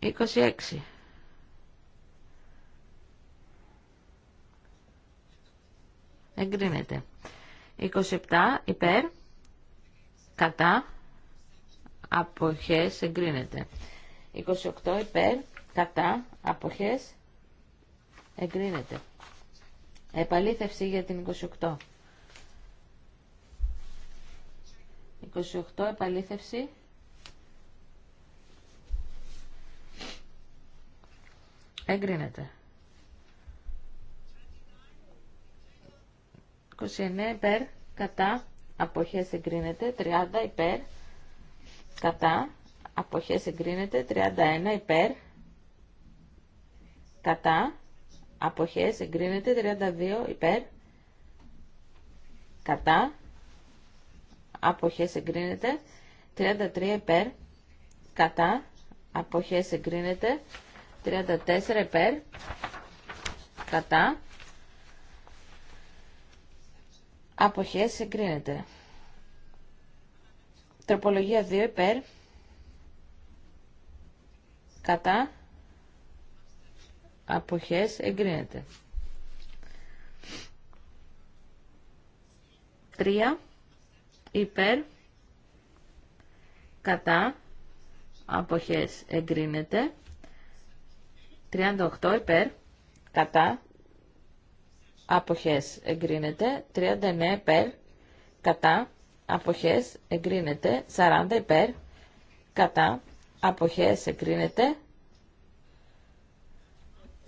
26. Εγκρίνεται. 27 υπέρ. Κατά. Αποχές. Εγκρίνεται. 28 υπέρ. Κατά. Αποχές. Εγκρίνεται. Επαλήθευση για την 28. 28 επαλήθευση. Εγκρίνεται. 29 υπέρ, κατά, αποχές εγκρίνεται. 30 υπέρ, κατά, αποχές εγκρίνεται. 31 υπέρ, κατά, αποχές εγκρίνεται. 32 υπέρ, κατά, αποχές εγκρίνεται. 33 υπέρ, κατά, αποχές εγκρίνεται. 34 υπέρ, κατά, Αποχές εγκρίνεται. Τροπολογία 2 υπέρ. Κατά. Αποχές εγκρίνεται. 3 υπέρ. Κατά. Αποχές εγκρίνεται. 38 υπέρ. Κατά αποχές εγκρίνεται, 39 υπέρ, κατά, αποχές εγκρίνεται, 40 υπέρ, κατά, αποχές εγκρίνεται,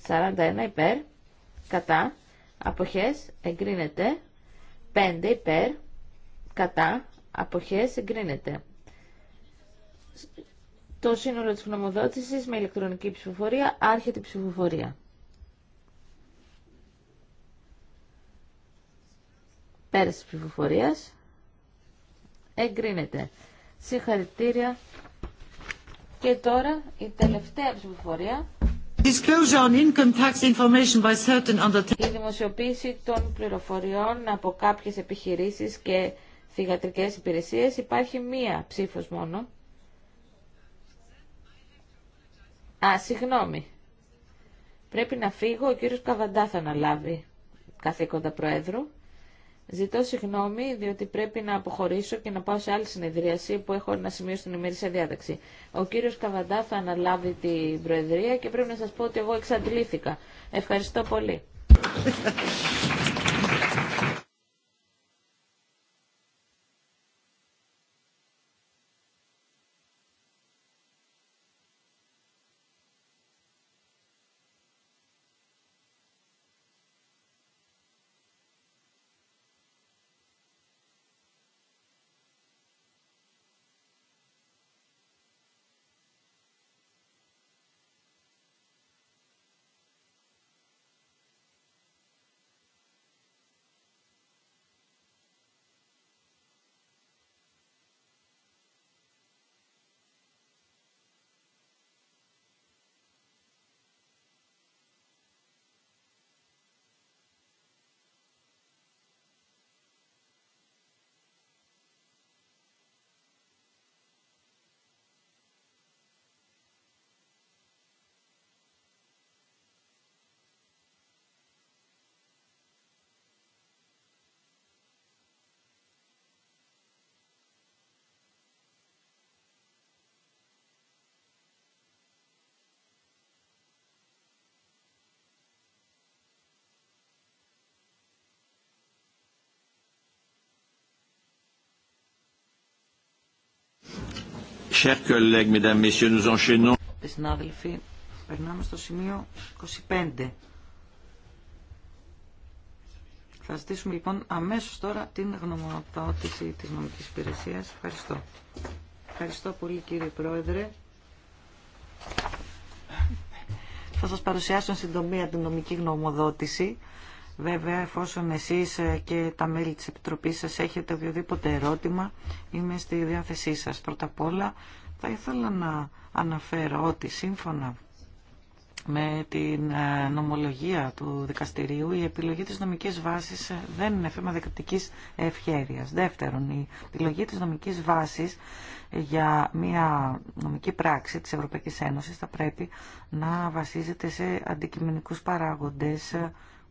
41 υπέρ, κατά, αποχές εγκρίνεται, 5 υπέρ, κατά, αποχές εγκρίνεται. Το σύνολο της γνωμοδότησης με ηλεκτρονική ψηφοφορία άρχεται η ψηφοφορία. Πέρας της ψηφοφορίας. Εγκρίνεται. Συγχαρητήρια. Και τώρα η τελευταία ψηφοφορία. η δημοσιοποίηση των πληροφοριών από κάποιες επιχειρήσεις και θηγατρικές υπηρεσίες. Υπάρχει μία ψήφος μόνο. Α, συγγνώμη. Πρέπει να φύγω, ο κύριος Καβαντά θα αναλάβει καθήκοντα Προέδρου. Ζητώ συγγνώμη, διότι πρέπει να αποχωρήσω και να πάω σε άλλη συνεδρίαση που έχω να σημείο στην ημερήσια διάταξη. Ο κύριος Καβαντά θα αναλάβει την Προεδρία και πρέπει να σας πω ότι εγώ εξαντλήθηκα. Ευχαριστώ πολύ. Συνάδελφοι, περνάμε στο σημείο 25. Θα ζητήσουμε λοιπόν αμέσως τώρα την γνωμοδότηση της νομικής υπηρεσίας. Ευχαριστώ. Ευχαριστώ πολύ κύριε Πρόεδρε. Θα σας παρουσιάσω συντομία την νομική γνωμοδότηση Βέβαια, εφόσον εσείς ε, και τα μέλη της Επιτροπής σας έχετε οποιοδήποτε ερώτημα, είμαι στη διάθεσή σας. Πρώτα απ' όλα, θα ήθελα να αναφέρω ότι σύμφωνα με την ε, νομολογία του δικαστηρίου, η επιλογή της νομικής βάσης ε, δεν είναι θέμα δεκτικής ευχέρειας. Δεύτερον, η επιλογή της νομικής βάσης για μια νομική πράξη της Ευρωπαϊκής Ένωσης θα πρέπει να βασίζεται σε αντικειμενικούς παράγοντες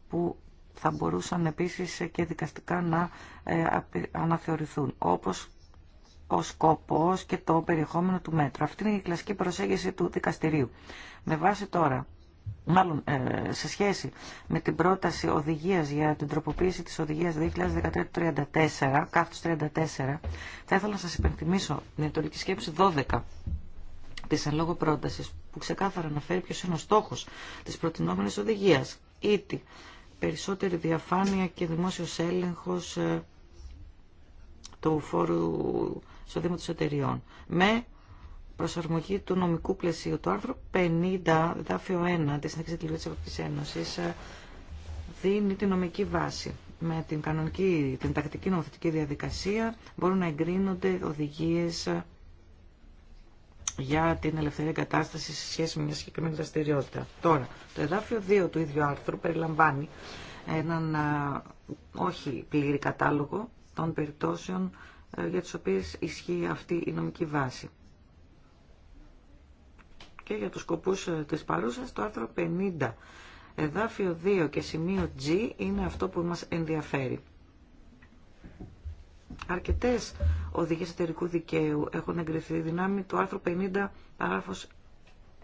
που θα μπορούσαν επίσης και δικαστικά να ε, αναθεωρηθούν, όπως ο σκοπός και το περιεχόμενο του μέτρου. Αυτή είναι η κλασική προσέγγιση του δικαστηρίου. Με βάση τώρα, μάλλον ε, σε σχέση με την πρόταση οδηγίας για την τροποποίηση της οδηγίας 2013-34, κάθος 34, θα ήθελα να σας υπενθυμίσω την ετολική σκέψη 12 της εν λόγω πρότασης, που ξεκάθαρα αναφέρει ποιος είναι ο στόχος της προτινόμενης οδηγίας περισσότερη διαφάνεια και δημόσιος έλεγχος ε, του φόρου στο της εταιριών με προσαρμογή του νομικού πλαισίου. Το άρθρο 50, δάφιο 1 της Συνέχισης Εκλογής της Ευρωπαϊκής ε, δίνει τη νομική βάση. Με την, κανονική, την τακτική νομοθετική διαδικασία μπορούν να εγκρίνονται οδηγίες ε, για την ελευθερία κατάσταση σε σχέση με μια συγκεκριμένη δραστηριότητα. Τώρα, το εδάφιο 2 του ίδιου άρθρου περιλαμβάνει έναν όχι πλήρη κατάλογο των περιπτώσεων ε, για τις οποίες ισχύει αυτή η νομική βάση. Και για τους σκοπούς ε, της παρούσας το άρθρο 50. Εδάφιο 2 και σημείο G είναι αυτό που μας ενδιαφέρει. Αρκετέ οδηγίε εταιρικού δικαίου έχουν εγκριθεί δυνάμει του άρθρου 50 παράγραφο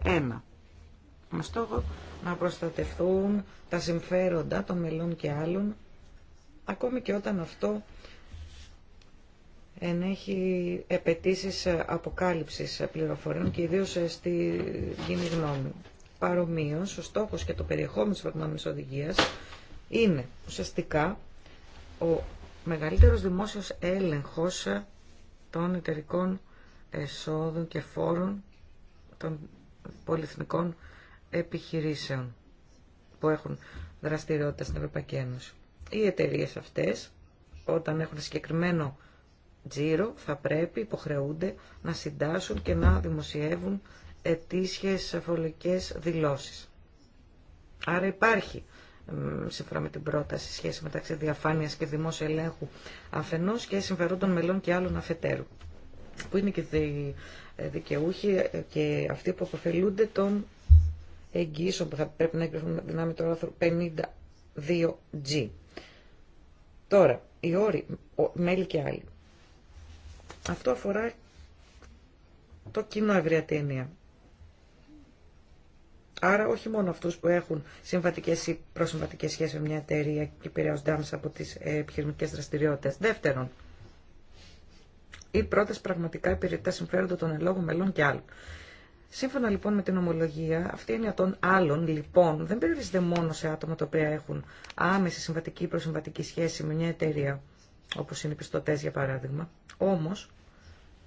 1 με στόχο να προστατευτούν τα συμφέροντα των μελών και άλλων ακόμη και όταν αυτό ενέχει επαιτήσει αποκάλυψης πληροφοριών και ιδίω στη κοινή γνώμη. Παρομοίω, ο στόχο και το περιεχόμενο τη προηγούμενης οδηγία είναι ουσιαστικά ο μεγαλύτερος δημόσιος έλεγχος των εταιρικών εσόδων και φόρων των πολυεθνικών επιχειρήσεων που έχουν δραστηριότητα στην Ευρωπαϊκή Ένωση. Οι εταιρείε αυτές, όταν έχουν συγκεκριμένο τζίρο, θα πρέπει, υποχρεούνται να συντάσσουν και να δημοσιεύουν ετήσιες φορολογικές δηλώσεις. Άρα υπάρχει σύμφωνα με την πρόταση σχέση μεταξύ διαφάνεια και δημόσιου ελέγχου αφενός και συμφερόντων μελών και άλλων αφετέρου που είναι και ε, δικαιούχοι ε, και αυτοί που αποφελούνται των εγγύσεων που θα πρέπει να εγκριθούν δυνάμει του άρθρου 52G. Τώρα, οι όροι, μέλη και άλλοι. Αυτό αφορά το κοινό ευρεία Άρα όχι μόνο αυτούς που έχουν συμβατικές ή προσυμβατικές σχέσεις με μια εταιρεία και επηρεάζονται άμεσα από τις ε, επιχειρηματικές δραστηριότητες. Δεύτερον, οι πρώτες πραγματικά υπηρετά συμφέροντα των ελόγων μελών και άλλων. Σύμφωνα λοιπόν με την ομολογία, αυτή είναι έννοια των άλλων λοιπόν δεν περιορίζεται μόνο σε άτομα τα οποία έχουν άμεση συμβατική ή προσυμβατική σχέση με μια εταιρεία, όπως είναι οι πιστωτές για παράδειγμα. Όμως,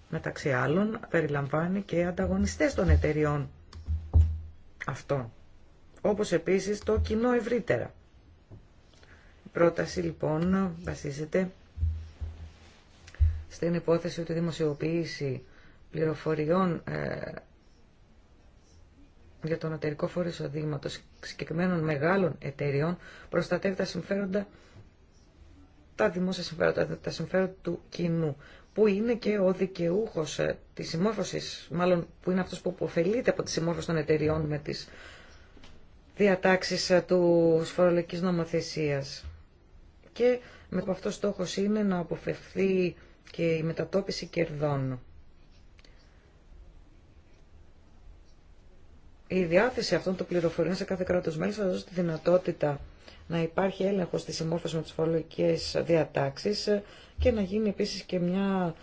μεταξύ άλλων, περιλαμβάνει και ανταγωνιστές των εταιριών αυτό. Όπως επίσης το κοινό ευρύτερα. Η πρόταση λοιπόν βασίζεται στην υπόθεση ότι η δημοσιοποίηση πληροφοριών ε, για τον εταιρικό φόρο εισοδήματος συγκεκριμένων μεγάλων εταιριών προστατεύει τα συμφέροντα τα δημόσια συμφέροντα, τα συμφέροντα του κοινού που είναι και ο δικαιούχο ε, της συμμόρφωσης, μάλλον που είναι αυτός που αποφελείται από τη συμμόρφωση των εταιριών με τις διατάξεις ε, του φορολογική νομοθεσίας. Και με αυτό στόχο είναι να αποφευθεί και η μετατόπιση κερδών. Η διάθεση αυτών των πληροφοριών σε κάθε κράτο μέλος θα δώσει τη δυνατότητα να υπάρχει έλεγχο της συμμόρφωση με τι φορολογικέ διατάξει και να γίνει επίσης και μια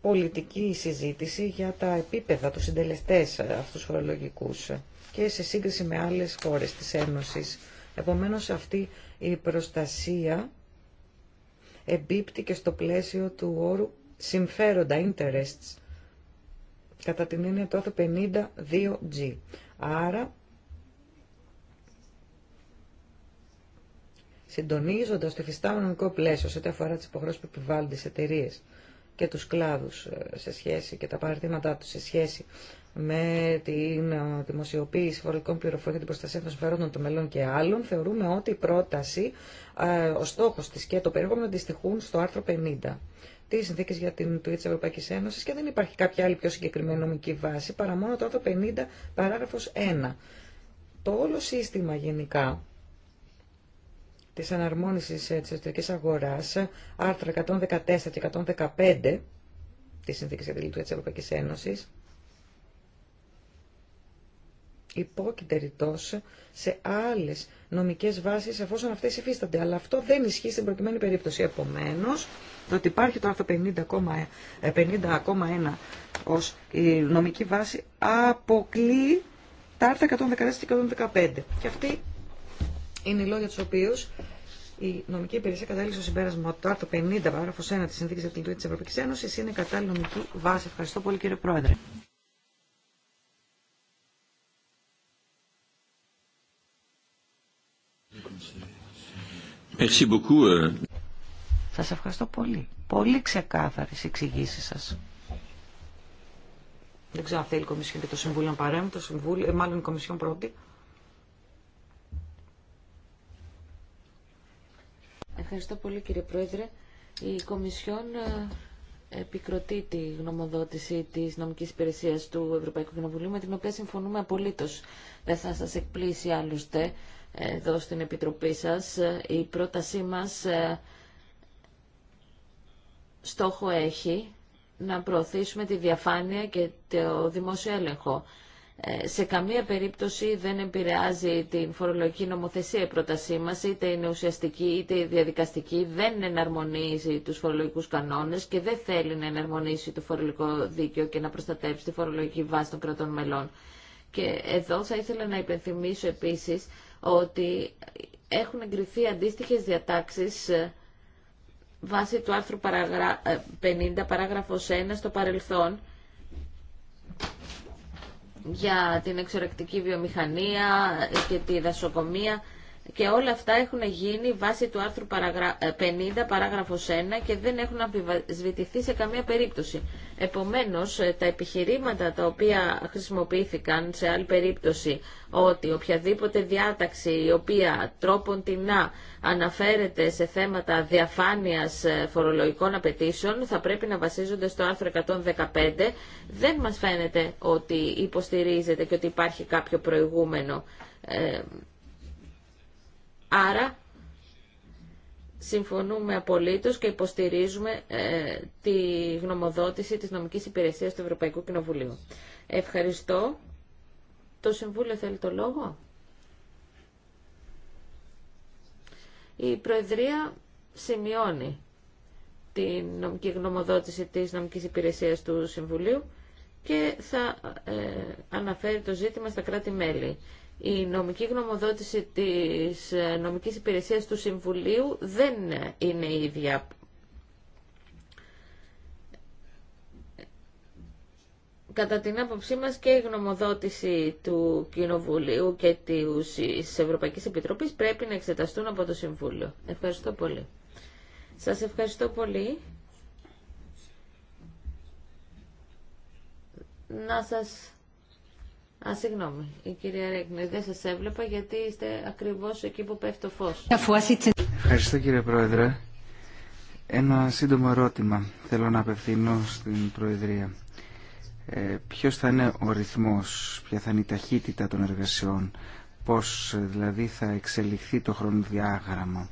πολιτική συζήτηση για τα επίπεδα, τους συντελεστές αυτούς φορολογικούς και σε σύγκριση με άλλες χώρες της Ένωσης. Επομένως αυτή η προστασία εμπίπτει και στο πλαίσιο του όρου συμφέροντα, interests, κατά την έννοια του 52G. Άρα συντονίζοντα το φυστάμενο νομικό πλαίσιο σε ό,τι αφορά τι υποχρεώσει που επιβάλλονται στι εταιρείε και του κλάδου ε, σε σχέση και τα παραδείγματά του σε σχέση με την ε, δημοσιοποίηση φορολογικών πληροφοριών για την προστασία των συμφερόντων των μελών και άλλων, θεωρούμε ότι η πρόταση, ε, ο στόχο τη και το περιεχόμενο αντιστοιχούν στο άρθρο 50 τη συνθήκη για την λειτουργία τη Ευρωπαϊκή Ένωση και δεν υπάρχει κάποια άλλη πιο συγκεκριμένη νομική βάση παρά μόνο το άρθρο 50 παράγραφο 1. Το όλο σύστημα γενικά της αναρμόνισης ε, της εσωτερικής αγοράς, άρθρα 114 και 115 της Συνθήκης για τη Λειτουργία της Ευρωπαϊκής Ένωσης, υπόκειται ρητός σε άλλες νομικές βάσεις εφόσον αυτές υφίστανται. Αλλά αυτό δεν ισχύει στην προκειμένη περίπτωση. Επομένως, το ότι υπάρχει το άρθρο 50,1 50, ε, ως η νομική βάση αποκλεί τα άρθρα 114 και 115. Και αυτή είναι οι λόγοι του οποίου η νομική υπηρεσία κατέληξε στο συμπέρασμα ότι το άρθρο 50, παράγραφο 1 τη Συνθήκη για τη Λειτουργία τη Ευρωπαϊκή Ένωση είναι κατάλληλη νομική βάση. Ευχαριστώ πολύ, κύριε Πρόεδρε. Euh. Σας ευχαριστώ πολύ. Πολύ ξεκάθαρες εξηγήσεις σας. Δεν ξέρω αν θέλει η Κομισιόν και το Συμβούλιο να παρέμει, το Συμβούλιο, ε, μάλλον η Κομισιόν πρώτη. Ευχαριστώ πολύ κύριε Πρόεδρε. Η Κομισιόν ε, επικροτεί τη γνωμοδότηση της νομικής υπηρεσίας του Ευρωπαϊκού Κοινοβουλίου με την οποία συμφωνούμε απολύτως. Δεν θα σας εκπλήσει άλλωστε εδώ στην Επιτροπή σας. Ε, η πρότασή μας ε, στόχο έχει να προωθήσουμε τη διαφάνεια και το δημόσιο έλεγχο. Ε, σε καμία περίπτωση δεν επηρεάζει την φορολογική νομοθεσία η πρότασή μα, είτε είναι ουσιαστική είτε διαδικαστική, δεν εναρμονίζει του φορολογικού κανόνε και δεν θέλει να εναρμονίσει το φορολογικό δίκαιο και να προστατεύσει τη φορολογική βάση των κρατών μελών. Και εδώ θα ήθελα να υπενθυμίσω επίση ότι έχουν εγκριθεί αντίστοιχε διατάξει ε, βάσει του άρθρου 50 ε, παράγραφος 1 στο παρελθόν για την εξορεκτική βιομηχανία και τη δασοκομεία και όλα αυτά έχουν γίνει βάσει του άρθρου 50 ε, παράγραφος 1 και δεν έχουν αμφισβητηθεί σε καμία περίπτωση. Επομένως, ε, τα επιχειρήματα τα οποία χρησιμοποιήθηκαν σε άλλη περίπτωση ότι οποιαδήποτε διάταξη η οποία τρόπον την να αναφέρεται σε θέματα διαφάνειας ε, φορολογικών απαιτήσεων θα πρέπει να βασίζονται στο άρθρο 115. Δεν μας φαίνεται ότι υποστηρίζεται και ότι υπάρχει κάποιο προηγούμενο. Ε, άρα συμφωνούμε απολύτως και υποστηρίζουμε ε, τη γνωμοδότηση της νομικής υπηρεσίας του Ευρωπαϊκού Κοινοβουλίου. Ευχαριστώ. Το Συμβούλιο θέλει το λόγο. Η Προεδρία σημειώνει την νομική γνωμοδότηση της νομικής υπηρεσίας του Συμβουλίου και θα ε, αναφέρει το ζήτημα στα κράτη-μέλη. Η νομική γνωμοδότηση της ε, νομικής υπηρεσίας του Συμβουλίου δεν είναι η ίδια κατά την άποψή μας και η γνωμοδότηση του Κοινοβουλίου και της Ευρωπαϊκής Επιτροπής πρέπει να εξεταστούν από το Συμβούλιο. Ευχαριστώ πολύ. Σας ευχαριστώ πολύ. Να σας... Α, συγγνώμη, η κυρία Ρέγνερ, δεν σας έβλεπα γιατί είστε ακριβώς εκεί που πέφτει το φως. Ευχαριστώ κύριε Πρόεδρε. Ένα σύντομο ερώτημα θέλω να απευθύνω στην Προεδρία. Ε, ποιος θα είναι ο ρυθμός, ποια θα είναι η ταχύτητα των εργασιών, πώς ε, δηλαδή θα εξελιχθεί το χρονοδιάγραμμα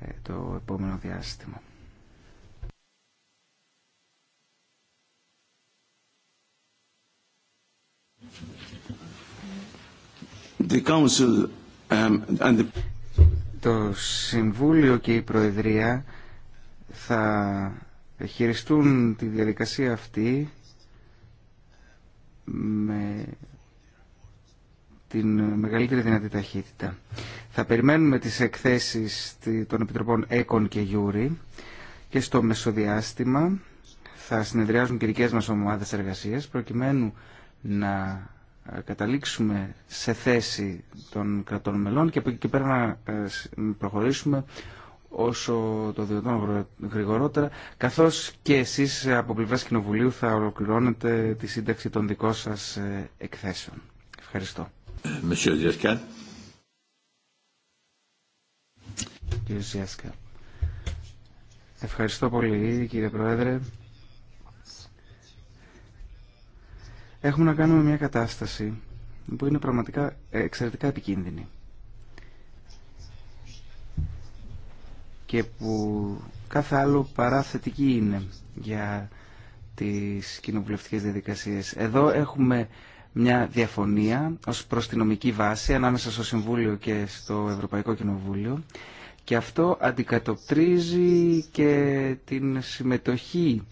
ε, το επόμενο διάστημα. The council, um, and the... Το Συμβούλιο και η Προεδρία θα χειριστούν τη διαδικασία αυτή με την μεγαλύτερη δυνατή ταχύτητα. Θα περιμένουμε τις εκθέσεις των Επιτροπών ΕΚΟΝ και Γιούρι και στο μεσοδιάστημα θα συνεδριάζουν και δικές μας ομάδες εργασίας προκειμένου να καταλήξουμε σε θέση των κρατών μελών και από εκεί και πέρα να ε, προχωρήσουμε όσο το δυνατόν γρηγορότερα, καθώς και εσείς από πλευράς Κοινοβουλίου θα ολοκληρώνετε τη σύνταξη των δικών σας ε, εκθέσεων. Ευχαριστώ. Κύριε Ευχαριστώ πολύ κύριε Πρόεδρε. Έχουμε να κάνουμε μια κατάσταση που είναι πραγματικά εξαιρετικά επικίνδυνη. και που κάθε άλλο παρά θετική είναι για τις κοινοβουλευτικές διαδικασίες. Εδώ έχουμε μια διαφωνία ως προς τη νομική βάση ανάμεσα στο Συμβούλιο και στο Ευρωπαϊκό Κοινοβούλιο και αυτό αντικατοπτρίζει και την συμμετοχή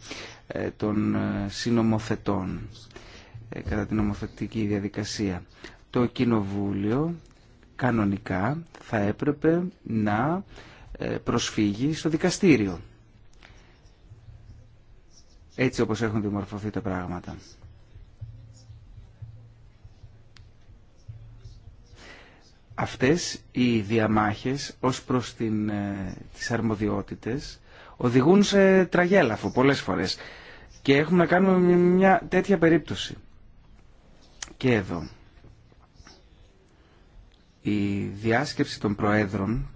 ε, των ε, συνομοθετών ε, κατά την νομοθετική διαδικασία. Το Κοινοβούλιο κανονικά θα έπρεπε να ε, προσφύγει στο δικαστήριο. Έτσι όπως έχουν δημορφωθεί τα πράγματα. Αυτές οι διαμάχες ως προς την, ε, τις αρμοδιότητες οδηγούν σε τραγέλαφο πολλές φορές. Και έχουμε να κάνουμε μια τέτοια περίπτωση. Και εδώ. Η διάσκεψη των Προέδρων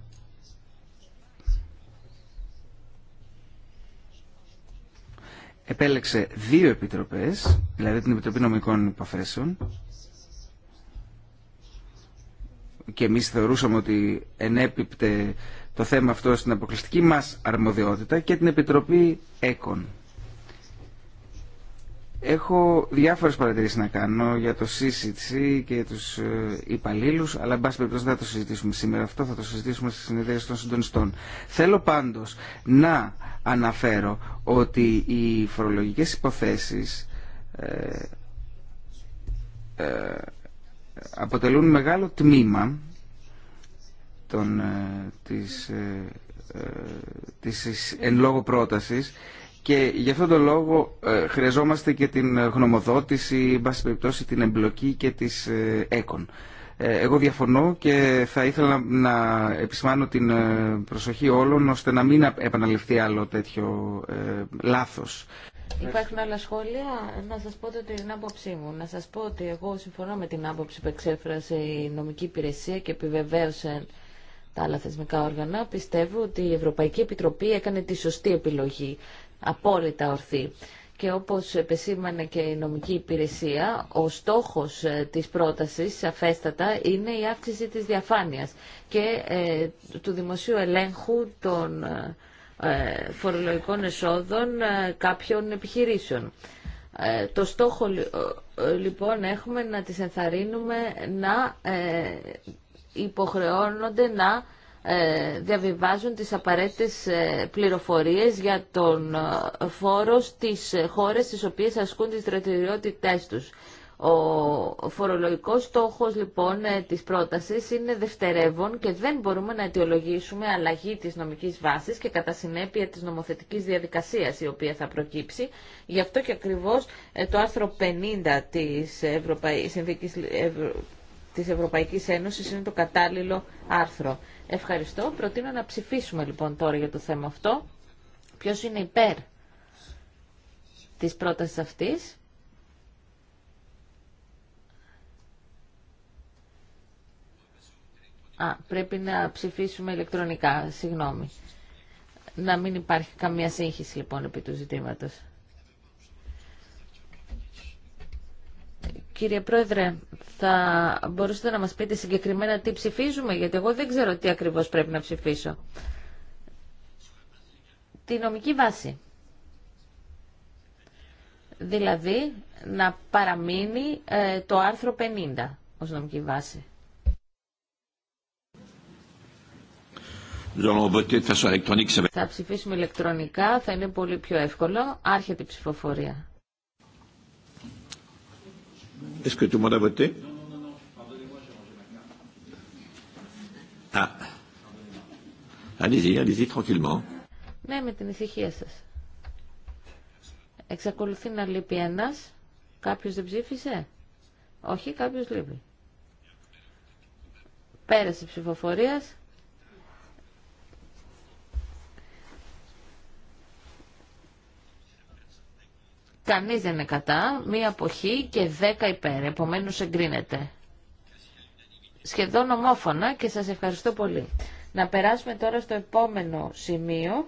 επέλεξε δύο επιτροπές, δηλαδή την Επιτροπή Νομικών Υποθέσεων, και εμείς θεωρούσαμε ότι ενέπιπτε το θέμα αυτό στην αποκλειστική μας αρμοδιότητα και την Επιτροπή ΕΚΟΝ. Έχω διάφορες παρατηρήσεις να κάνω για το CCC και του τους ε, υπαλλήλους, αλλά εν πάση περιπτώσει δεν θα το συζητήσουμε σήμερα αυτό, θα το συζητήσουμε στις συνεδρίες των συντονιστών. Θέλω πάντως να αναφέρω ότι οι φορολογικέ υποθέσεις ε, ε, αποτελούν μεγάλο τμήμα των, ε, της, της εν λόγω πρότασης και γι' αυτόν τον λόγο ε, χρειαζόμαστε και την γνωμοδότηση, εν πάση περιπτώσει την εμπλοκή και της ε, ΕΚΟΝ. Ε, εγώ διαφωνώ και θα ήθελα να επισημάνω την προσοχή όλων ώστε να μην επαναληφθεί άλλο τέτοιο λάθος. Υπάρχουν άλλα σχόλια. Να σας πω ότι την άποψή μου. Να σας πω ότι εγώ συμφωνώ με την άποψη που εξέφρασε η νομική υπηρεσία και επιβεβαίωσε τα άλλα θεσμικά όργανα. Πιστεύω ότι η Ευρωπαϊκή Επιτροπή έκανε τη σωστή επιλογή απόλυτα ορθή. Και όπως επεσήμανε και η νομική υπηρεσία, ο στόχος ε, της πρότασης, αφέστατα, είναι η αύξηση της διαφάνειας και ε, του δημοσίου ελέγχου των ε, φορολογικών εσόδων κάποιων επιχειρήσεων. Το στόχο, λοιπόν, έχουμε να τις ενθαρρύνουμε να υποχρεώνονται να ε, διαβιβάζουν τις απαραίτητες ε, πληροφορίες για τον ε, φόρο στις χώρες στις οποίες ασκούν τις δραστηριότητές τους. Ο φορολογικός στόχος λοιπόν της πρότασης είναι δευτερεύον και δεν μπορούμε να αιτιολογήσουμε αλλαγή της νομικής βάσης και κατά συνέπεια της νομοθετικής διαδικασίας η οποία θα προκύψει. Γι' αυτό και ακριβώς το άρθρο 50 της, Ευρωπαϊ... της Ευρωπαϊκής Ένωσης είναι το κατάλληλο άρθρο. Ευχαριστώ. Προτείνω να ψηφίσουμε λοιπόν τώρα για το θέμα αυτό. Ποιο είναι υπέρ τη πρόταση αυτή. Α, πρέπει να ψηφίσουμε ηλεκτρονικά, συγγνώμη. Να μην υπάρχει καμία σύγχυση λοιπόν επί του ζητήματος. Κύριε Πρόεδρε, θα μπορούσατε να μας πείτε συγκεκριμένα τι ψηφίζουμε, γιατί εγώ δεν ξέρω τι ακριβώς πρέπει να ψηφίσω. Τη νομική βάση. Δηλαδή, να παραμείνει ε, το άρθρο 50 ως νομική βάση. Θα ψηφίσουμε ηλεκτρονικά, θα είναι πολύ πιο εύκολο. Άρχεται η ψηφοφορία. Est-ce que tout le monde a voté Ah. Allez-y, allez-y tranquillement. Ναι, με την ησυχία σα. Εξακολουθεί να λείπει ένα. Κάποιο δεν ψήφισε. Όχι, κάποιο λείπει. Πέρασε ψηφοφορία. Κανείς δεν είναι κατά, μία αποχή και δέκα υπέρ. Επομένως εγκρίνεται. Σχεδόν ομόφωνα και σας ευχαριστώ πολύ. Να περάσουμε τώρα στο επόμενο σημείο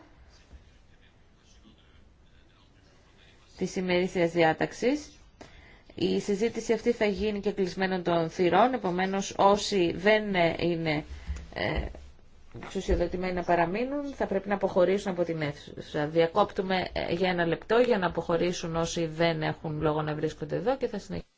της ημερήσιας διάταξης. Η συζήτηση αυτή θα γίνει και κλεισμένο των θυρών, επομένως όσοι δεν ε, είναι ε, εξουσιοδοτημένοι να παραμείνουν, θα πρέπει να αποχωρήσουν από την αίθουσα. Διακόπτουμε για ένα λεπτό για να αποχωρήσουν όσοι δεν έχουν λόγο να βρίσκονται εδώ και θα συνεχίσουμε.